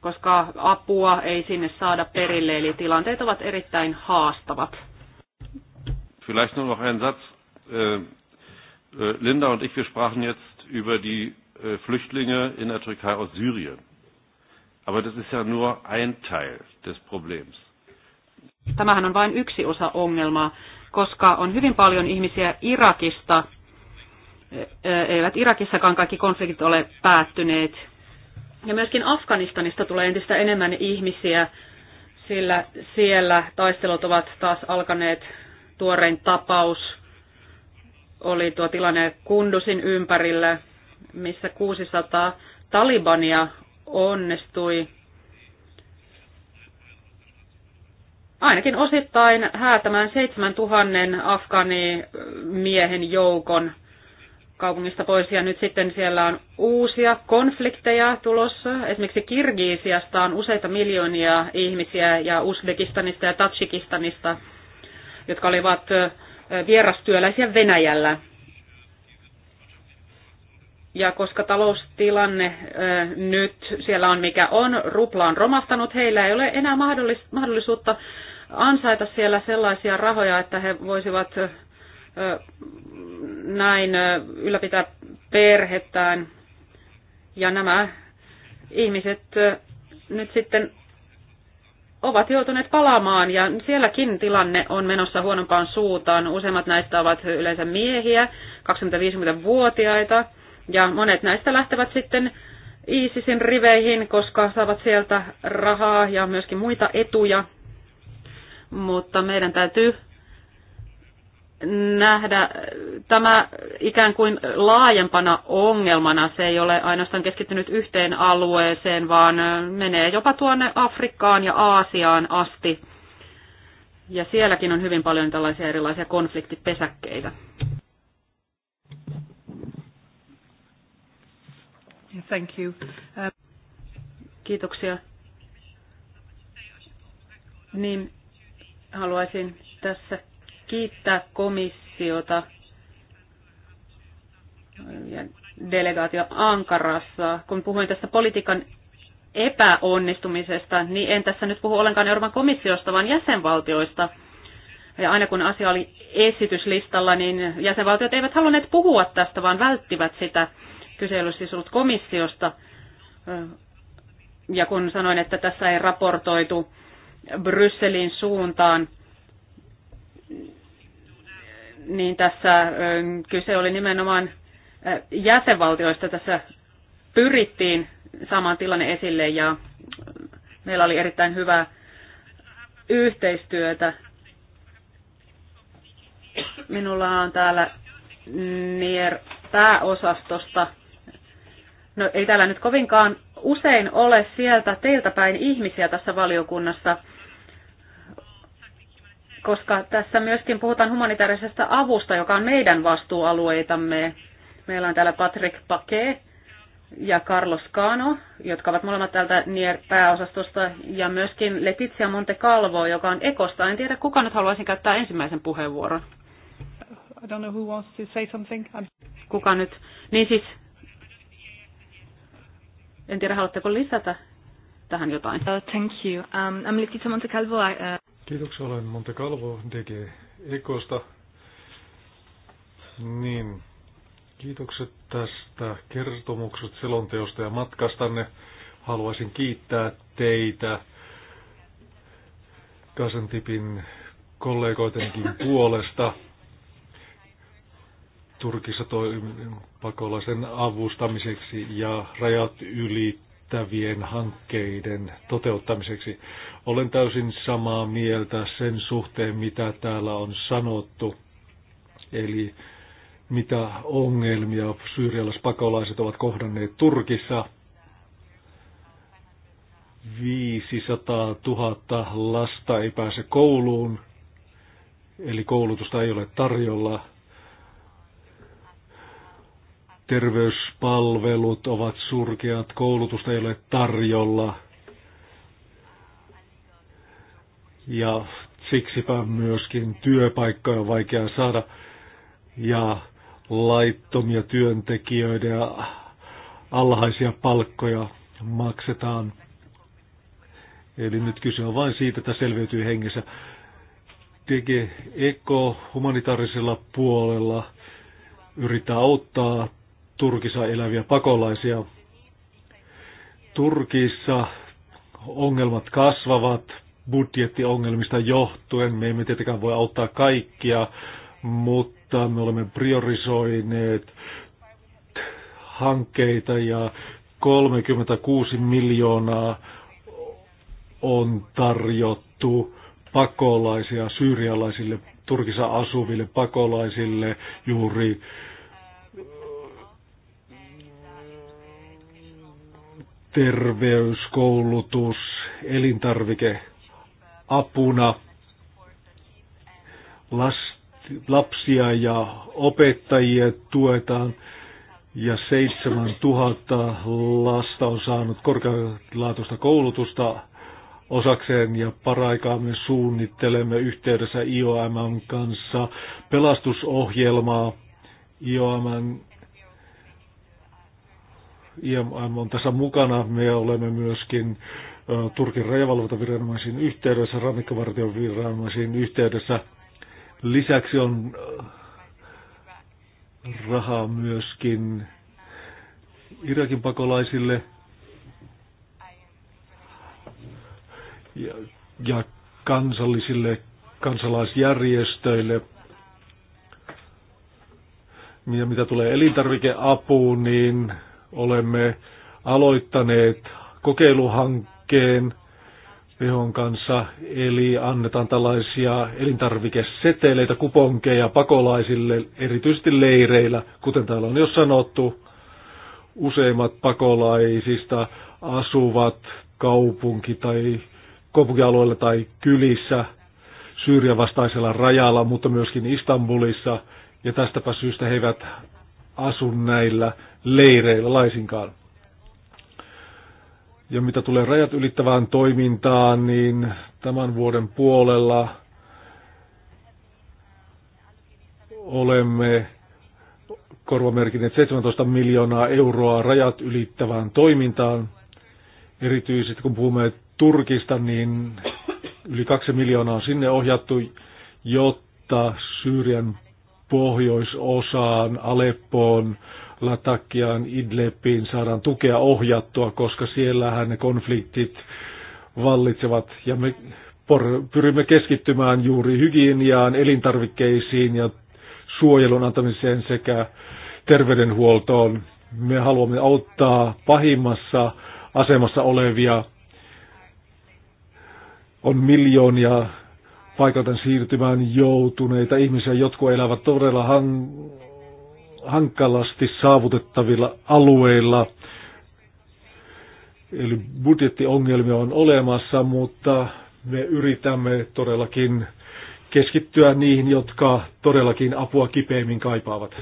koska apua ei sinne saada perille, eli tilanteet ovat erittäin haastavat. Vielleicht nur noch ein Satz. Äh, äh, Linda und ich, wir sprachen jetzt über die äh, Flüchtlinge in der Türkei aus Syrien. Aber das ist ja nur ein Teil des Problems. Tämähän on vain yksi osa ongelmaa, koska on hyvin paljon ihmisiä Irakista. Eivät Irakissakaan kaikki konfliktit ole päättyneet. Ja myöskin Afganistanista tulee entistä enemmän ihmisiä, sillä siellä taistelut ovat taas alkaneet tuorein tapaus oli tuo tilanne Kundusin ympärillä, missä 600 Talibania onnistui ainakin osittain häätämään 7000 afgani miehen joukon kaupungista pois. Ja nyt sitten siellä on uusia konflikteja tulossa. Esimerkiksi Kirgiisiasta on useita miljoonia ihmisiä ja Uzbekistanista ja Tatsikistanista jotka olivat vierastyöläisiä Venäjällä. Ja koska taloustilanne nyt siellä on mikä on, rupla on romahtanut, heillä ei ole enää mahdollisuutta ansaita siellä sellaisia rahoja, että he voisivat näin ylläpitää perhettään. Ja nämä ihmiset nyt sitten ovat joutuneet palaamaan ja sielläkin tilanne on menossa huonompaan suuntaan. Useimmat näistä ovat yleensä miehiä, 20-50-vuotiaita ja monet näistä lähtevät sitten ISISin riveihin, koska saavat sieltä rahaa ja myöskin muita etuja. Mutta meidän täytyy nähdä tämä ikään kuin laajempana ongelmana. Se ei ole ainoastaan keskittynyt yhteen alueeseen, vaan menee jopa tuonne Afrikkaan ja Aasiaan asti. Ja sielläkin on hyvin paljon tällaisia erilaisia konfliktipesäkkeitä. Thank you. Uh, Kiitoksia. Niin, haluaisin tässä kiittää komissiota ja delegaatio Ankarassa. Kun puhuin tästä politiikan epäonnistumisesta, niin en tässä nyt puhu ollenkaan Euroopan komissiosta, vaan jäsenvaltioista. Ja aina kun asia oli esityslistalla, niin jäsenvaltiot eivät halunneet puhua tästä, vaan välttivät sitä. Kyse ei siis ollut komissiosta. Ja kun sanoin, että tässä ei raportoitu Brysselin suuntaan, niin tässä kyse oli nimenomaan jäsenvaltioista. Tässä pyrittiin saamaan tilanne esille ja meillä oli erittäin hyvää yhteistyötä. Minulla on täällä NIER pääosastosta. No ei täällä nyt kovinkaan usein ole sieltä teiltä päin ihmisiä tässä valiokunnassa – koska tässä myöskin puhutaan humanitaarisesta avusta, joka on meidän vastuualueitamme. Meillä on täällä Patrick Paquet ja Carlos Cano, jotka ovat molemmat täältä NIR-pääosastosta, ja myöskin Letizia Calvo, joka on Ekosta. En tiedä, kuka nyt haluaisi käyttää ensimmäisen puheenvuoron. I don't know who wants to say something. I'm... Kuka nyt? Niin siis, en tiedä, haluatteko lisätä tähän jotain? Uh, thank you. Um, I'm Letizia Calvo. I, uh... Kiitoksia, olen Monte Calvo, DG Ekosta. Niin, kiitokset tästä kertomukset selonteosta ja matkastanne. Haluaisin kiittää teitä Kasentipin kollegoidenkin puolesta. Turkissa toi pakolaisen avustamiseksi ja rajat ylittämiseksi merkittävien hankkeiden toteuttamiseksi. Olen täysin samaa mieltä sen suhteen, mitä täällä on sanottu, eli mitä ongelmia syyrialaispakolaiset ovat kohdanneet Turkissa. 500 000 lasta ei pääse kouluun, eli koulutusta ei ole tarjolla – terveyspalvelut ovat surkeat, koulutusta ei ole tarjolla. Ja siksipä myöskin työpaikkoja on vaikea saada. Ja laittomia työntekijöitä ja alhaisia palkkoja maksetaan. Eli nyt kyse on vain siitä, että selviytyy hengessä. Tekee Eko humanitaarisella puolella yrittää auttaa Turkissa eläviä pakolaisia. Turkissa ongelmat kasvavat budjettiongelmista johtuen. Me emme tietenkään voi auttaa kaikkia, mutta me olemme priorisoineet hankkeita ja 36 miljoonaa on tarjottu pakolaisia syyrialaisille, Turkissa asuville pakolaisille juuri terveyskoulutus, elintarvike apuna, lapsia ja opettajia tuetaan ja 7000 lasta on saanut korkealaatuista koulutusta osakseen ja paraikaa me suunnittelemme yhteydessä IOM kanssa pelastusohjelmaa IOM IMM on tässä mukana. Me olemme myöskin Turkin rajavalvontaviranomaisiin yhteydessä, rannikkovartion viranomaisiin yhteydessä. Lisäksi on rahaa myöskin Irakin pakolaisille ja, ja kansallisille kansalaisjärjestöille. Ja mitä tulee elintarvikeapuun, niin olemme aloittaneet kokeiluhankkeen Vihon kanssa, eli annetaan tällaisia elintarvikeseteleitä, kuponkeja pakolaisille, erityisesti leireillä, kuten täällä on jo sanottu. Useimmat pakolaisista asuvat kaupunki- tai kaupunkialueilla tai kylissä Syyrian vastaisella rajalla, mutta myöskin Istanbulissa, ja tästäpä syystä he eivät asu näillä leireillä laisinkaan. Ja mitä tulee rajat ylittävään toimintaan, niin tämän vuoden puolella olemme korvamerkineet 17 miljoonaa euroa rajat ylittävään toimintaan. Erityisesti kun puhumme Turkista, niin yli 2 miljoonaa on sinne ohjattu, jotta Syyrian pohjoisosaan, Aleppoon, Latakiaan, Idlepiin saadaan tukea ohjattua, koska siellähän ne konfliktit vallitsevat ja me pyrimme keskittymään juuri hygieniaan, elintarvikkeisiin ja suojelun antamiseen sekä terveydenhuoltoon. Me haluamme auttaa pahimmassa asemassa olevia. On miljoonia paikalta siirtymään joutuneita ihmisiä. Jotkut elävät todella han- hankalasti saavutettavilla alueilla. Eli budjettiongelmia on olemassa, mutta me yritämme todellakin keskittyä niihin, jotka todellakin apua kipeimmin kaipaavat.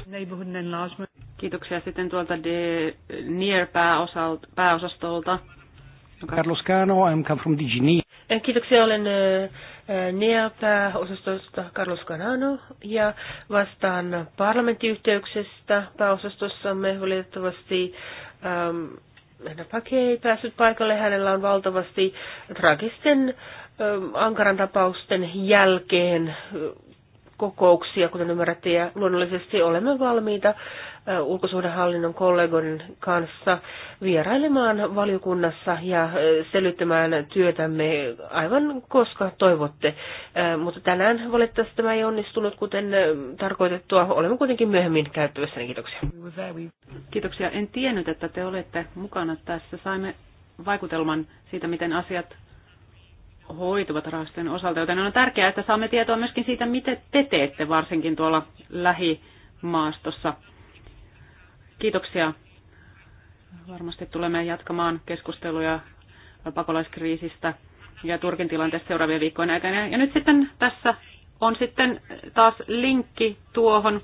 Kiitoksia sitten tuolta de Near pääosastolta. Carlos Cano, I'm come from Digini. Kiitoksia, olen NEA-pääosastosta Carlos Canano ja vastaan parlamenttiyhteyksestä pääosastossamme valitettavasti ähm, ei päässyt paikalle. Hänellä on valtavasti tragisten ähm, ankaran tapausten jälkeen äh, kokouksia, kuten ymmärrätte, ja luonnollisesti olemme valmiita ulkosuhdehallinnon kollegoiden kanssa vierailemaan valiokunnassa ja selittämään työtämme aivan koska toivotte. Mutta tänään valitettavasti tämä ei onnistunut, kuten tarkoitettua. Olemme kuitenkin myöhemmin käyttävässä. Niin kiitoksia. Kiitoksia. En tiennyt, että te olette mukana tässä. Saimme vaikutelman siitä, miten asiat hoituvat rahastojen osalta, joten on tärkeää, että saamme tietoa myöskin siitä, miten te teette varsinkin tuolla lähimaastossa. Kiitoksia. Varmasti tulemme jatkamaan keskusteluja pakolaiskriisistä ja Turkin tilanteesta seuraavien viikkojen aikana. Ja nyt sitten tässä on sitten taas linkki tuohon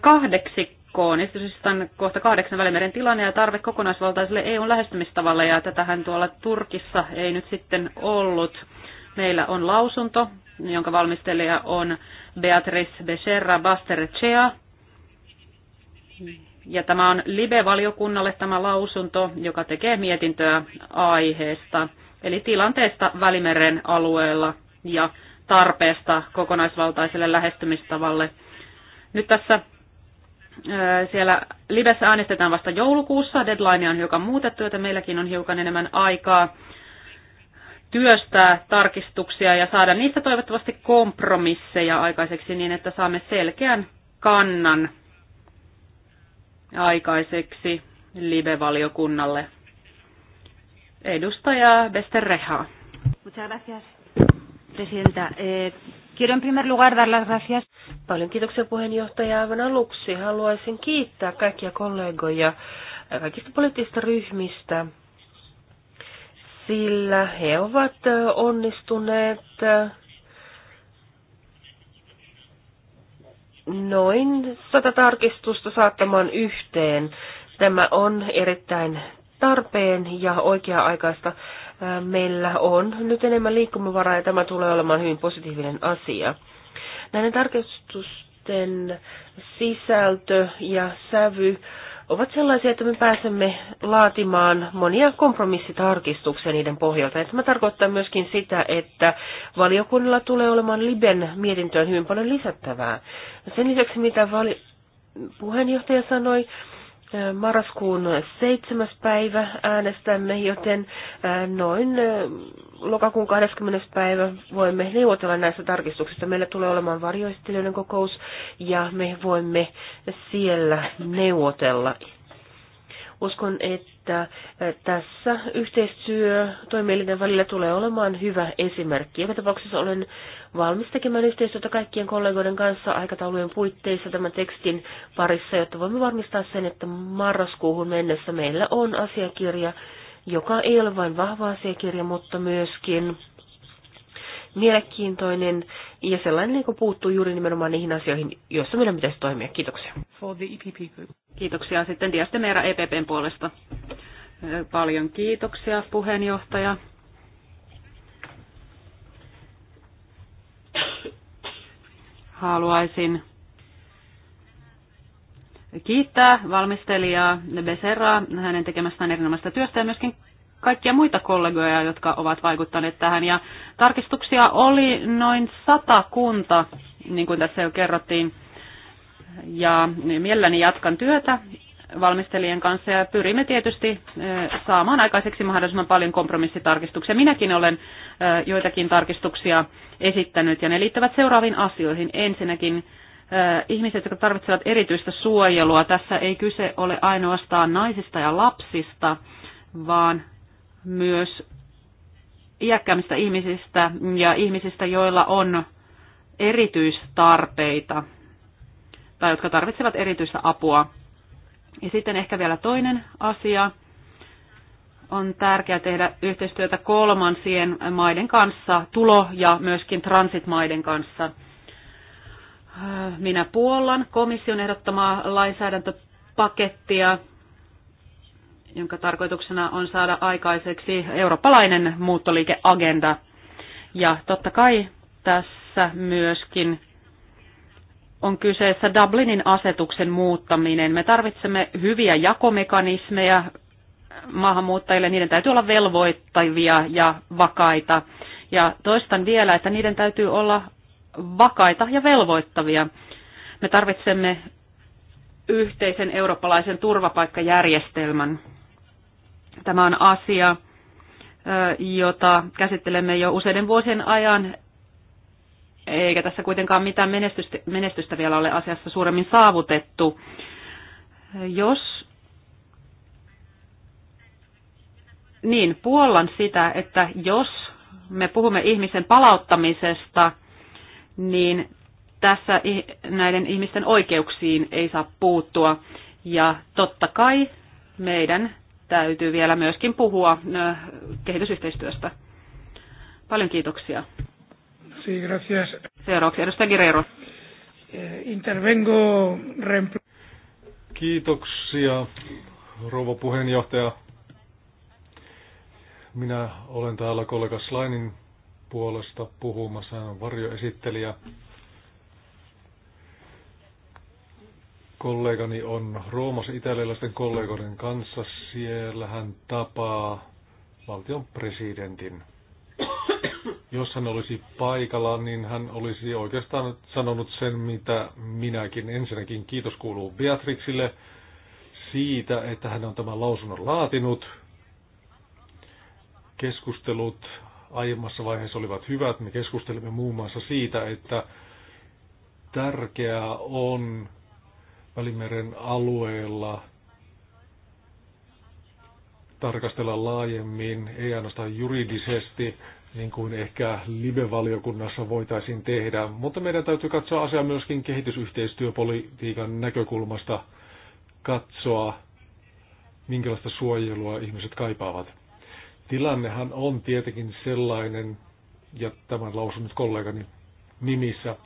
kahdeksikkoon. on kohta kahdeksan välimeren tilanne ja tarve kokonaisvaltaiselle EUn lähestymistavalle, ja tätähän tuolla Turkissa ei nyt sitten ollut. Meillä on lausunto, jonka valmistelija on Beatrice Becerra Basterchea, ja tämä on Libe-valiokunnalle tämä lausunto, joka tekee mietintöä aiheesta, eli tilanteesta Välimeren alueella ja tarpeesta kokonaisvaltaiselle lähestymistavalle. Nyt tässä siellä Libessä äänestetään vasta joulukuussa, deadline on hiukan muutettu, joten meilläkin on hiukan enemmän aikaa työstää tarkistuksia ja saada niistä toivottavasti kompromisseja aikaiseksi niin, että saamme selkeän kannan aikaiseksi live-valiokunnalle. Edustaja Besterreha. Muchas gracias, presidenta. Eh, quiero en primer lugar dar las gracias. Paljon kiitoksia puheenjohtaja. Aivan aluksi haluaisin kiittää kaikkia kollegoja kaikista poliittisista ryhmistä, sillä he ovat onnistuneet noin sata tarkistusta saattamaan yhteen. Tämä on erittäin tarpeen ja oikea-aikaista. Meillä on nyt enemmän liikkumavaraa ja tämä tulee olemaan hyvin positiivinen asia. Näiden tarkistusten sisältö ja sävy ovat sellaisia, että me pääsemme laatimaan monia kompromissitarkistuksia niiden pohjalta. tämä tarkoittaa myöskin sitä, että valiokunnilla tulee olemaan Liben mietintöön hyvin paljon lisättävää. Sen lisäksi, mitä vali- puheenjohtaja sanoi, marraskuun seitsemäs päivä äänestämme, joten noin lokakuun 20. päivä voimme neuvotella näistä tarkistuksista. Meillä tulee olemaan varjoistelijoiden kokous ja me voimme siellä neuvotella Uskon, että äh, tässä yhteistyö toimielinen välillä tulee olemaan hyvä esimerkki. Joka tapauksessa olen valmis tekemään yhteistyötä kaikkien kollegoiden kanssa aikataulujen puitteissa tämän tekstin parissa, jotta voimme varmistaa sen, että marraskuuhun mennessä meillä on asiakirja, joka ei ole vain vahva asiakirja, mutta myöskin mielenkiintoinen ja sellainen, joka puuttuu juuri nimenomaan niihin asioihin, joissa meidän pitäisi toimia. Kiitoksia. For the EPP group. Kiitoksia sitten Diaste Meera EPPn puolesta. Paljon kiitoksia puheenjohtaja. Haluaisin kiittää valmistelijaa Beseraa hänen tekemästään erinomaista työstä ja myöskin kaikkia muita kollegoja, jotka ovat vaikuttaneet tähän. Ja tarkistuksia oli noin sata kunta, niin kuin tässä jo kerrottiin. Ja mielelläni jatkan työtä valmistelijan kanssa ja pyrimme tietysti saamaan aikaiseksi mahdollisimman paljon kompromissitarkistuksia. Minäkin olen joitakin tarkistuksia esittänyt ja ne liittyvät seuraaviin asioihin. Ensinnäkin ihmiset, jotka tarvitsevat erityistä suojelua. Tässä ei kyse ole ainoastaan naisista ja lapsista, vaan myös iäkkäämmistä ihmisistä ja ihmisistä, joilla on erityistarpeita tai jotka tarvitsevat erityistä apua. Ja sitten ehkä vielä toinen asia. On tärkeää tehdä yhteistyötä kolmansien maiden kanssa, tulo- ja myöskin transitmaiden kanssa. Minä puollan komission ehdottamaa lainsäädäntöpakettia jonka tarkoituksena on saada aikaiseksi eurooppalainen muuttoliikeagenda. Ja totta kai tässä myöskin on kyseessä Dublinin asetuksen muuttaminen. Me tarvitsemme hyviä jakomekanismeja maahanmuuttajille. Niiden täytyy olla velvoittavia ja vakaita. Ja toistan vielä, että niiden täytyy olla vakaita ja velvoittavia. Me tarvitsemme yhteisen eurooppalaisen turvapaikkajärjestelmän. Tämä on asia, jota käsittelemme jo useiden vuosien ajan, eikä tässä kuitenkaan mitään menestystä, vielä ole asiassa suuremmin saavutettu. Jos niin, puollan sitä, että jos me puhumme ihmisen palauttamisesta, niin tässä näiden ihmisten oikeuksiin ei saa puuttua. Ja totta kai meidän täytyy vielä myöskin puhua kehitysyhteistyöstä. Paljon kiitoksia. Sí, gracias. Seuraavaksi edustaja Guerrero. Eh, intervengo. Kiitoksia, rouva puheenjohtaja. Minä olen täällä kollega Slainin puolesta puhumassa, hän on varjoesittelijä. kollegani on Roomassa italialaisten kollegoiden kanssa. Siellä hän tapaa valtion presidentin. Jos hän olisi paikalla, niin hän olisi oikeastaan sanonut sen, mitä minäkin. Ensinnäkin kiitos kuuluu Beatrixille siitä, että hän on tämän lausunnon laatinut. Keskustelut aiemmassa vaiheessa olivat hyvät. Me keskustelimme muun muassa siitä, että tärkeää on Välimeren alueella tarkastella laajemmin, ei ainoastaan juridisesti, niin kuin ehkä live-valiokunnassa voitaisiin tehdä, mutta meidän täytyy katsoa asiaa myöskin kehitysyhteistyöpolitiikan näkökulmasta, katsoa, minkälaista suojelua ihmiset kaipaavat. Tilannehan on tietenkin sellainen, ja tämän lausun nyt kollegani nimissä,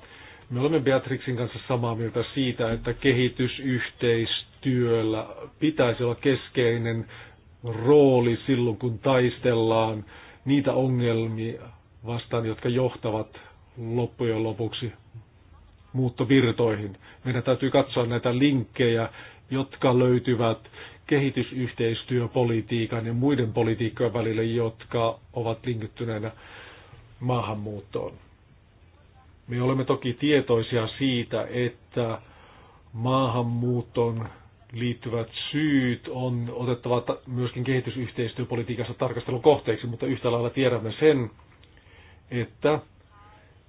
me olemme Beatrixin kanssa samaa mieltä siitä, että kehitysyhteistyöllä pitäisi olla keskeinen rooli silloin, kun taistellaan niitä ongelmia vastaan, jotka johtavat loppujen lopuksi muuttovirtoihin. Meidän täytyy katsoa näitä linkkejä, jotka löytyvät kehitysyhteistyöpolitiikan ja muiden politiikkojen välille, jotka ovat linkittyneenä maahanmuuttoon. Me olemme toki tietoisia siitä, että maahanmuuton liittyvät syyt on otettava myöskin kehitysyhteistyöpolitiikassa tarkastelun kohteeksi, mutta yhtä lailla tiedämme sen, että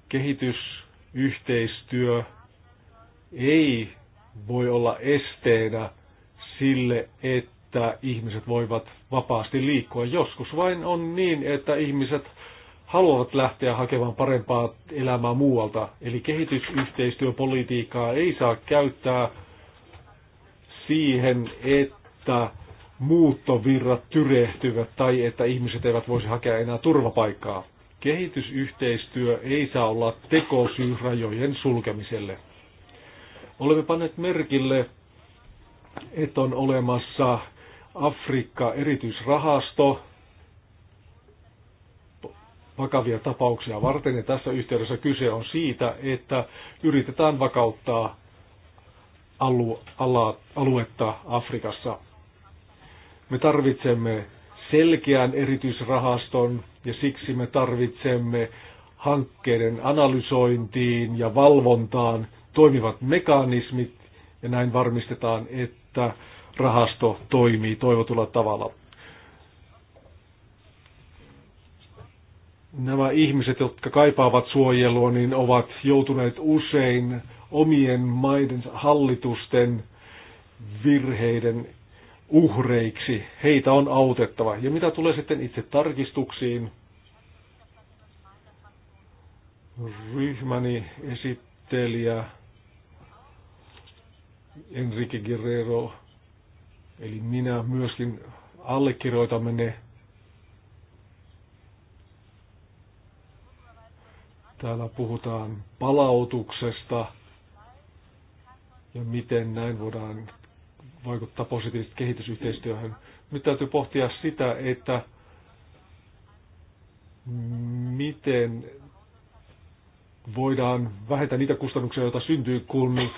kehitysyhteistyö ei voi olla esteenä sille, että ihmiset voivat vapaasti liikkua. Joskus vain on niin, että ihmiset haluavat lähteä hakemaan parempaa elämää muualta. Eli kehitysyhteistyöpolitiikkaa ei saa käyttää siihen, että muuttovirrat tyrehtyvät tai että ihmiset eivät voisi hakea enää turvapaikkaa. Kehitysyhteistyö ei saa olla tekosyy rajojen sulkemiselle. Olemme panneet merkille, että on olemassa Afrikka-erityisrahasto, vakavia tapauksia varten. Ja tässä yhteydessä kyse on siitä, että yritetään vakauttaa alu, ala, aluetta Afrikassa. Me tarvitsemme selkeän erityisrahaston ja siksi me tarvitsemme hankkeiden analysointiin ja valvontaan toimivat mekanismit ja näin varmistetaan, että rahasto toimii toivotulla tavalla. nämä ihmiset, jotka kaipaavat suojelua, niin ovat joutuneet usein omien maiden hallitusten virheiden uhreiksi. Heitä on autettava. Ja mitä tulee sitten itse tarkistuksiin, ryhmäni esittelijä Enrique Guerrero, eli minä myöskin allekirjoitamme ne Täällä puhutaan palautuksesta ja miten näin voidaan vaikuttaa positiivisesti kehitysyhteistyöhön. Nyt täytyy pohtia sitä, että miten voidaan vähentää niitä kustannuksia, joita syntyy, kun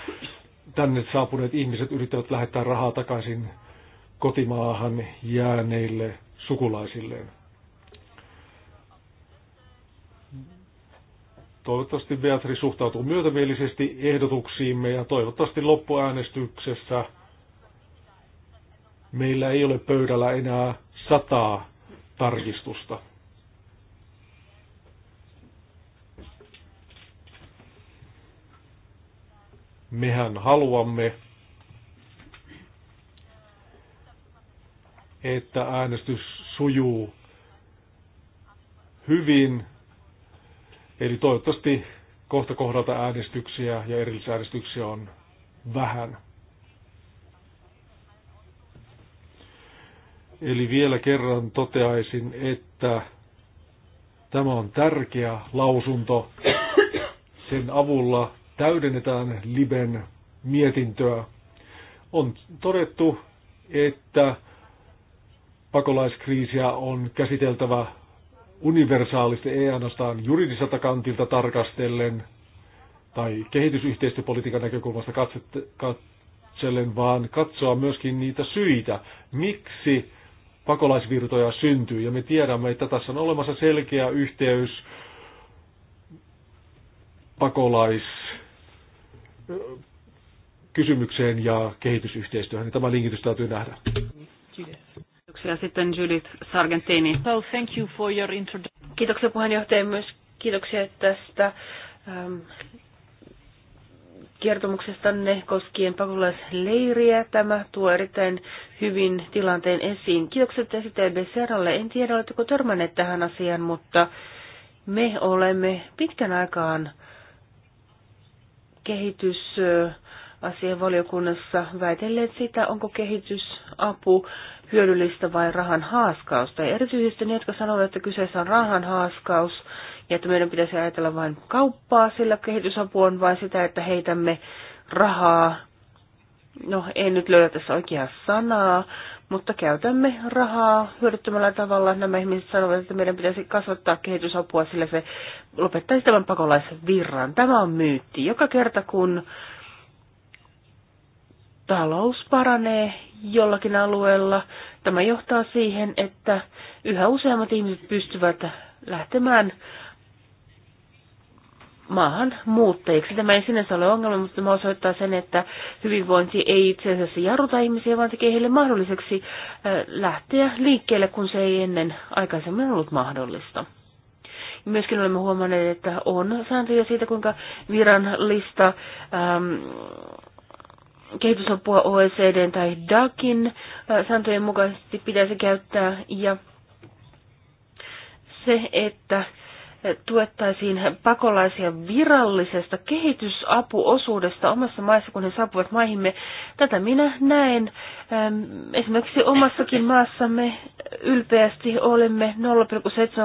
tänne saapuneet ihmiset yrittävät lähettää rahaa takaisin kotimaahan jääneille sukulaisilleen. Toivottavasti Beatri suhtautuu myötämielisesti ehdotuksiimme ja toivottavasti loppuäänestyksessä meillä ei ole pöydällä enää sataa tarkistusta. Mehän haluamme, että äänestys sujuu hyvin Eli toivottavasti kohta kohdalta äänestyksiä ja erillisäänestyksiä on vähän. Eli vielä kerran toteaisin, että tämä on tärkeä lausunto. Sen avulla täydennetään Liben mietintöä. On todettu, että pakolaiskriisiä on käsiteltävä universaalisti, ei ainoastaan juridiselta kantilta tarkastellen tai kehitysyhteistyöpolitiikan näkökulmasta katsellen, vaan katsoa myöskin niitä syitä, miksi pakolaisvirtoja syntyy. Ja me tiedämme, että tässä on olemassa selkeä yhteys pakolais kysymykseen ja kehitysyhteistyöhön. Tämä linkitys täytyy nähdä. Kiitos. Kiitoksia. Sitten Judith Sargentini. So, thank you for your Kiitoksia puheenjohtaja myös. Kiitoksia tästä ähm, kertomuksestanne koskien pakolaisleiriä. Tämä tuo erittäin hyvin tilanteen esiin. Kiitokset esittäjä Serralle. En tiedä, oletteko törmänneet tähän asiaan, mutta me olemme pitkän aikaan kehitysasian äh, valiokunnassa väitelleet sitä, onko kehitysapu hyödyllistä vai rahan haaskausta. Ja erityisesti ne, jotka sanovat, että kyseessä on rahan haaskaus ja että meidän pitäisi ajatella vain kauppaa, sillä kehitysapuun on sitä, että heitämme rahaa. No, en nyt löydä tässä oikeaa sanaa, mutta käytämme rahaa hyödyttömällä tavalla. Nämä ihmiset sanovat, että meidän pitäisi kasvattaa kehitysapua, sillä se lopettaisi tämän pakolaisvirran. Tämä on myytti. Joka kerta kun talous paranee jollakin alueella. Tämä johtaa siihen, että yhä useammat ihmiset pystyvät lähtemään maahan muuttajiksi. Tämä ei sinänsä ole ongelma, mutta tämä osoittaa sen, että hyvinvointi ei itse asiassa jarruta ihmisiä, vaan tekee heille mahdolliseksi äh, lähteä liikkeelle, kun se ei ennen aikaisemmin ollut mahdollista. Myöskin olemme huomanneet, että on sääntöjä siitä, kuinka viranlista ähm, kehitysapua OECDn tai DACin äh, sääntöjen mukaisesti pitäisi käyttää ja se, että tuettaisiin pakolaisia virallisesta kehitysapuosuudesta omassa maassa, kun he saapuvat maihimme. Tätä minä näen. Esimerkiksi omassakin maassamme ylpeästi olemme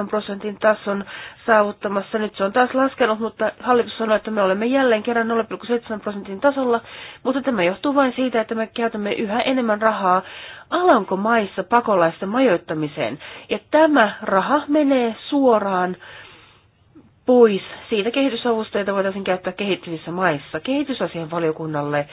0,7 prosentin tason saavuttamassa. Nyt se on taas laskenut, mutta hallitus sanoi, että me olemme jälleen kerran 0,7 prosentin tasolla, mutta tämä johtuu vain siitä, että me käytämme yhä enemmän rahaa Alankomaissa pakolaisten majoittamiseen. Ja tämä raha menee suoraan pois siitä kehitysavusta, jota voitaisiin käyttää kehittyvissä maissa. Kehitysasian valiokunnalle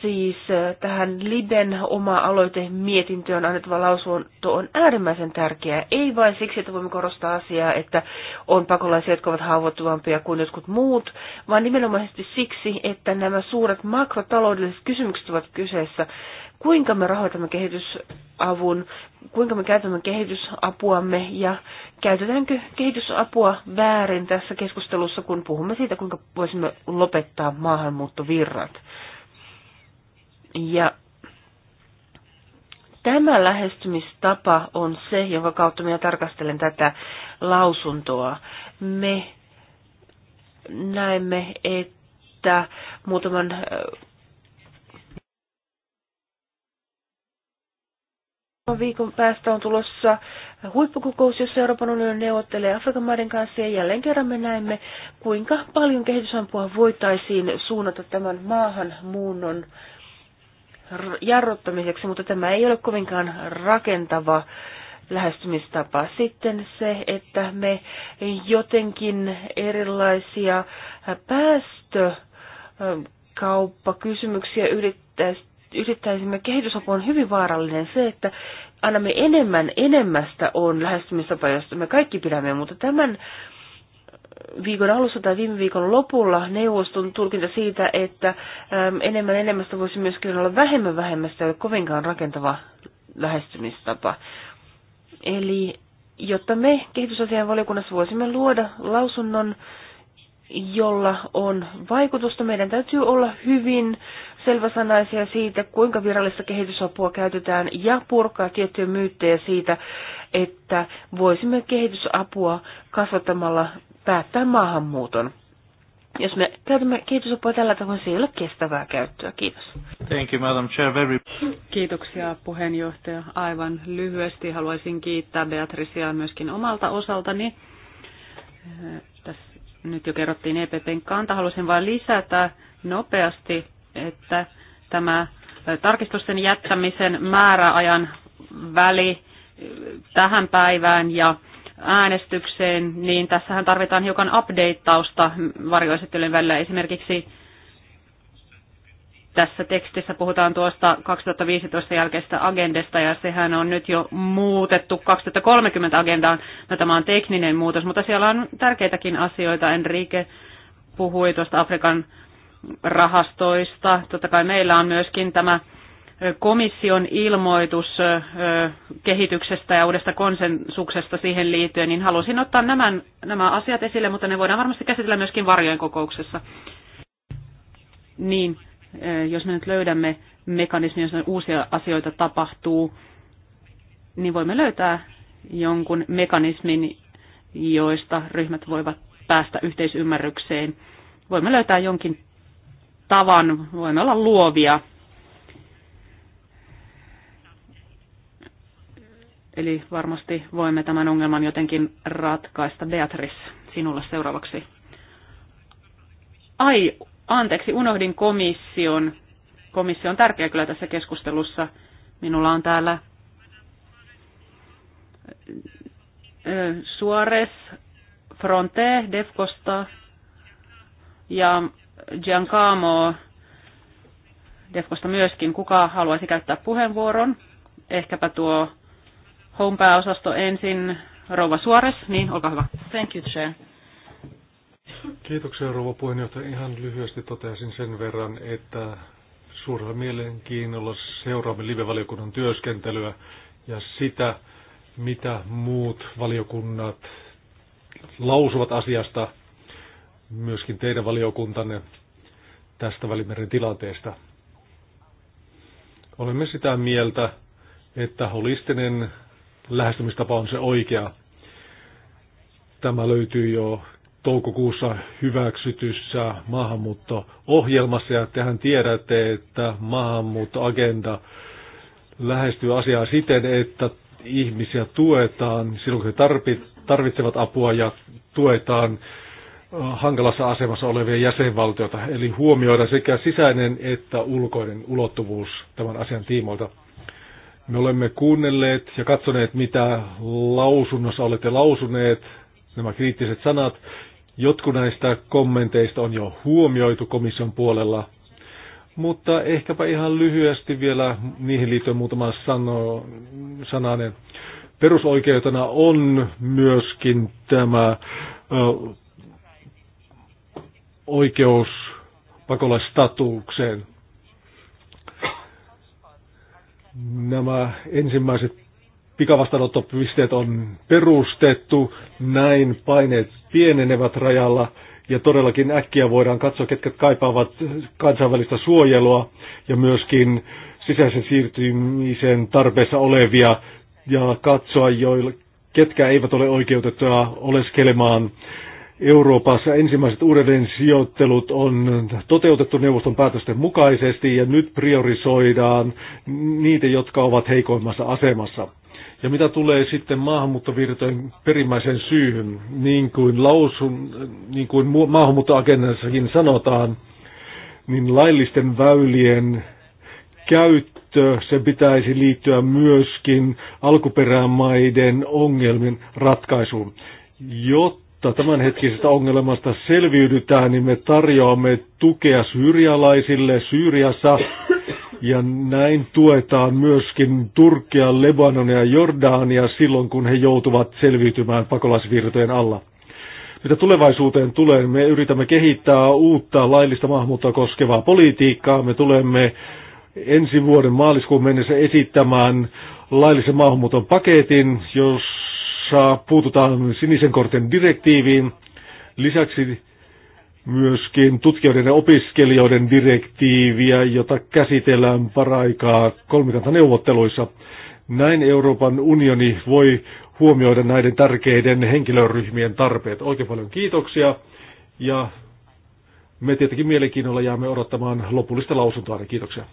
siis äh, tähän Liben oma-aloite mietintöön annettava lausunto on äärimmäisen tärkeä. Ei vain siksi, että voimme korostaa asiaa, että on pakolaisia, jotka ovat haavoittuvampia kuin jotkut muut, vaan nimenomaisesti siksi, että nämä suuret makrotaloudelliset kysymykset ovat kyseessä kuinka me rahoitamme kehitysavun, kuinka me käytämme kehitysapuamme ja käytetäänkö kehitysapua väärin tässä keskustelussa, kun puhumme siitä, kuinka voisimme lopettaa maahanmuuttovirrat. Ja tämä lähestymistapa on se, jonka kautta minä tarkastelen tätä lausuntoa. Me näemme, että muutaman Viikon päästä on tulossa huippukokous, jossa Euroopan unioni neuvottelee Afrikan maiden kanssa ja jälleen kerran me näemme, kuinka paljon kehitysampua voitaisiin suunnata tämän maahan muunnon jarruttamiseksi, mutta tämä ei ole kovinkaan rakentava lähestymistapa. Sitten se, että me jotenkin erilaisia päästö kauppakysymyksiä yrittäisi yrittäisimme, kehitysapu on hyvin vaarallinen. Se, että annamme enemmän enemmästä on lähestymistapa, josta me kaikki pidämme, mutta tämän viikon alussa tai viime viikon lopulla neuvoston tulkinta siitä, että ähm, enemmän enemmästä voisi myöskin olla vähemmän vähemmästä, ei ole kovinkaan rakentava lähestymistapa. Eli jotta me kehitysasian valiokunnassa voisimme luoda lausunnon, jolla on vaikutusta, meidän täytyy olla hyvin selväsanaisia siitä, kuinka virallista kehitysapua käytetään ja purkaa tiettyjä myyttejä siitä, että voisimme kehitysapua kasvattamalla päättää maahanmuuton. Jos me käytämme kehitysapua tällä tavoin, se ei ole kestävää käyttöä. Kiitos. Thank you, Madam Chair. Very... Kiitoksia puheenjohtaja. Aivan lyhyesti haluaisin kiittää Beatricea myöskin omalta osaltani. Tässä nyt jo kerrottiin EPPn kanta. Haluaisin vain lisätä nopeasti että tämä tarkistusten jättämisen määräajan väli tähän päivään ja äänestykseen, niin tässähän tarvitaan hiukan updateausta varjoesittelyn välillä. Esimerkiksi tässä tekstissä puhutaan tuosta 2015 jälkeistä agendesta, ja sehän on nyt jo muutettu 2030 agendaan. No, tämä on tekninen muutos, mutta siellä on tärkeitäkin asioita. Enrique puhui tuosta Afrikan rahastoista. Totta kai meillä on myöskin tämä komission ilmoitus kehityksestä ja uudesta konsensuksesta siihen liittyen, niin halusin ottaa nämä, nämä asiat esille, mutta ne voidaan varmasti käsitellä myöskin varjojen kokouksessa. Niin, jos me nyt löydämme mekanismin, jossa uusia asioita tapahtuu, niin voimme löytää jonkun mekanismin, joista ryhmät voivat päästä yhteisymmärrykseen. Voimme löytää jonkin tavan, voimme olla luovia. Eli varmasti voimme tämän ongelman jotenkin ratkaista. Beatrice, sinulle seuraavaksi. Ai, anteeksi, unohdin komission. Komissio on tärkeä kyllä tässä keskustelussa. Minulla on täällä Suores Fronte Defkosta ja Giancamo Defkosta myöskin. Kuka haluaisi käyttää puheenvuoron? Ehkäpä tuo Home-pääosasto ensin. Rouva Suores, niin olkaa hyvä. Thank you, Chair. Kiitoksia rouva puheenjohtaja. Ihan lyhyesti toteaisin sen verran, että suurella mielenkiinnolla seuraamme live-valiokunnan työskentelyä ja sitä, mitä muut valiokunnat lausuvat asiasta myöskin teidän valiokuntanne tästä Välimeren tilanteesta. Olemme sitä mieltä, että holistinen lähestymistapa on se oikea. Tämä löytyy jo toukokuussa hyväksytyssä maahanmuutto-ohjelmassa ja tehän tiedätte, että maahanmuuttoagenda lähestyy asiaa siten, että ihmisiä tuetaan silloin, kun he tarvitsevat apua ja tuetaan hankalassa asemassa olevia jäsenvaltioita, eli huomioida sekä sisäinen että ulkoinen ulottuvuus tämän asian tiimoilta. Me olemme kuunnelleet ja katsoneet, mitä lausunnossa olette lausuneet, nämä kriittiset sanat. Jotkut näistä kommenteista on jo huomioitu komission puolella, mutta ehkäpä ihan lyhyesti vielä niihin liittyen muutama sano, sananen. Perusoikeutena on myöskin tämä oikeus pakolaistatuukseen. Nämä ensimmäiset pikavastaanottopisteet on perustettu, näin paineet pienenevät rajalla ja todellakin äkkiä voidaan katsoa, ketkä kaipaavat kansainvälistä suojelua ja myöskin sisäisen siirtymisen tarpeessa olevia ja katsoa, ketkä eivät ole oikeutettuja oleskelemaan Euroopassa ensimmäiset uudelleen sijoittelut on toteutettu neuvoston päätösten mukaisesti ja nyt priorisoidaan niitä, jotka ovat heikoimmassa asemassa. Ja mitä tulee sitten maahanmuuttovirtojen perimmäisen syyhyn, niin kuin, lausun, niin kuin maahanmuuttoagendassakin sanotaan, niin laillisten väylien käyttö, se pitäisi liittyä myöskin alkuperämaiden ongelmien ratkaisuun, jotta jotta tämänhetkisestä ongelmasta selviydytään, niin me tarjoamme tukea syyrialaisille Syyriassa ja näin tuetaan myöskin Turkia, Lebanonia ja Jordania silloin, kun he joutuvat selviytymään pakolaisvirtojen alla. Mitä tulevaisuuteen tulee, me yritämme kehittää uutta laillista maahanmuuttoa koskevaa politiikkaa. Me tulemme ensi vuoden maaliskuun mennessä esittämään laillisen maahanmuuton paketin, jos jaksossa puututaan sinisen kortin direktiiviin. Lisäksi myöskin tutkijoiden ja opiskelijoiden direktiiviä, jota käsitellään paraikaa kolmikantaneuvotteluissa. Näin Euroopan unioni voi huomioida näiden tärkeiden henkilöryhmien tarpeet. Oikein paljon kiitoksia ja me tietenkin mielenkiinnolla jäämme odottamaan lopullista lausuntoa. Kiitoksia.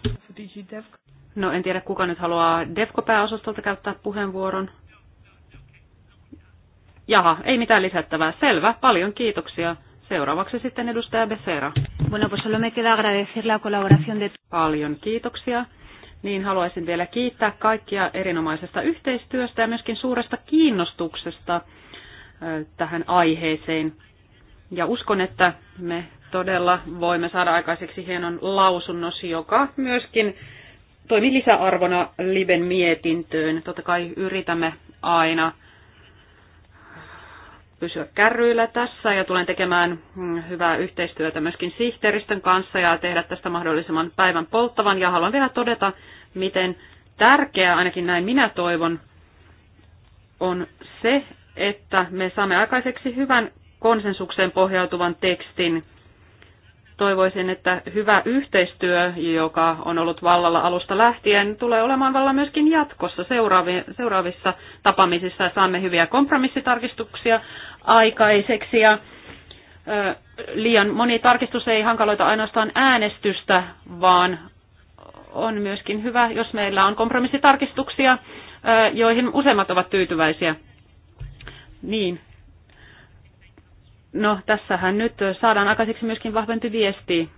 No en tiedä, kuka nyt haluaa defko pääosastolta käyttää puheenvuoron. Jaha, ei mitään lisättävää. Selvä, paljon kiitoksia. Seuraavaksi sitten edustaja Becerra. Bueno, pues solo me queda agradecer la colaboración de... Paljon kiitoksia. Niin haluaisin vielä kiittää kaikkia erinomaisesta yhteistyöstä ja myöskin suuresta kiinnostuksesta tähän aiheeseen. Ja uskon, että me todella voimme saada aikaiseksi hienon lausunnos, joka myöskin toimii lisäarvona Liben mietintöön. Totta kai yritämme aina pysyä kärryillä tässä ja tulen tekemään mm, hyvää yhteistyötä myöskin sihteeristön kanssa ja tehdä tästä mahdollisimman päivän polttavan. Ja haluan vielä todeta, miten tärkeää, ainakin näin minä toivon, on se, että me saamme aikaiseksi hyvän konsensukseen pohjautuvan tekstin. Toivoisin, että hyvä yhteistyö, joka on ollut vallalla alusta lähtien, tulee olemaan valla myöskin jatkossa seuraavissa tapaamisissa. Saamme hyviä kompromissitarkistuksia aikaiseksi ja liian moni tarkistus ei hankaloita ainoastaan äänestystä, vaan on myöskin hyvä, jos meillä on kompromissitarkistuksia, joihin useimmat ovat tyytyväisiä. Niin. No, tässähän nyt saadaan aikaiseksi myöskin vahvempi viesti.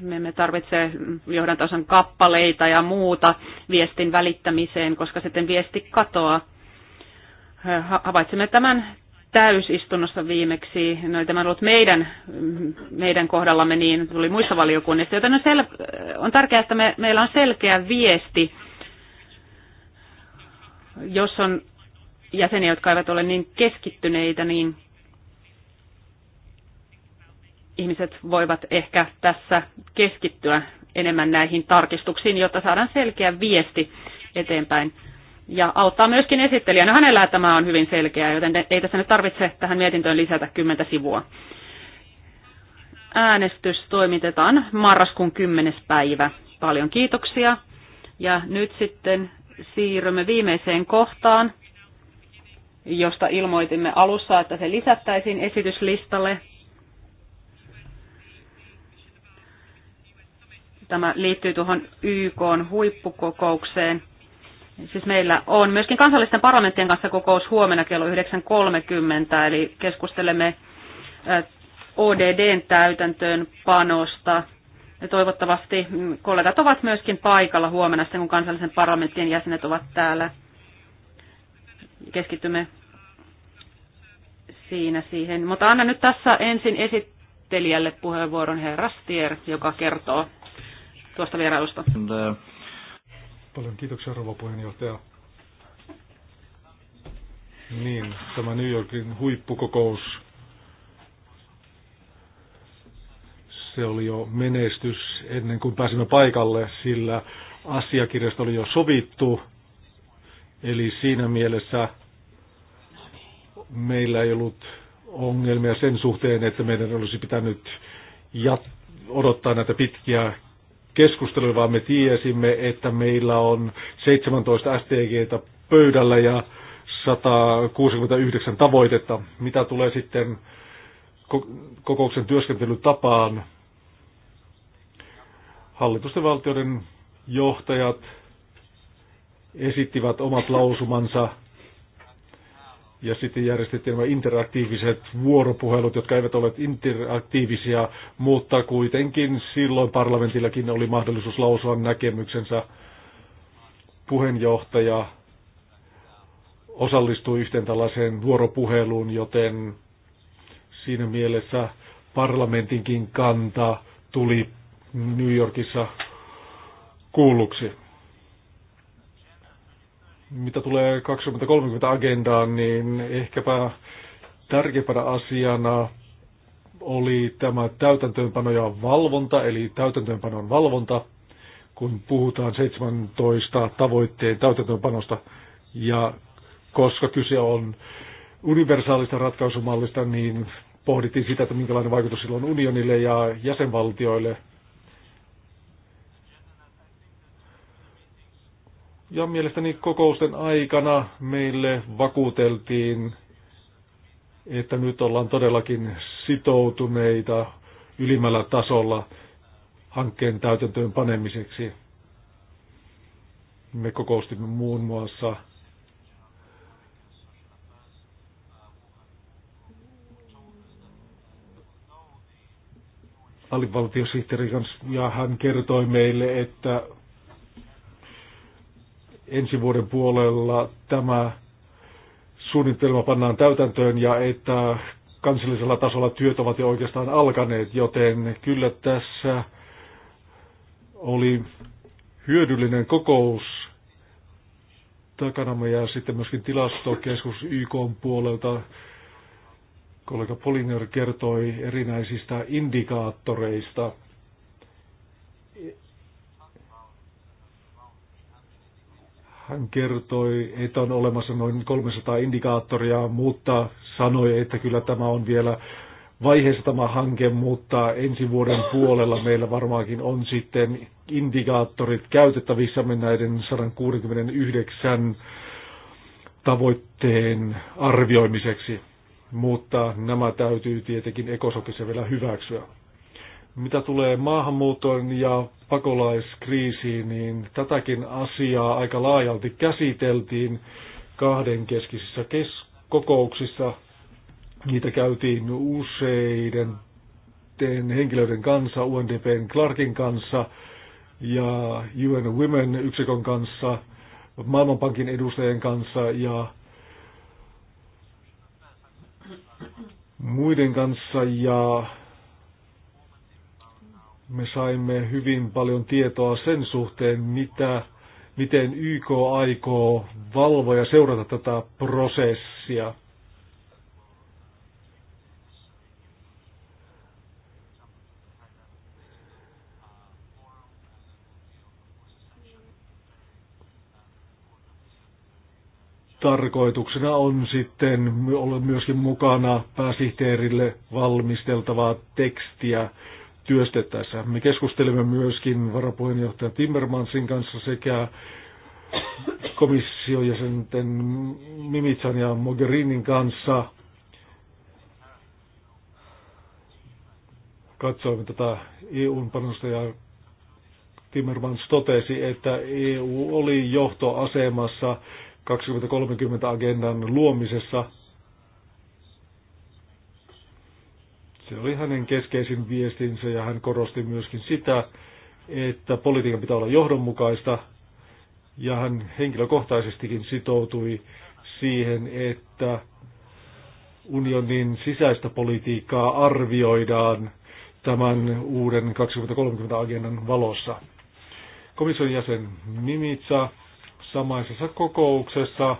Me emme tarvitse johdantason kappaleita ja muuta viestin välittämiseen, koska sitten viesti katoaa. Havaitsemme tämän täysistunnossa viimeksi, no tämä on ollut meidän, meidän kohdallamme niin, tuli muissa valiokunnissa, joten on, sel- on tärkeää, että me, meillä on selkeä viesti, jos on jäseniä, jotka eivät ole niin keskittyneitä, niin ihmiset voivat ehkä tässä keskittyä enemmän näihin tarkistuksiin, jotta saadaan selkeä viesti eteenpäin ja auttaa myöskin esittelijänä. Hänellä tämä on hyvin selkeä, joten ei tässä nyt tarvitse tähän mietintöön lisätä kymmentä sivua. Äänestys toimitetaan marraskuun 10. päivä. Paljon kiitoksia. Ja nyt sitten siirrymme viimeiseen kohtaan, josta ilmoitimme alussa, että se lisättäisiin esityslistalle. Tämä liittyy tuohon YK huippukokoukseen – Siis meillä on myöskin kansallisten parlamenttien kanssa kokous huomenna kello 9.30, eli keskustelemme ODDn täytäntöön panosta. Ja toivottavasti mm, kollegat ovat myöskin paikalla huomenna sitten, kun kansallisen parlamenttien jäsenet ovat täällä. Keskitymme siinä siihen. Mutta anna nyt tässä ensin esittelijälle puheenvuoron herra Stier, joka kertoo tuosta vierailusta. Uh, Paljon kiitoksia, rouva puheenjohtaja. Niin, tämä New Yorkin huippukokous, se oli jo menestys ennen kuin pääsimme paikalle, sillä asiakirjasta oli jo sovittu. Eli siinä mielessä meillä ei ollut ongelmia sen suhteen, että meidän olisi pitänyt jat- odottaa näitä pitkiä keskustelua, vaan me tiesimme, että meillä on 17 STGtä pöydällä ja 169 tavoitetta. Mitä tulee sitten kokouksen työskentelytapaan, hallitusten valtioiden johtajat esittivät omat lausumansa ja sitten järjestettiin nämä interaktiiviset vuoropuhelut, jotka eivät ole interaktiivisia, mutta kuitenkin silloin parlamentillakin oli mahdollisuus lausua näkemyksensä. Puheenjohtaja osallistui yhteen tällaiseen vuoropuheluun, joten siinä mielessä parlamentinkin kanta tuli New Yorkissa kuulluksi. Mitä tulee 2030 agendaan, niin ehkäpä tärkeimpänä asiana oli tämä täytäntöönpano ja valvonta, eli täytäntöönpanon valvonta, kun puhutaan 17 tavoitteen täytäntöönpanosta. Ja koska kyse on universaalista ratkaisumallista, niin pohdittiin sitä, että minkälainen vaikutus sillä on unionille ja jäsenvaltioille – Ja mielestäni kokousten aikana meille vakuuteltiin, että nyt ollaan todellakin sitoutuneita ylimmällä tasolla hankkeen täytäntöön panemiseksi. Me kokoustimme muun muassa alivaltiosihteerin kanssa ja hän kertoi meille, että ensi vuoden puolella tämä suunnitelma pannaan täytäntöön ja että kansallisella tasolla työt ovat jo oikeastaan alkaneet, joten kyllä tässä oli hyödyllinen kokous takanamme ja sitten myöskin tilastokeskus YK puolelta kollega Polinger kertoi erinäisistä indikaattoreista – Hän kertoi, että on olemassa noin 300 indikaattoria, mutta sanoi, että kyllä tämä on vielä vaiheessa tämä hanke, mutta ensi vuoden puolella meillä varmaankin on sitten indikaattorit käytettävissämme näiden 169 tavoitteen arvioimiseksi, mutta nämä täytyy tietenkin ekosokissa vielä hyväksyä. Mitä tulee maahanmuuton ja pakolaiskriisiin, niin tätäkin asiaa aika laajalti käsiteltiin kahdenkeskisissä kes- kokouksissa. Niitä käytiin useiden henkilöiden kanssa, UNDPn Clarkin kanssa ja UN Women yksikön kanssa, Maailmanpankin edustajien kanssa ja muiden kanssa ja me saimme hyvin paljon tietoa sen suhteen, mitä, miten YK aikoo valvoja seurata tätä prosessia. tarkoituksena on sitten olla myöskin mukana pääsihteerille valmisteltavaa tekstiä työstettäessä. Me keskustelimme myöskin varapuheenjohtaja Timmermansin kanssa sekä komissiojäsenten Mimitsan ja Mogherinin kanssa. Katsoimme tätä EUn panosta ja Timmermans totesi, että EU oli johtoasemassa 2030 agendan luomisessa – Se oli hänen keskeisin viestinsä ja hän korosti myöskin sitä, että politiikan pitää olla johdonmukaista ja hän henkilökohtaisestikin sitoutui siihen, että unionin sisäistä politiikkaa arvioidaan tämän uuden 2030-agendan valossa. Komission jäsen Mimitsa samaisessa kokouksessa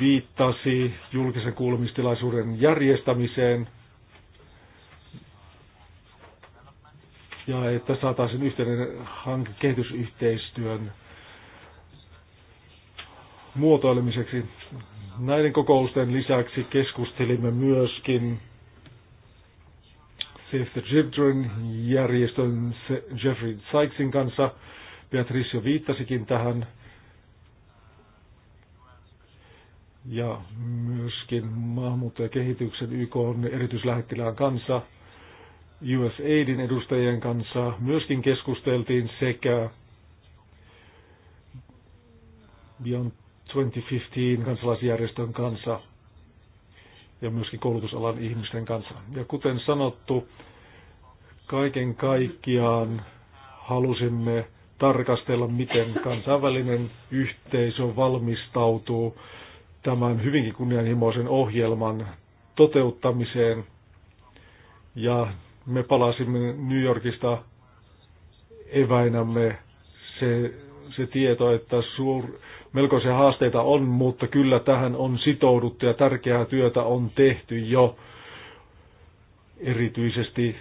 viittasi julkisen kuulemistilaisuuden järjestämiseen – ja että saataisiin yhteinen hanke kehitysyhteistyön muotoilemiseksi. Näiden kokousten lisäksi keskustelimme myöskin Save the Children järjestön Jeffrey Sykesin kanssa. Beatrice jo viittasikin tähän. Ja myöskin maahanmuutto ja kehityksen YK on erityislähettilään kanssa – USAIDin edustajien kanssa myöskin keskusteltiin sekä Beyond 2015 kansalaisjärjestön kanssa ja myöskin koulutusalan ihmisten kanssa. Ja kuten sanottu, kaiken kaikkiaan halusimme tarkastella, miten kansainvälinen yhteisö valmistautuu tämän hyvinkin kunnianhimoisen ohjelman toteuttamiseen ja me palasimme New Yorkista eväinämme se, se tieto, että suur, melkoisia haasteita on, mutta kyllä tähän on sitouduttu ja tärkeää työtä on tehty jo erityisesti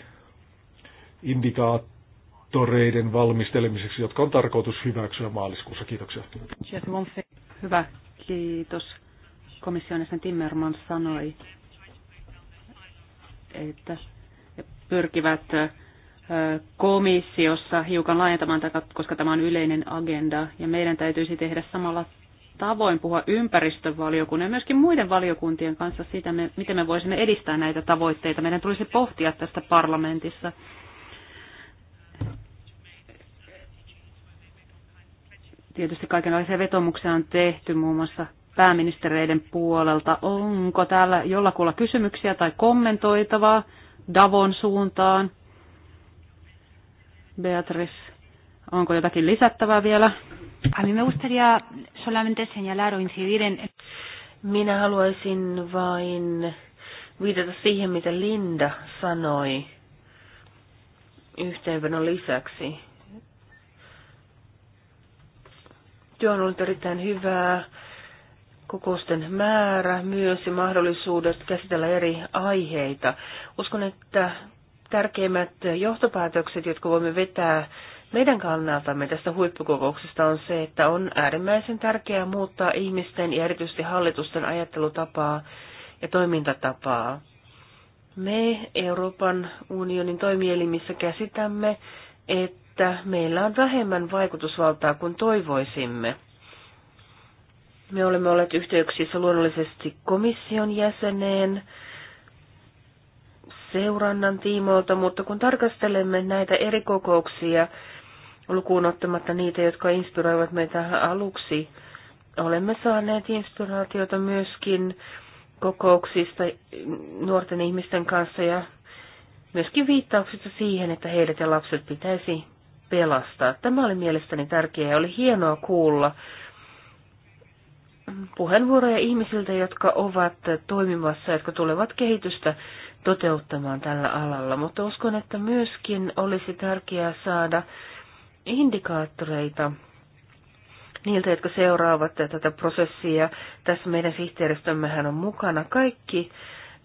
indikaattoreiden valmistelemiseksi, jotka on tarkoitus hyväksyä maaliskuussa. Kiitoksia. Hyvä, kiitos. Komission jäsen Timmermans sanoi, että pyrkivät komissiossa hiukan laajentamaan, koska tämä on yleinen agenda, ja meidän täytyisi tehdä samalla tavoin puhua ympäristövaliokunnan ja myöskin muiden valiokuntien kanssa siitä, miten me voisimme edistää näitä tavoitteita. Meidän tulisi pohtia tästä parlamentissa. Tietysti kaikenlaisia vetomuksia on tehty muun muassa pääministereiden puolelta. Onko täällä jollakulla kysymyksiä tai kommentoitavaa? Davon suuntaan. Beatrice, onko jotakin lisättävää vielä? A mí me gustaría solamente señalar o incidir en... Minä haluaisin vain viitata siihen, mitä Linda sanoi yhteenvedon lisäksi. Työ on ollut erittäin hyvää kokousten määrä myös ja mahdollisuudet käsitellä eri aiheita. Uskon, että tärkeimmät johtopäätökset, jotka voimme vetää meidän kannaltamme tästä huippukokouksesta on se, että on äärimmäisen tärkeää muuttaa ihmisten ja erityisesti hallitusten ajattelutapaa ja toimintatapaa. Me Euroopan unionin toimielimissä käsitämme, että meillä on vähemmän vaikutusvaltaa kuin toivoisimme. Me olemme olleet yhteyksissä luonnollisesti komission jäseneen seurannan tiimoilta, mutta kun tarkastelemme näitä eri kokouksia, lukuun ottamatta niitä, jotka inspiroivat meitä aluksi, olemme saaneet inspiraatiota myöskin kokouksista nuorten ihmisten kanssa ja myöskin viittauksista siihen, että heidät ja lapset pitäisi pelastaa. Tämä oli mielestäni tärkeää ja oli hienoa kuulla puheenvuoroja ihmisiltä, jotka ovat toimimassa, jotka tulevat kehitystä toteuttamaan tällä alalla. Mutta uskon, että myöskin olisi tärkeää saada indikaattoreita niiltä, jotka seuraavat tätä prosessia. Tässä meidän sihteeristömmehän on mukana kaikki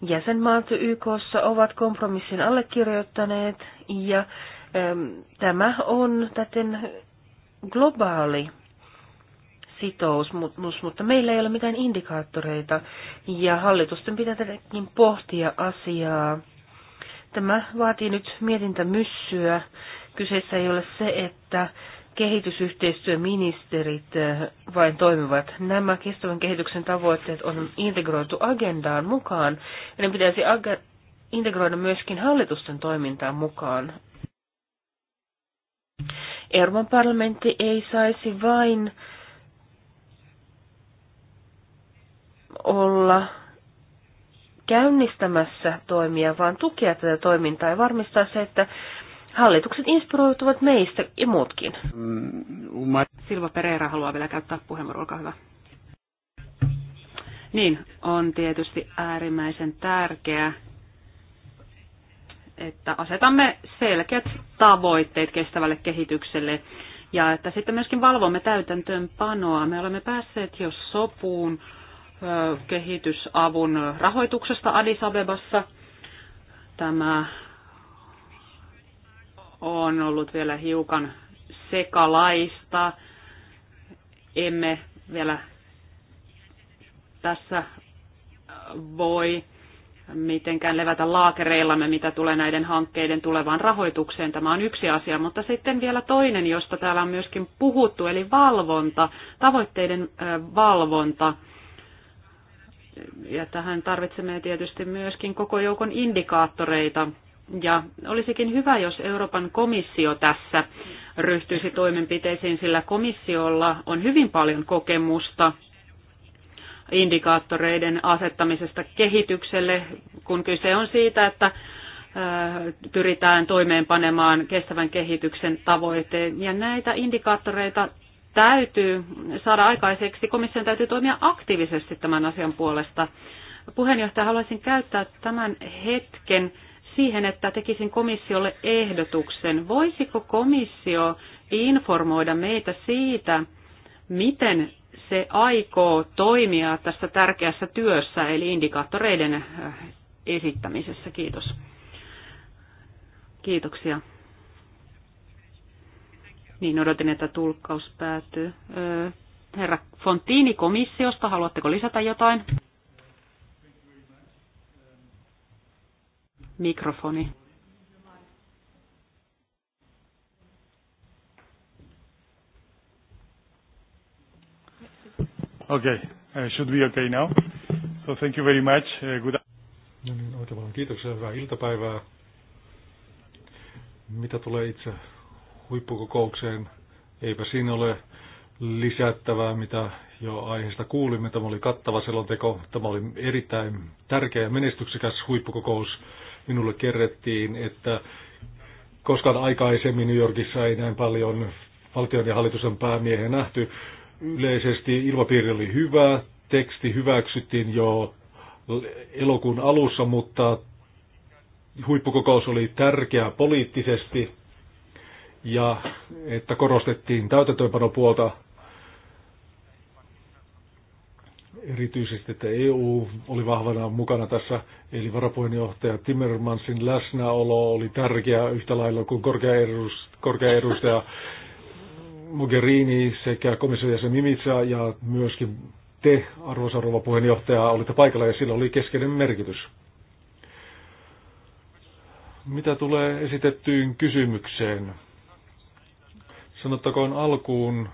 jäsenmaat YKssa ovat kompromissin allekirjoittaneet ja äm, tämä on täten globaali sitoumus, mutta meillä ei ole mitään indikaattoreita ja hallitusten pitää tietenkin pohtia asiaa. Tämä vaatii nyt mietintämyssyä. Kyseessä ei ole se, että kehitysyhteistyöministerit eh, vain toimivat. Nämä kestävän kehityksen tavoitteet on integroitu agendaan mukaan ja ne pitäisi integroida myöskin hallitusten toimintaan mukaan. Euroopan parlamentti ei saisi vain olla käynnistämässä toimia, vaan tukea tätä toimintaa ja varmistaa se, että hallitukset inspiroituvat meistä ja muutkin. Silva Pereira haluaa vielä käyttää puheenvuoron, olkaa hyvä. Niin, on tietysti äärimmäisen tärkeää, että asetamme selkeät tavoitteet kestävälle kehitykselle ja että sitten myöskin valvomme täytäntöönpanoa. Me olemme päässeet jo sopuun kehitysavun rahoituksesta Addis Abebassa. Tämä on ollut vielä hiukan sekalaista. Emme vielä tässä voi mitenkään levätä laakereillamme, mitä tulee näiden hankkeiden tulevaan rahoitukseen. Tämä on yksi asia, mutta sitten vielä toinen, josta täällä on myöskin puhuttu, eli valvonta, tavoitteiden valvonta ja tähän tarvitsemme tietysti myöskin koko joukon indikaattoreita. Ja olisikin hyvä, jos Euroopan komissio tässä ryhtyisi toimenpiteisiin, sillä komissiolla on hyvin paljon kokemusta indikaattoreiden asettamisesta kehitykselle, kun kyse on siitä, että pyritään toimeenpanemaan kestävän kehityksen tavoitteen. Ja näitä indikaattoreita täytyy saada aikaiseksi. Komission täytyy toimia aktiivisesti tämän asian puolesta. Puheenjohtaja, haluaisin käyttää tämän hetken siihen, että tekisin komissiolle ehdotuksen. Voisiko komissio informoida meitä siitä, miten se aikoo toimia tässä tärkeässä työssä, eli indikaattoreiden äh, esittämisessä. Kiitos. Kiitoksia. Niin odotin, että tulkkaus päättyy. Herra Fontini komissiosta, haluatteko lisätä jotain? Mikrofoni. Okay, uh, should be okay now. So thank you very much. Uh, good. No niin, oikein paljon kiitoksia, hyvää iltapäivää. Mitä tulee itse huippukokoukseen. Eipä siinä ole lisättävää, mitä jo aiheesta kuulimme. Tämä oli kattava selonteko. Tämä oli erittäin tärkeä ja menestyksekäs huippukokous. Minulle kerrettiin, että koskaan aikaisemmin New Yorkissa ei näin paljon valtion ja hallitusten päämiehen nähty. Yleisesti ilmapiiri oli hyvä, teksti hyväksyttiin jo elokuun alussa, mutta huippukokous oli tärkeä poliittisesti ja että korostettiin täytäntöönpanopuolta erityisesti, että EU oli vahvana mukana tässä, eli varapuheenjohtaja Timmermansin läsnäolo oli tärkeä yhtä lailla kuin korkea, edus, korkea edustaja Mogherini sekä komission jäsen Mimitsa ja myöskin te, arvoisa rouva puheenjohtaja, olitte paikalla ja sillä oli keskeinen merkitys. Mitä tulee esitettyyn kysymykseen? Sanottakoon alkuun,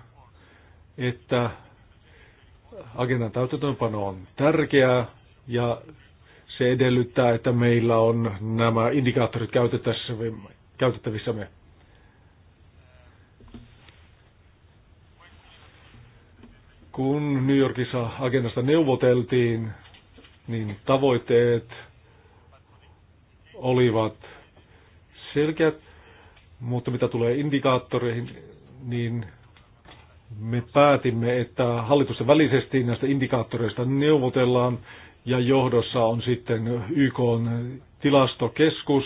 että agendan täytäntöönpano on tärkeää ja se edellyttää, että meillä on nämä indikaattorit käytettävissämme. Kun New Yorkissa agendasta neuvoteltiin, niin tavoitteet olivat selkeät, mutta mitä tulee indikaattoreihin, niin me päätimme, että hallitusten välisesti näistä indikaattoreista neuvotellaan ja johdossa on sitten YK tilastokeskus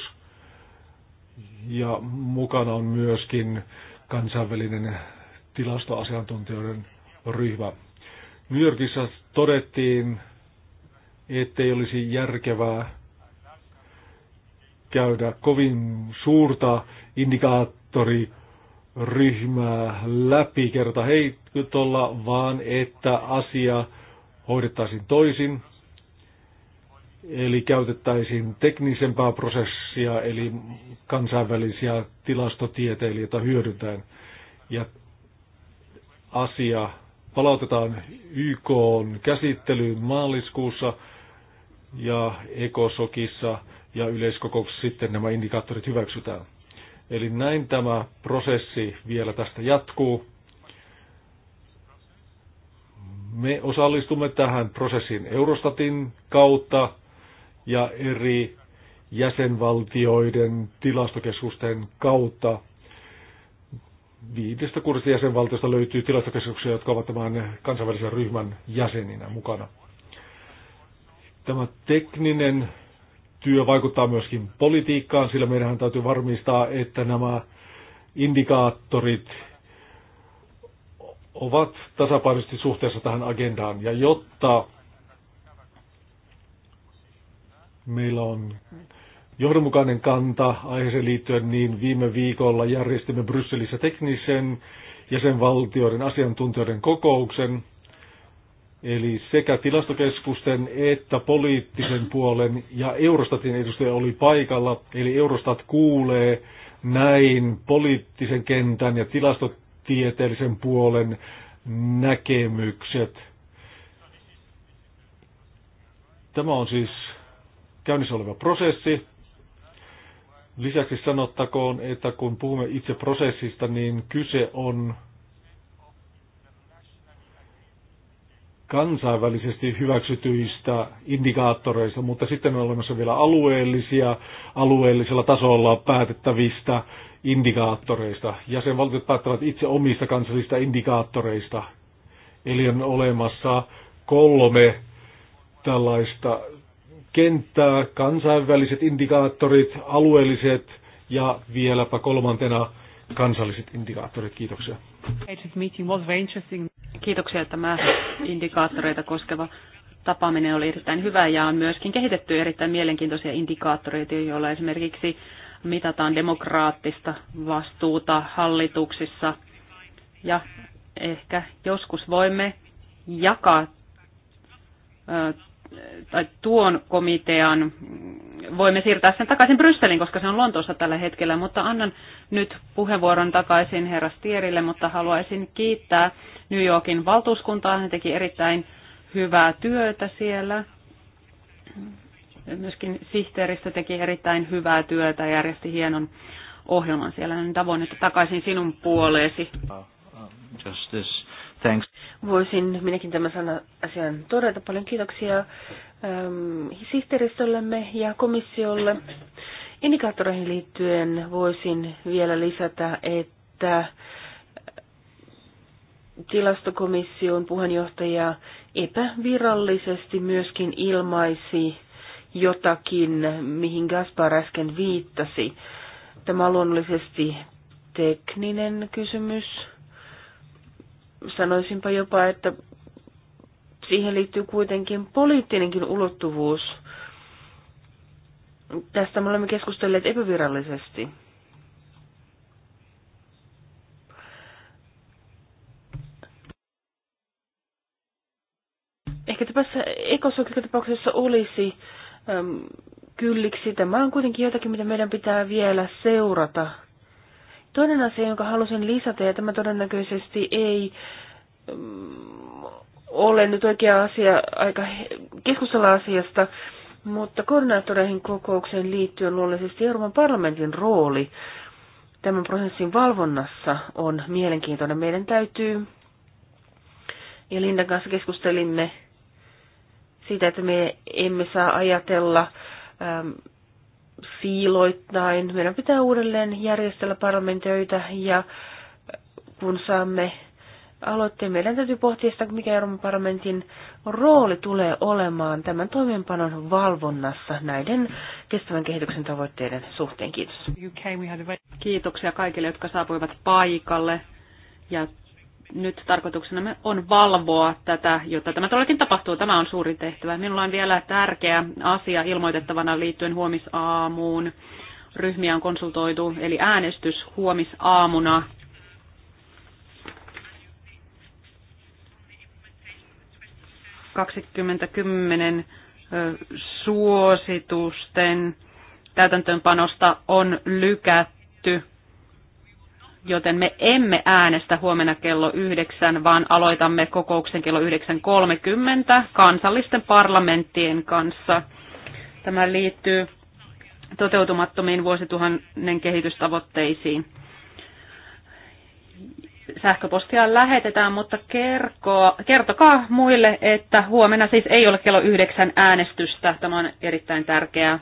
ja mukana on myöskin kansainvälinen tilastoasiantuntijoiden ryhmä. New Yorkissa todettiin, ettei olisi järkevää käydä kovin suurta indikaattori ryhmää läpi nyt olla vaan että asia hoidettaisiin toisin, eli käytettäisiin teknisempää prosessia, eli kansainvälisiä tilastotieteilijöitä hyödyntäen. Ja asia palautetaan YK käsittelyyn maaliskuussa ja ekosokissa ja yleiskokouksessa sitten nämä indikaattorit hyväksytään. Eli näin tämä prosessi vielä tästä jatkuu. Me osallistumme tähän prosessiin Eurostatin kautta ja eri jäsenvaltioiden tilastokeskusten kautta. Viidestä kuudesta jäsenvaltiosta löytyy tilastokeskuksia, jotka ovat tämän kansainvälisen ryhmän jäseninä mukana. Tämä tekninen työ vaikuttaa myöskin politiikkaan, sillä meidän täytyy varmistaa, että nämä indikaattorit ovat tasapainoisesti suhteessa tähän agendaan. Ja jotta meillä on johdonmukainen kanta aiheeseen liittyen, niin viime viikolla järjestimme Brysselissä teknisen jäsenvaltioiden asiantuntijoiden kokouksen – Eli sekä tilastokeskusten että poliittisen puolen ja Eurostatin edustaja oli paikalla. Eli Eurostat kuulee näin poliittisen kentän ja tilastotieteellisen puolen näkemykset. Tämä on siis käynnissä oleva prosessi. Lisäksi sanottakoon, että kun puhumme itse prosessista, niin kyse on kansainvälisesti hyväksytyistä indikaattoreista, mutta sitten on olemassa vielä alueellisia, alueellisella tasolla päätettävistä indikaattoreista. Jäsenvaltiot päättävät itse omista kansallisista indikaattoreista. Eli on olemassa kolme tällaista kenttää, kansainväliset indikaattorit, alueelliset ja vieläpä kolmantena kansalliset indikaattorit. Kiitoksia. Kiitoksia. että Tämä indikaattoreita koskeva tapaaminen oli erittäin hyvä ja on myöskin kehitetty erittäin mielenkiintoisia indikaattoreita, joilla esimerkiksi mitataan demokraattista vastuuta hallituksissa. Ja ehkä joskus voimme jakaa tai tuon komitean, voimme siirtää sen takaisin Brysselin, koska se on Lontoossa tällä hetkellä, mutta annan nyt puheenvuoron takaisin herra Stierille, mutta haluaisin kiittää New Yorkin valtuuskuntaan. Hän teki erittäin hyvää työtä siellä. Myöskin sihteeristö teki erittäin hyvää työtä ja järjesti hienon ohjelman siellä. Nyt tavoin, että takaisin sinun puoleesi. Voisin minäkin tämän sana asian todeta. Paljon kiitoksia ähm, sihteeristöllemme ja komissiolle. Indikaattoreihin liittyen voisin vielä lisätä, että tilastokomission puheenjohtaja epävirallisesti myöskin ilmaisi jotakin, mihin Gaspar äsken viittasi. Tämä on luonnollisesti tekninen kysymys. Sanoisinpa jopa, että siihen liittyy kuitenkin poliittinenkin ulottuvuus. Tästä me olemme keskustelleet epävirallisesti. ehkä tässä ekosokikotapauksessa olisi äm, kylliksi. Tämä on kuitenkin jotakin, mitä meidän pitää vielä seurata. Toinen asia, jonka halusin lisätä, ja tämä todennäköisesti ei äm, ole nyt oikea asia aika keskustella asiasta, mutta koordinaattoreihin kokoukseen liittyen luonnollisesti Euroopan parlamentin rooli tämän prosessin valvonnassa on mielenkiintoinen. Meidän täytyy, ja Lindan kanssa keskustelimme siitä, että me emme saa ajatella äm, siiloittain. Meidän pitää uudelleen järjestellä parlamentöitä ja kun saamme aloitteen, meidän täytyy pohtia sitä, mikä Euroopan parlamentin rooli tulee olemaan tämän toimeenpanon valvonnassa näiden kestävän kehityksen tavoitteiden suhteen. Kiitos. Kiitoksia kaikille, jotka saapuivat paikalle ja nyt tarkoituksena on valvoa tätä, jotta tämä todellakin tapahtuu. Tämä on suuri tehtävä. Minulla on vielä tärkeä asia ilmoitettavana liittyen huomisaamuun. Ryhmiä on konsultoitu, eli äänestys huomisaamuna. kymmenen suositusten täytäntöönpanosta on lykätty joten me emme äänestä huomenna kello yhdeksän, vaan aloitamme kokouksen kello 9.30 kansallisten parlamenttien kanssa. Tämä liittyy toteutumattomiin vuosituhannen kehitystavoitteisiin. Sähköpostia lähetetään, mutta kerkoa, kertokaa muille, että huomenna siis ei ole kello yhdeksän äänestystä. Tämä on erittäin tärkeää.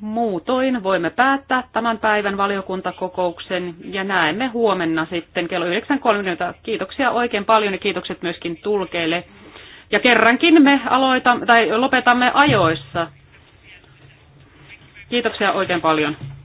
Muutoin voimme päättää tämän päivän valiokuntakokouksen ja näemme huomenna sitten kello 9.30. Kiitoksia oikein paljon ja kiitokset myöskin tulkeille. Ja kerrankin me aloitamme tai lopetamme ajoissa. Kiitoksia oikein paljon.